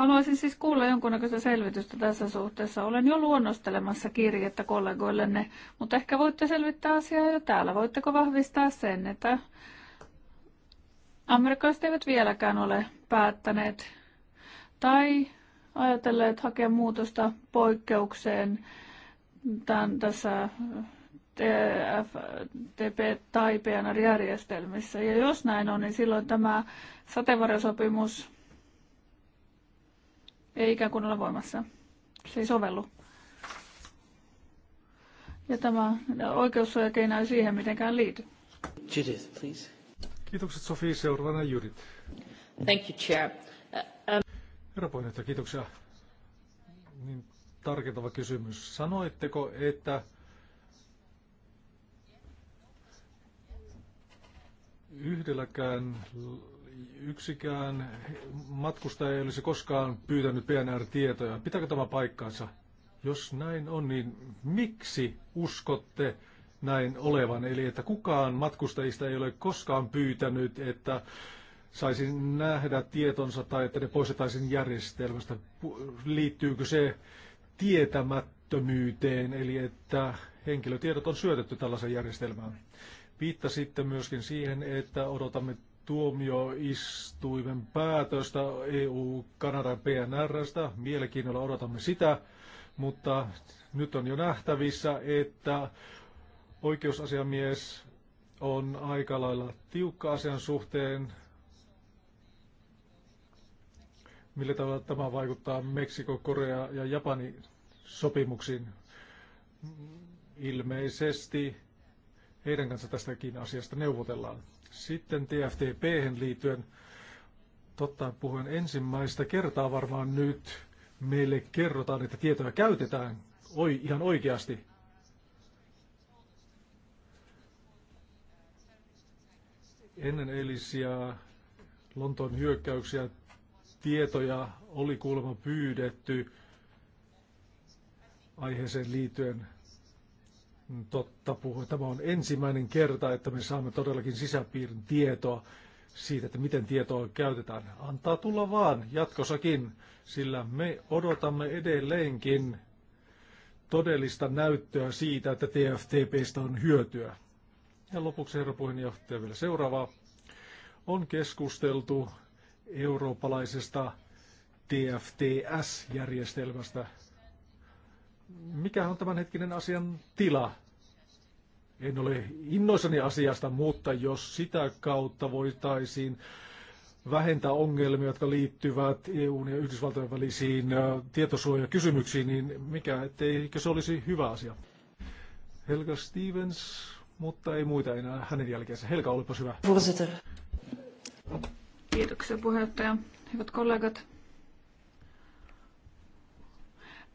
Haluaisin siis kuulla jonkunnäköistä selvitystä tässä suhteessa. Olen jo luonnostelemassa kirjettä kollegoillenne, mutta ehkä voitte selvittää asiaa jo täällä. Voitteko vahvistaa sen, että amerikkalaiset eivät vieläkään ole päättäneet tai ajatelleet hakea muutosta poikkeukseen tämän, tässä TP pnr järjestelmissä. Ja jos näin on, niin silloin tämä sateenvarjosopimus ei ikään kuin ole voimassa. Se ei sovellu. Ja tämä oikeussuojakeino ei siihen mitenkään liity. Judith, please. Kiitokset Sofi. Seuraavana Judith. Thank you, Chair. Uh, um, Herra puheenjohtaja, kiitoksia. Niin, tarkentava kysymys. Sanoitteko, että yhdelläkään yksikään matkustaja ei olisi koskaan pyytänyt PNR-tietoja. Pitääkö tämä paikkaansa? Jos näin on, niin miksi uskotte näin olevan? Eli että kukaan matkustajista ei ole koskaan pyytänyt, että saisi nähdä tietonsa tai että ne poistetaisiin järjestelmästä. Liittyykö se tietämättömyyteen, eli että henkilötiedot on syötetty tällaisen järjestelmään? Viittasitte myöskin siihen, että odotamme tuomioistuimen päätöstä EU-Kanadan PNRstä. Mielenkiinnolla odotamme sitä, mutta nyt on jo nähtävissä, että oikeusasiamies on aika lailla tiukka asian suhteen, millä tavalla tämä vaikuttaa Meksiko, Korea ja Japani sopimuksiin. Ilmeisesti heidän kanssa tästäkin asiasta neuvotellaan. Sitten tftp liittyen, totta puhuen ensimmäistä kertaa varmaan nyt meille kerrotaan, että tietoja käytetään oi, ihan oikeasti. Ennen eilisiä Lontoon hyökkäyksiä tietoja oli kuulemma pyydetty aiheeseen liittyen Mm, totta puhua. Tämä on ensimmäinen kerta, että me saamme todellakin sisäpiirin tietoa siitä, että miten tietoa käytetään. Antaa tulla vaan jatkossakin, sillä me odotamme edelleenkin todellista näyttöä siitä, että TFTPstä on hyötyä. Ja lopuksi herra puheenjohtaja vielä seuraava. On keskusteltu eurooppalaisesta TFTS-järjestelmästä – mikä on tämänhetkinen asian tila? En ole innoissani asiasta, mutta jos sitä kautta voitaisiin vähentää ongelmia, jotka liittyvät EUn ja Yhdysvaltojen välisiin tietosuojakysymyksiin, niin mikä, etteikö se olisi hyvä asia? Helga Stevens, mutta ei muita enää hänen jälkeensä. Helga, olipa hyvä. Kiitoksia puheenjohtaja. Hyvät kollegat.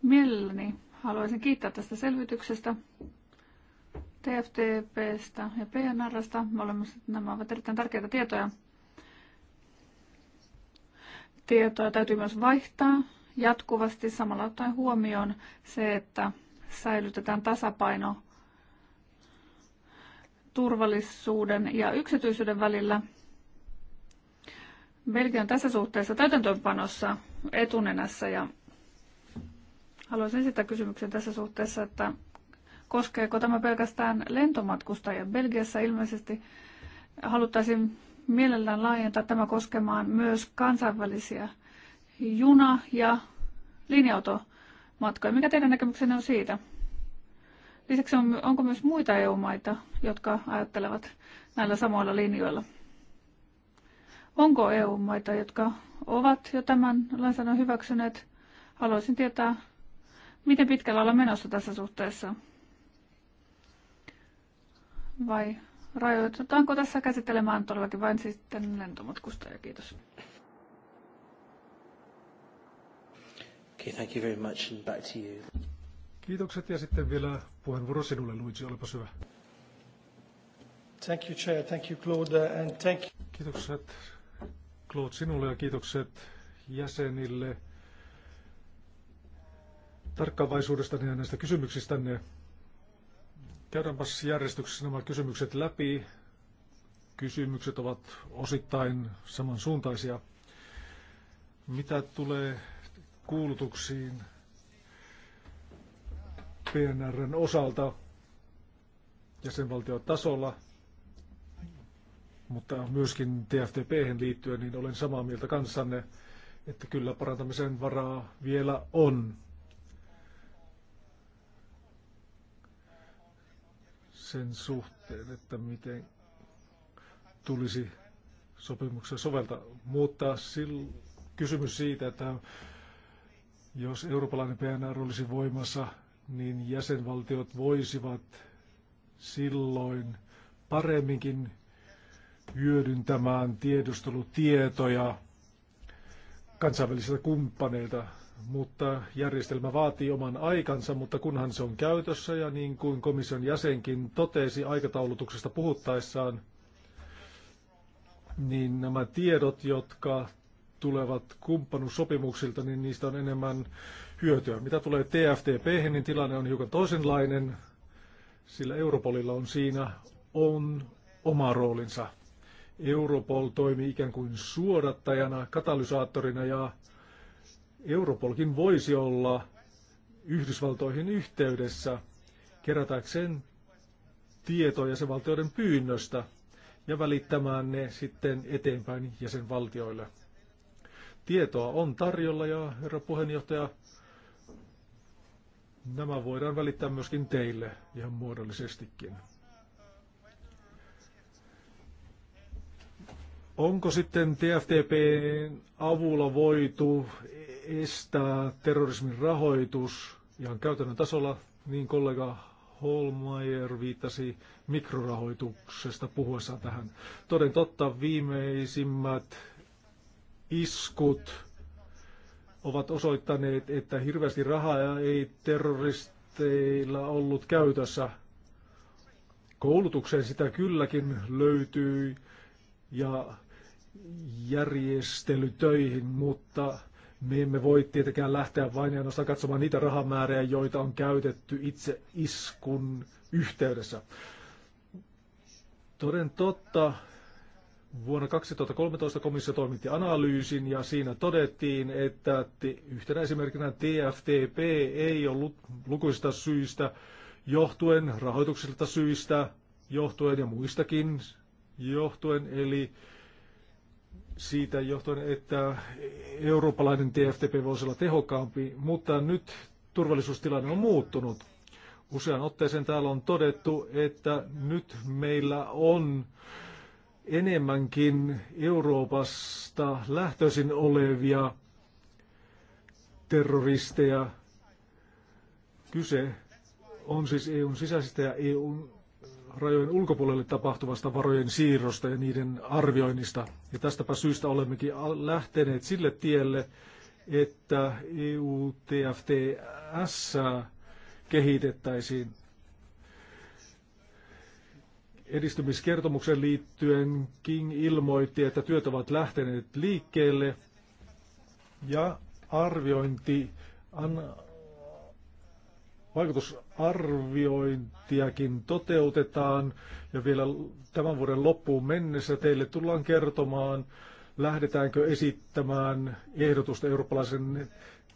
Mielelläni Haluaisin kiittää tästä selvityksestä TFTPstä ja PNRstä. Molemmat nämä ovat erittäin tärkeitä tietoja. Tietoja täytyy myös vaihtaa jatkuvasti samalla ottaen huomioon se, että säilytetään tasapaino turvallisuuden ja yksityisyyden välillä. Belgia on tässä suhteessa täytäntöönpanossa etunenässä ja Haluaisin sitä kysymyksen tässä suhteessa, että koskeeko tämä pelkästään lentomatkustajia? Belgiassa ilmeisesti haluttaisiin mielellään laajentaa tämä koskemaan myös kansainvälisiä juna- ja linja-automatkoja. Mikä teidän näkemyksenne on siitä? Lisäksi on, onko myös muita EU-maita, jotka ajattelevat näillä samoilla linjoilla? Onko EU-maita, jotka ovat jo tämän lainsäädännön hyväksyneet? Haluaisin tietää Miten pitkällä ollaan menossa tässä suhteessa? Vai rajoitutaanko tässä käsittelemään todellakin vain sitten lentomatkustajia? Kiitos. Okay, thank you very much and back to you. Kiitokset ja sitten vielä puheenvuoro sinulle Luigi, olipa hyvä. Thank you, Chair. Thank you, Claude. And thank you. Kiitokset Claude sinulle ja kiitokset jäsenille tarkkaavaisuudestanne ja näistä kysymyksistänne. Käydäänpäs järjestyksessä nämä kysymykset läpi. Kysymykset ovat osittain samansuuntaisia. Mitä tulee kuulutuksiin PNRn osalta jäsenvaltiotasolla, mutta myöskin tftp liittyen, niin olen samaa mieltä kanssanne, että kyllä parantamisen varaa vielä on. sen suhteen, että miten tulisi sopimuksen soveltaa. Mutta sil, kysymys siitä, että jos eurooppalainen PNR olisi voimassa, niin jäsenvaltiot voisivat silloin paremminkin hyödyntämään tiedustelutietoja kansainvälisiltä kumppaneilta mutta järjestelmä vaatii oman aikansa, mutta kunhan se on käytössä ja niin kuin komission jäsenkin totesi aikataulutuksesta puhuttaessaan, niin nämä tiedot, jotka tulevat kumppanuussopimuksilta, niin niistä on enemmän hyötyä. Mitä tulee TFTP, niin tilanne on hiukan toisenlainen, sillä Europolilla on siinä on oma roolinsa. Europol toimii ikään kuin suodattajana, katalysaattorina ja Europolkin voisi olla Yhdysvaltoihin yhteydessä kerätäkseen tietoja sen valtioiden pyynnöstä ja välittämään ne sitten eteenpäin jäsenvaltioille. Tietoa on tarjolla ja herra puheenjohtaja, nämä voidaan välittää myöskin teille ihan muodollisestikin. Onko sitten TFTPn avulla voitu estää terrorismin rahoitus ihan käytännön tasolla, niin kollega Holmeier viittasi mikrorahoituksesta puhuessaan tähän. Toden totta, viimeisimmät iskut ovat osoittaneet, että hirveästi rahaa ei terroristeilla ollut käytössä. Koulutukseen sitä kylläkin löytyi ja järjestelytöihin, mutta me emme voi tietenkään lähteä vain ja katsomaan niitä rahamääriä, joita on käytetty itse iskun yhteydessä. Toden totta, vuonna 2013 komissio toimitti analyysin ja siinä todettiin, että yhtenä esimerkkinä TFTP ei ollut lukuisista syistä johtuen, rahoituksilta syistä johtuen ja muistakin johtuen, eli siitä johtuen, että eurooppalainen TFTP voisi olla tehokkaampi, mutta nyt turvallisuustilanne on muuttunut. Usean otteeseen täällä on todettu, että nyt meillä on enemmänkin Euroopasta lähtöisin olevia terroristeja. Kyse on siis EUn sisäisistä ja EUn rajojen ulkopuolelle tapahtuvasta varojen siirrosta ja niiden arvioinnista. Ja tästäpä syystä olemmekin lähteneet sille tielle, että EU-TFTS kehitettäisiin. Edistymiskertomuksen liittyen King ilmoitti, että työt ovat lähteneet liikkeelle ja arviointi, an, vaikutus arviointiakin toteutetaan ja vielä tämän vuoden loppuun mennessä teille tullaan kertomaan, lähdetäänkö esittämään ehdotusta eurooppalaisen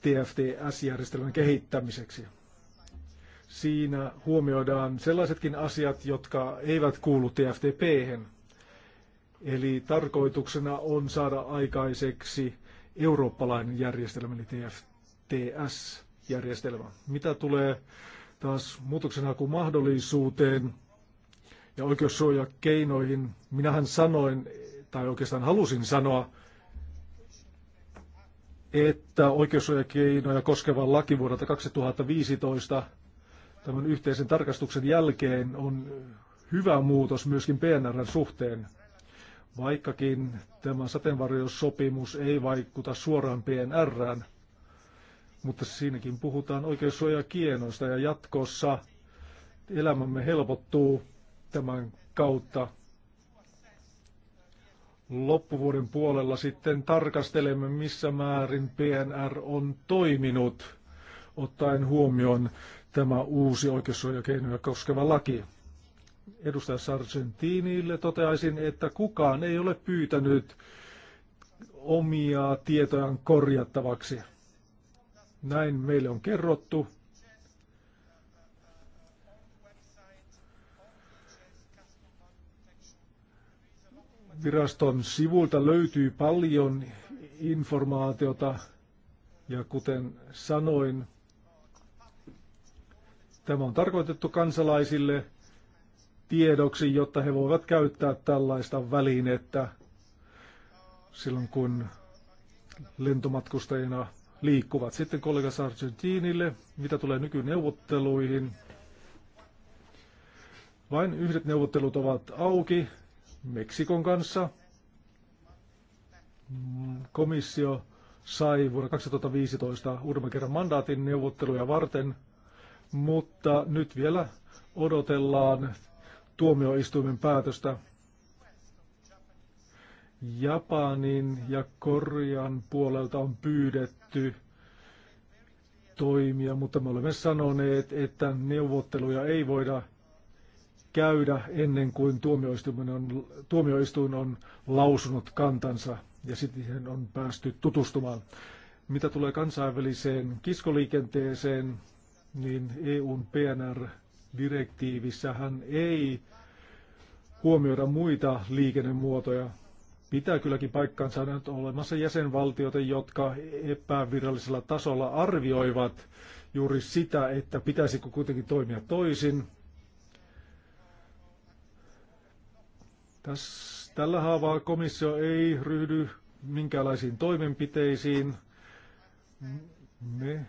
TFTS-järjestelmän kehittämiseksi. Siinä huomioidaan sellaisetkin asiat, jotka eivät kuulu tftp -hän. Eli tarkoituksena on saada aikaiseksi eurooppalainen järjestelmä, eli TFTS-järjestelmä. Mitä tulee taas muutoksenhakumahdollisuuteen mahdollisuuteen ja oikeussuojakeinoihin. Minähän sanoin, tai oikeastaan halusin sanoa, että oikeussuojakeinoja koskevan laki vuodelta 2015 tämän yhteisen tarkastuksen jälkeen on hyvä muutos myöskin PNRn suhteen, vaikkakin tämä sateenvarjosopimus ei vaikuta suoraan PNRään mutta siinäkin puhutaan oikeussuojakienoista ja jatkossa elämämme helpottuu tämän kautta. Loppuvuoden puolella sitten tarkastelemme, missä määrin PNR on toiminut, ottaen huomioon tämä uusi oikeussuojakeinoja koskeva laki. Edustaja Sargentinille toteaisin, että kukaan ei ole pyytänyt omia tietojaan korjattavaksi. Näin meille on kerrottu. Viraston sivulta löytyy paljon informaatiota ja kuten sanoin, tämä on tarkoitettu kansalaisille tiedoksi, jotta he voivat käyttää tällaista välinettä silloin kun lentomatkustajina liikkuvat. Sitten kollega Sargentinille, mitä tulee nykyneuvotteluihin. Vain yhdet neuvottelut ovat auki Meksikon kanssa. Komissio sai vuonna 2015 uudemman kerran mandaatin neuvotteluja varten, mutta nyt vielä odotellaan tuomioistuimen päätöstä. Japanin ja Korean puolelta on pyydetty päätetty toimia, mutta me olemme sanoneet, että neuvotteluja ei voida käydä ennen kuin tuomioistuin on, tuomioistuin on lausunut kantansa ja sitten on päästy tutustumaan. Mitä tulee kansainväliseen kiskoliikenteeseen, niin EUn PNR-direktiivissähän ei huomioida muita liikennemuotoja, pitää kylläkin paikkaansa nyt olemassa jäsenvaltioita, jotka epävirallisella tasolla arvioivat juuri sitä, että pitäisikö kuitenkin toimia toisin. Tässä, tällä haavaa komissio ei ryhdy minkäänlaisiin toimenpiteisiin. Me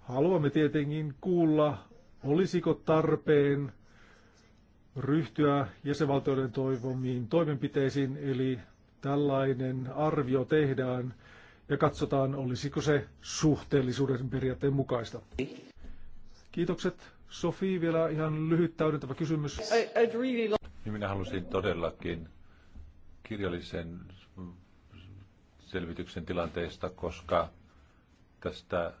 haluamme tietenkin kuulla, olisiko tarpeen ryhtyä jäsenvaltioiden toivomiin toimenpiteisiin, eli tällainen arvio tehdään ja katsotaan, olisiko se suhteellisuuden periaatteen mukaista. Kiitokset. Sofi, vielä ihan lyhyt täydentävä kysymys. Niin minä halusin todellakin kirjallisen selvityksen tilanteesta, koska tästä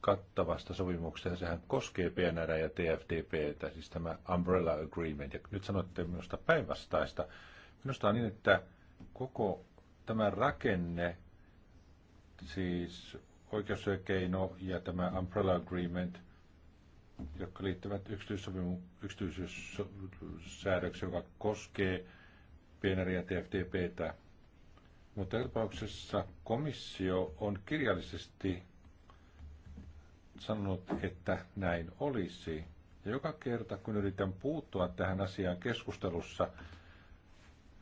kattavasta sopimuksesta, sehän koskee PNR ja tftp siis tämä Umbrella Agreement, ja nyt sanotte minusta päinvastaista. Minusta on niin, että koko tämä rakenne, siis oikeuskeino ja tämä umbrella agreement, jotka liittyvät yksityisyyssäädöksiin, joka koskee PNR ja TFTPtä. Mutta tapauksessa komissio on kirjallisesti sanonut, että näin olisi. Ja joka kerta, kun yritän puuttua tähän asiaan keskustelussa,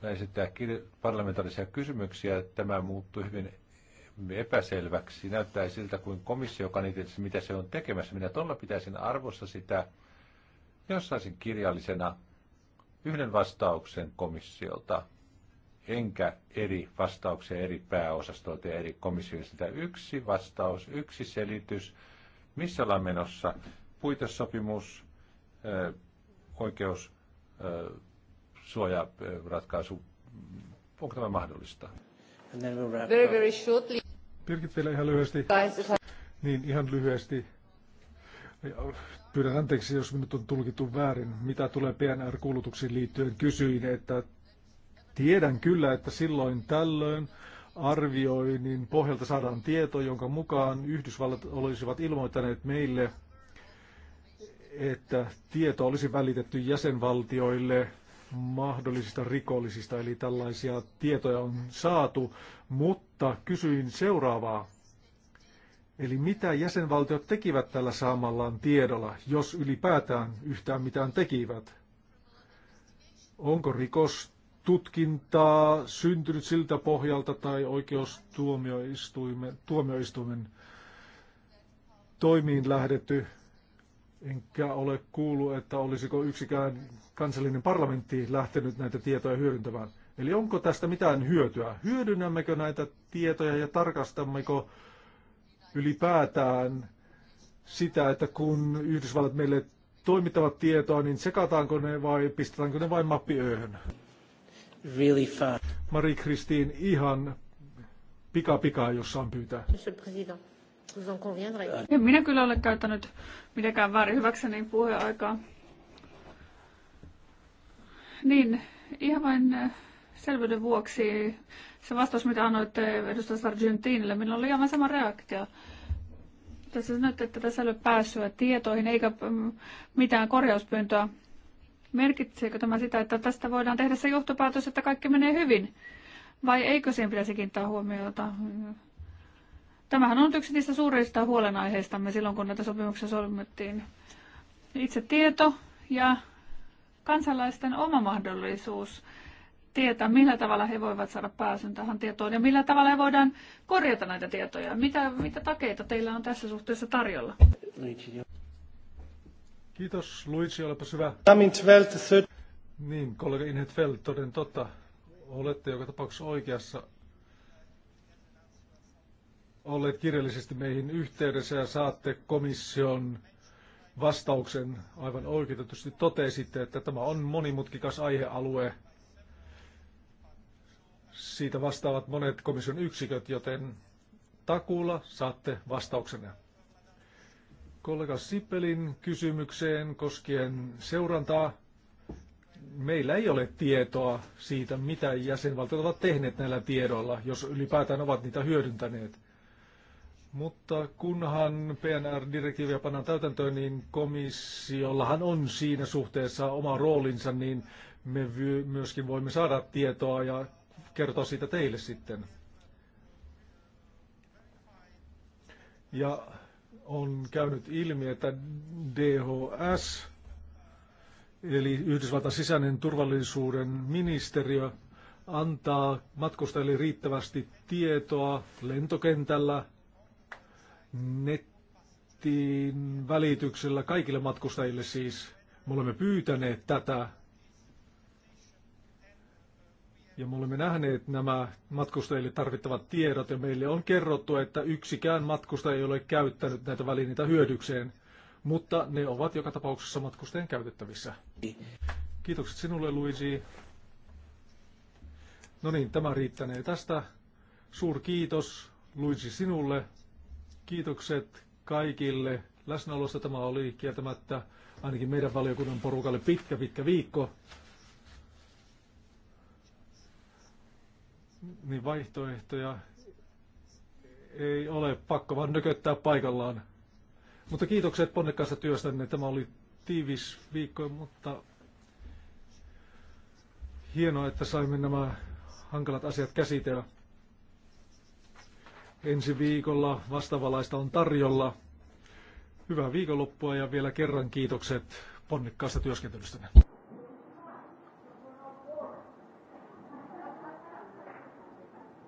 esittää parlamentaarisia kysymyksiä. Tämä muuttui hyvin epäselväksi. Näyttää siltä kuin komissio, joka niitä, mitä se on tekemässä. Minä tuolla pitäisin arvossa sitä, jos saisin kirjallisena yhden vastauksen komissiolta, enkä eri vastauksia eri pääosastoilta ja eri komissioista. Sitä yksi vastaus, yksi selitys, missä ollaan menossa, puitesopimus, oikeus suojaratkaisu, onko tämä mahdollista? Pirkit vielä ihan lyhyesti. Niin, ihan lyhyesti. Pyydän anteeksi, jos minut on tulkittu väärin. Mitä tulee PNR-kulutuksiin liittyen, kysyin, että tiedän kyllä, että silloin tällöin arvioinnin pohjalta saadaan tieto, jonka mukaan Yhdysvallat olisivat ilmoittaneet meille, että tieto olisi välitetty jäsenvaltioille mahdollisista rikollisista, eli tällaisia tietoja on saatu, mutta kysyin seuraavaa. Eli mitä jäsenvaltiot tekivät tällä saamallaan tiedolla, jos ylipäätään yhtään mitään tekivät? Onko rikostutkintaa syntynyt siltä pohjalta tai oikeustuomioistuimen tuomioistuimen toimiin lähdetty? Enkä ole kuullut, että olisiko yksikään kansallinen parlamentti lähtenyt näitä tietoja hyödyntämään. Eli onko tästä mitään hyötyä? Hyödynnämmekö näitä tietoja ja tarkastammeko ylipäätään sitä, että kun Yhdysvallat meille toimittavat tietoa, niin sekataanko ne vai pistetäänkö ne vain mappiööhön? Really Marie Kristiin ihan pika pikaa, jos saan pyytää. Minä kyllä olen käyttänyt mitenkään väärin hyväkseni puheaikaa. Niin, ihan vain äh, selvyyden vuoksi se vastaus, mitä annoitte edustaja Sargentinille, minulla oli aivan sama reaktio. Tässä sanoitte, että tässä ei ole päässyä tietoihin eikä mm, mitään korjauspyyntöä. Merkitseekö tämä sitä, että tästä voidaan tehdä se johtopäätös, että kaikki menee hyvin? Vai eikö siihen pitäisi kiinnittää huomiota? Tämähän on yksi niistä suurista huolenaiheistamme silloin, kun näitä sopimuksia solmittiin. Itse tieto ja kansalaisten oma mahdollisuus tietää, millä tavalla he voivat saada pääsyn tähän tietoon ja millä tavalla he voidaan korjata näitä tietoja. Mitä, mitä takeita teillä on tässä suhteessa tarjolla? Kiitos Luigi, olepa hyvä. Niin, kollega Inhetfeld, toden totta. Olette joka tapauksessa oikeassa. olleet kirjallisesti meihin yhteydessä ja saatte komission vastauksen. Aivan oikeutetusti totesitte, että tämä on monimutkikas aihealue. Siitä vastaavat monet komission yksiköt, joten takuulla saatte vastauksenne. Kollega Sipelin kysymykseen koskien seurantaa. Meillä ei ole tietoa siitä, mitä jäsenvaltiot ovat tehneet näillä tiedoilla, jos ylipäätään ovat niitä hyödyntäneet. Mutta kunhan PNR-direktiiviä pannaan täytäntöön, niin komissiollahan on siinä suhteessa oma roolinsa, niin me myöskin voimme saada tietoa ja kertoa siitä teille sitten. Ja on käynyt ilmi, että DHS, eli Yhdysvaltain sisäinen turvallisuuden ministeriö, antaa matkustajille riittävästi tietoa lentokentällä – nettiin välityksellä kaikille matkustajille siis. Me olemme pyytäneet tätä ja me olemme nähneet nämä matkustajille tarvittavat tiedot ja meille on kerrottu, että yksikään matkustaja ei ole käyttänyt näitä välineitä hyödykseen, mutta ne ovat joka tapauksessa matkustajien käytettävissä. Kiitokset sinulle, Luigi. No niin, tämä riittänee tästä. Suur kiitos, Luigi, sinulle. Kiitokset kaikille läsnäolosta. Tämä oli kieltämättä ainakin meidän valiokunnan porukalle pitkä, pitkä viikko. Niin vaihtoehtoja ei ole pakko vaan nököttää paikallaan. Mutta kiitokset ponnekkaasta työstänne. Tämä oli tiivis viikko, mutta hienoa, että saimme nämä hankalat asiat käsitellä. Ensi viikolla vastavalaista on tarjolla. Hyvää viikonloppua ja vielä kerran kiitokset ponnikkaasta työskentelystänne.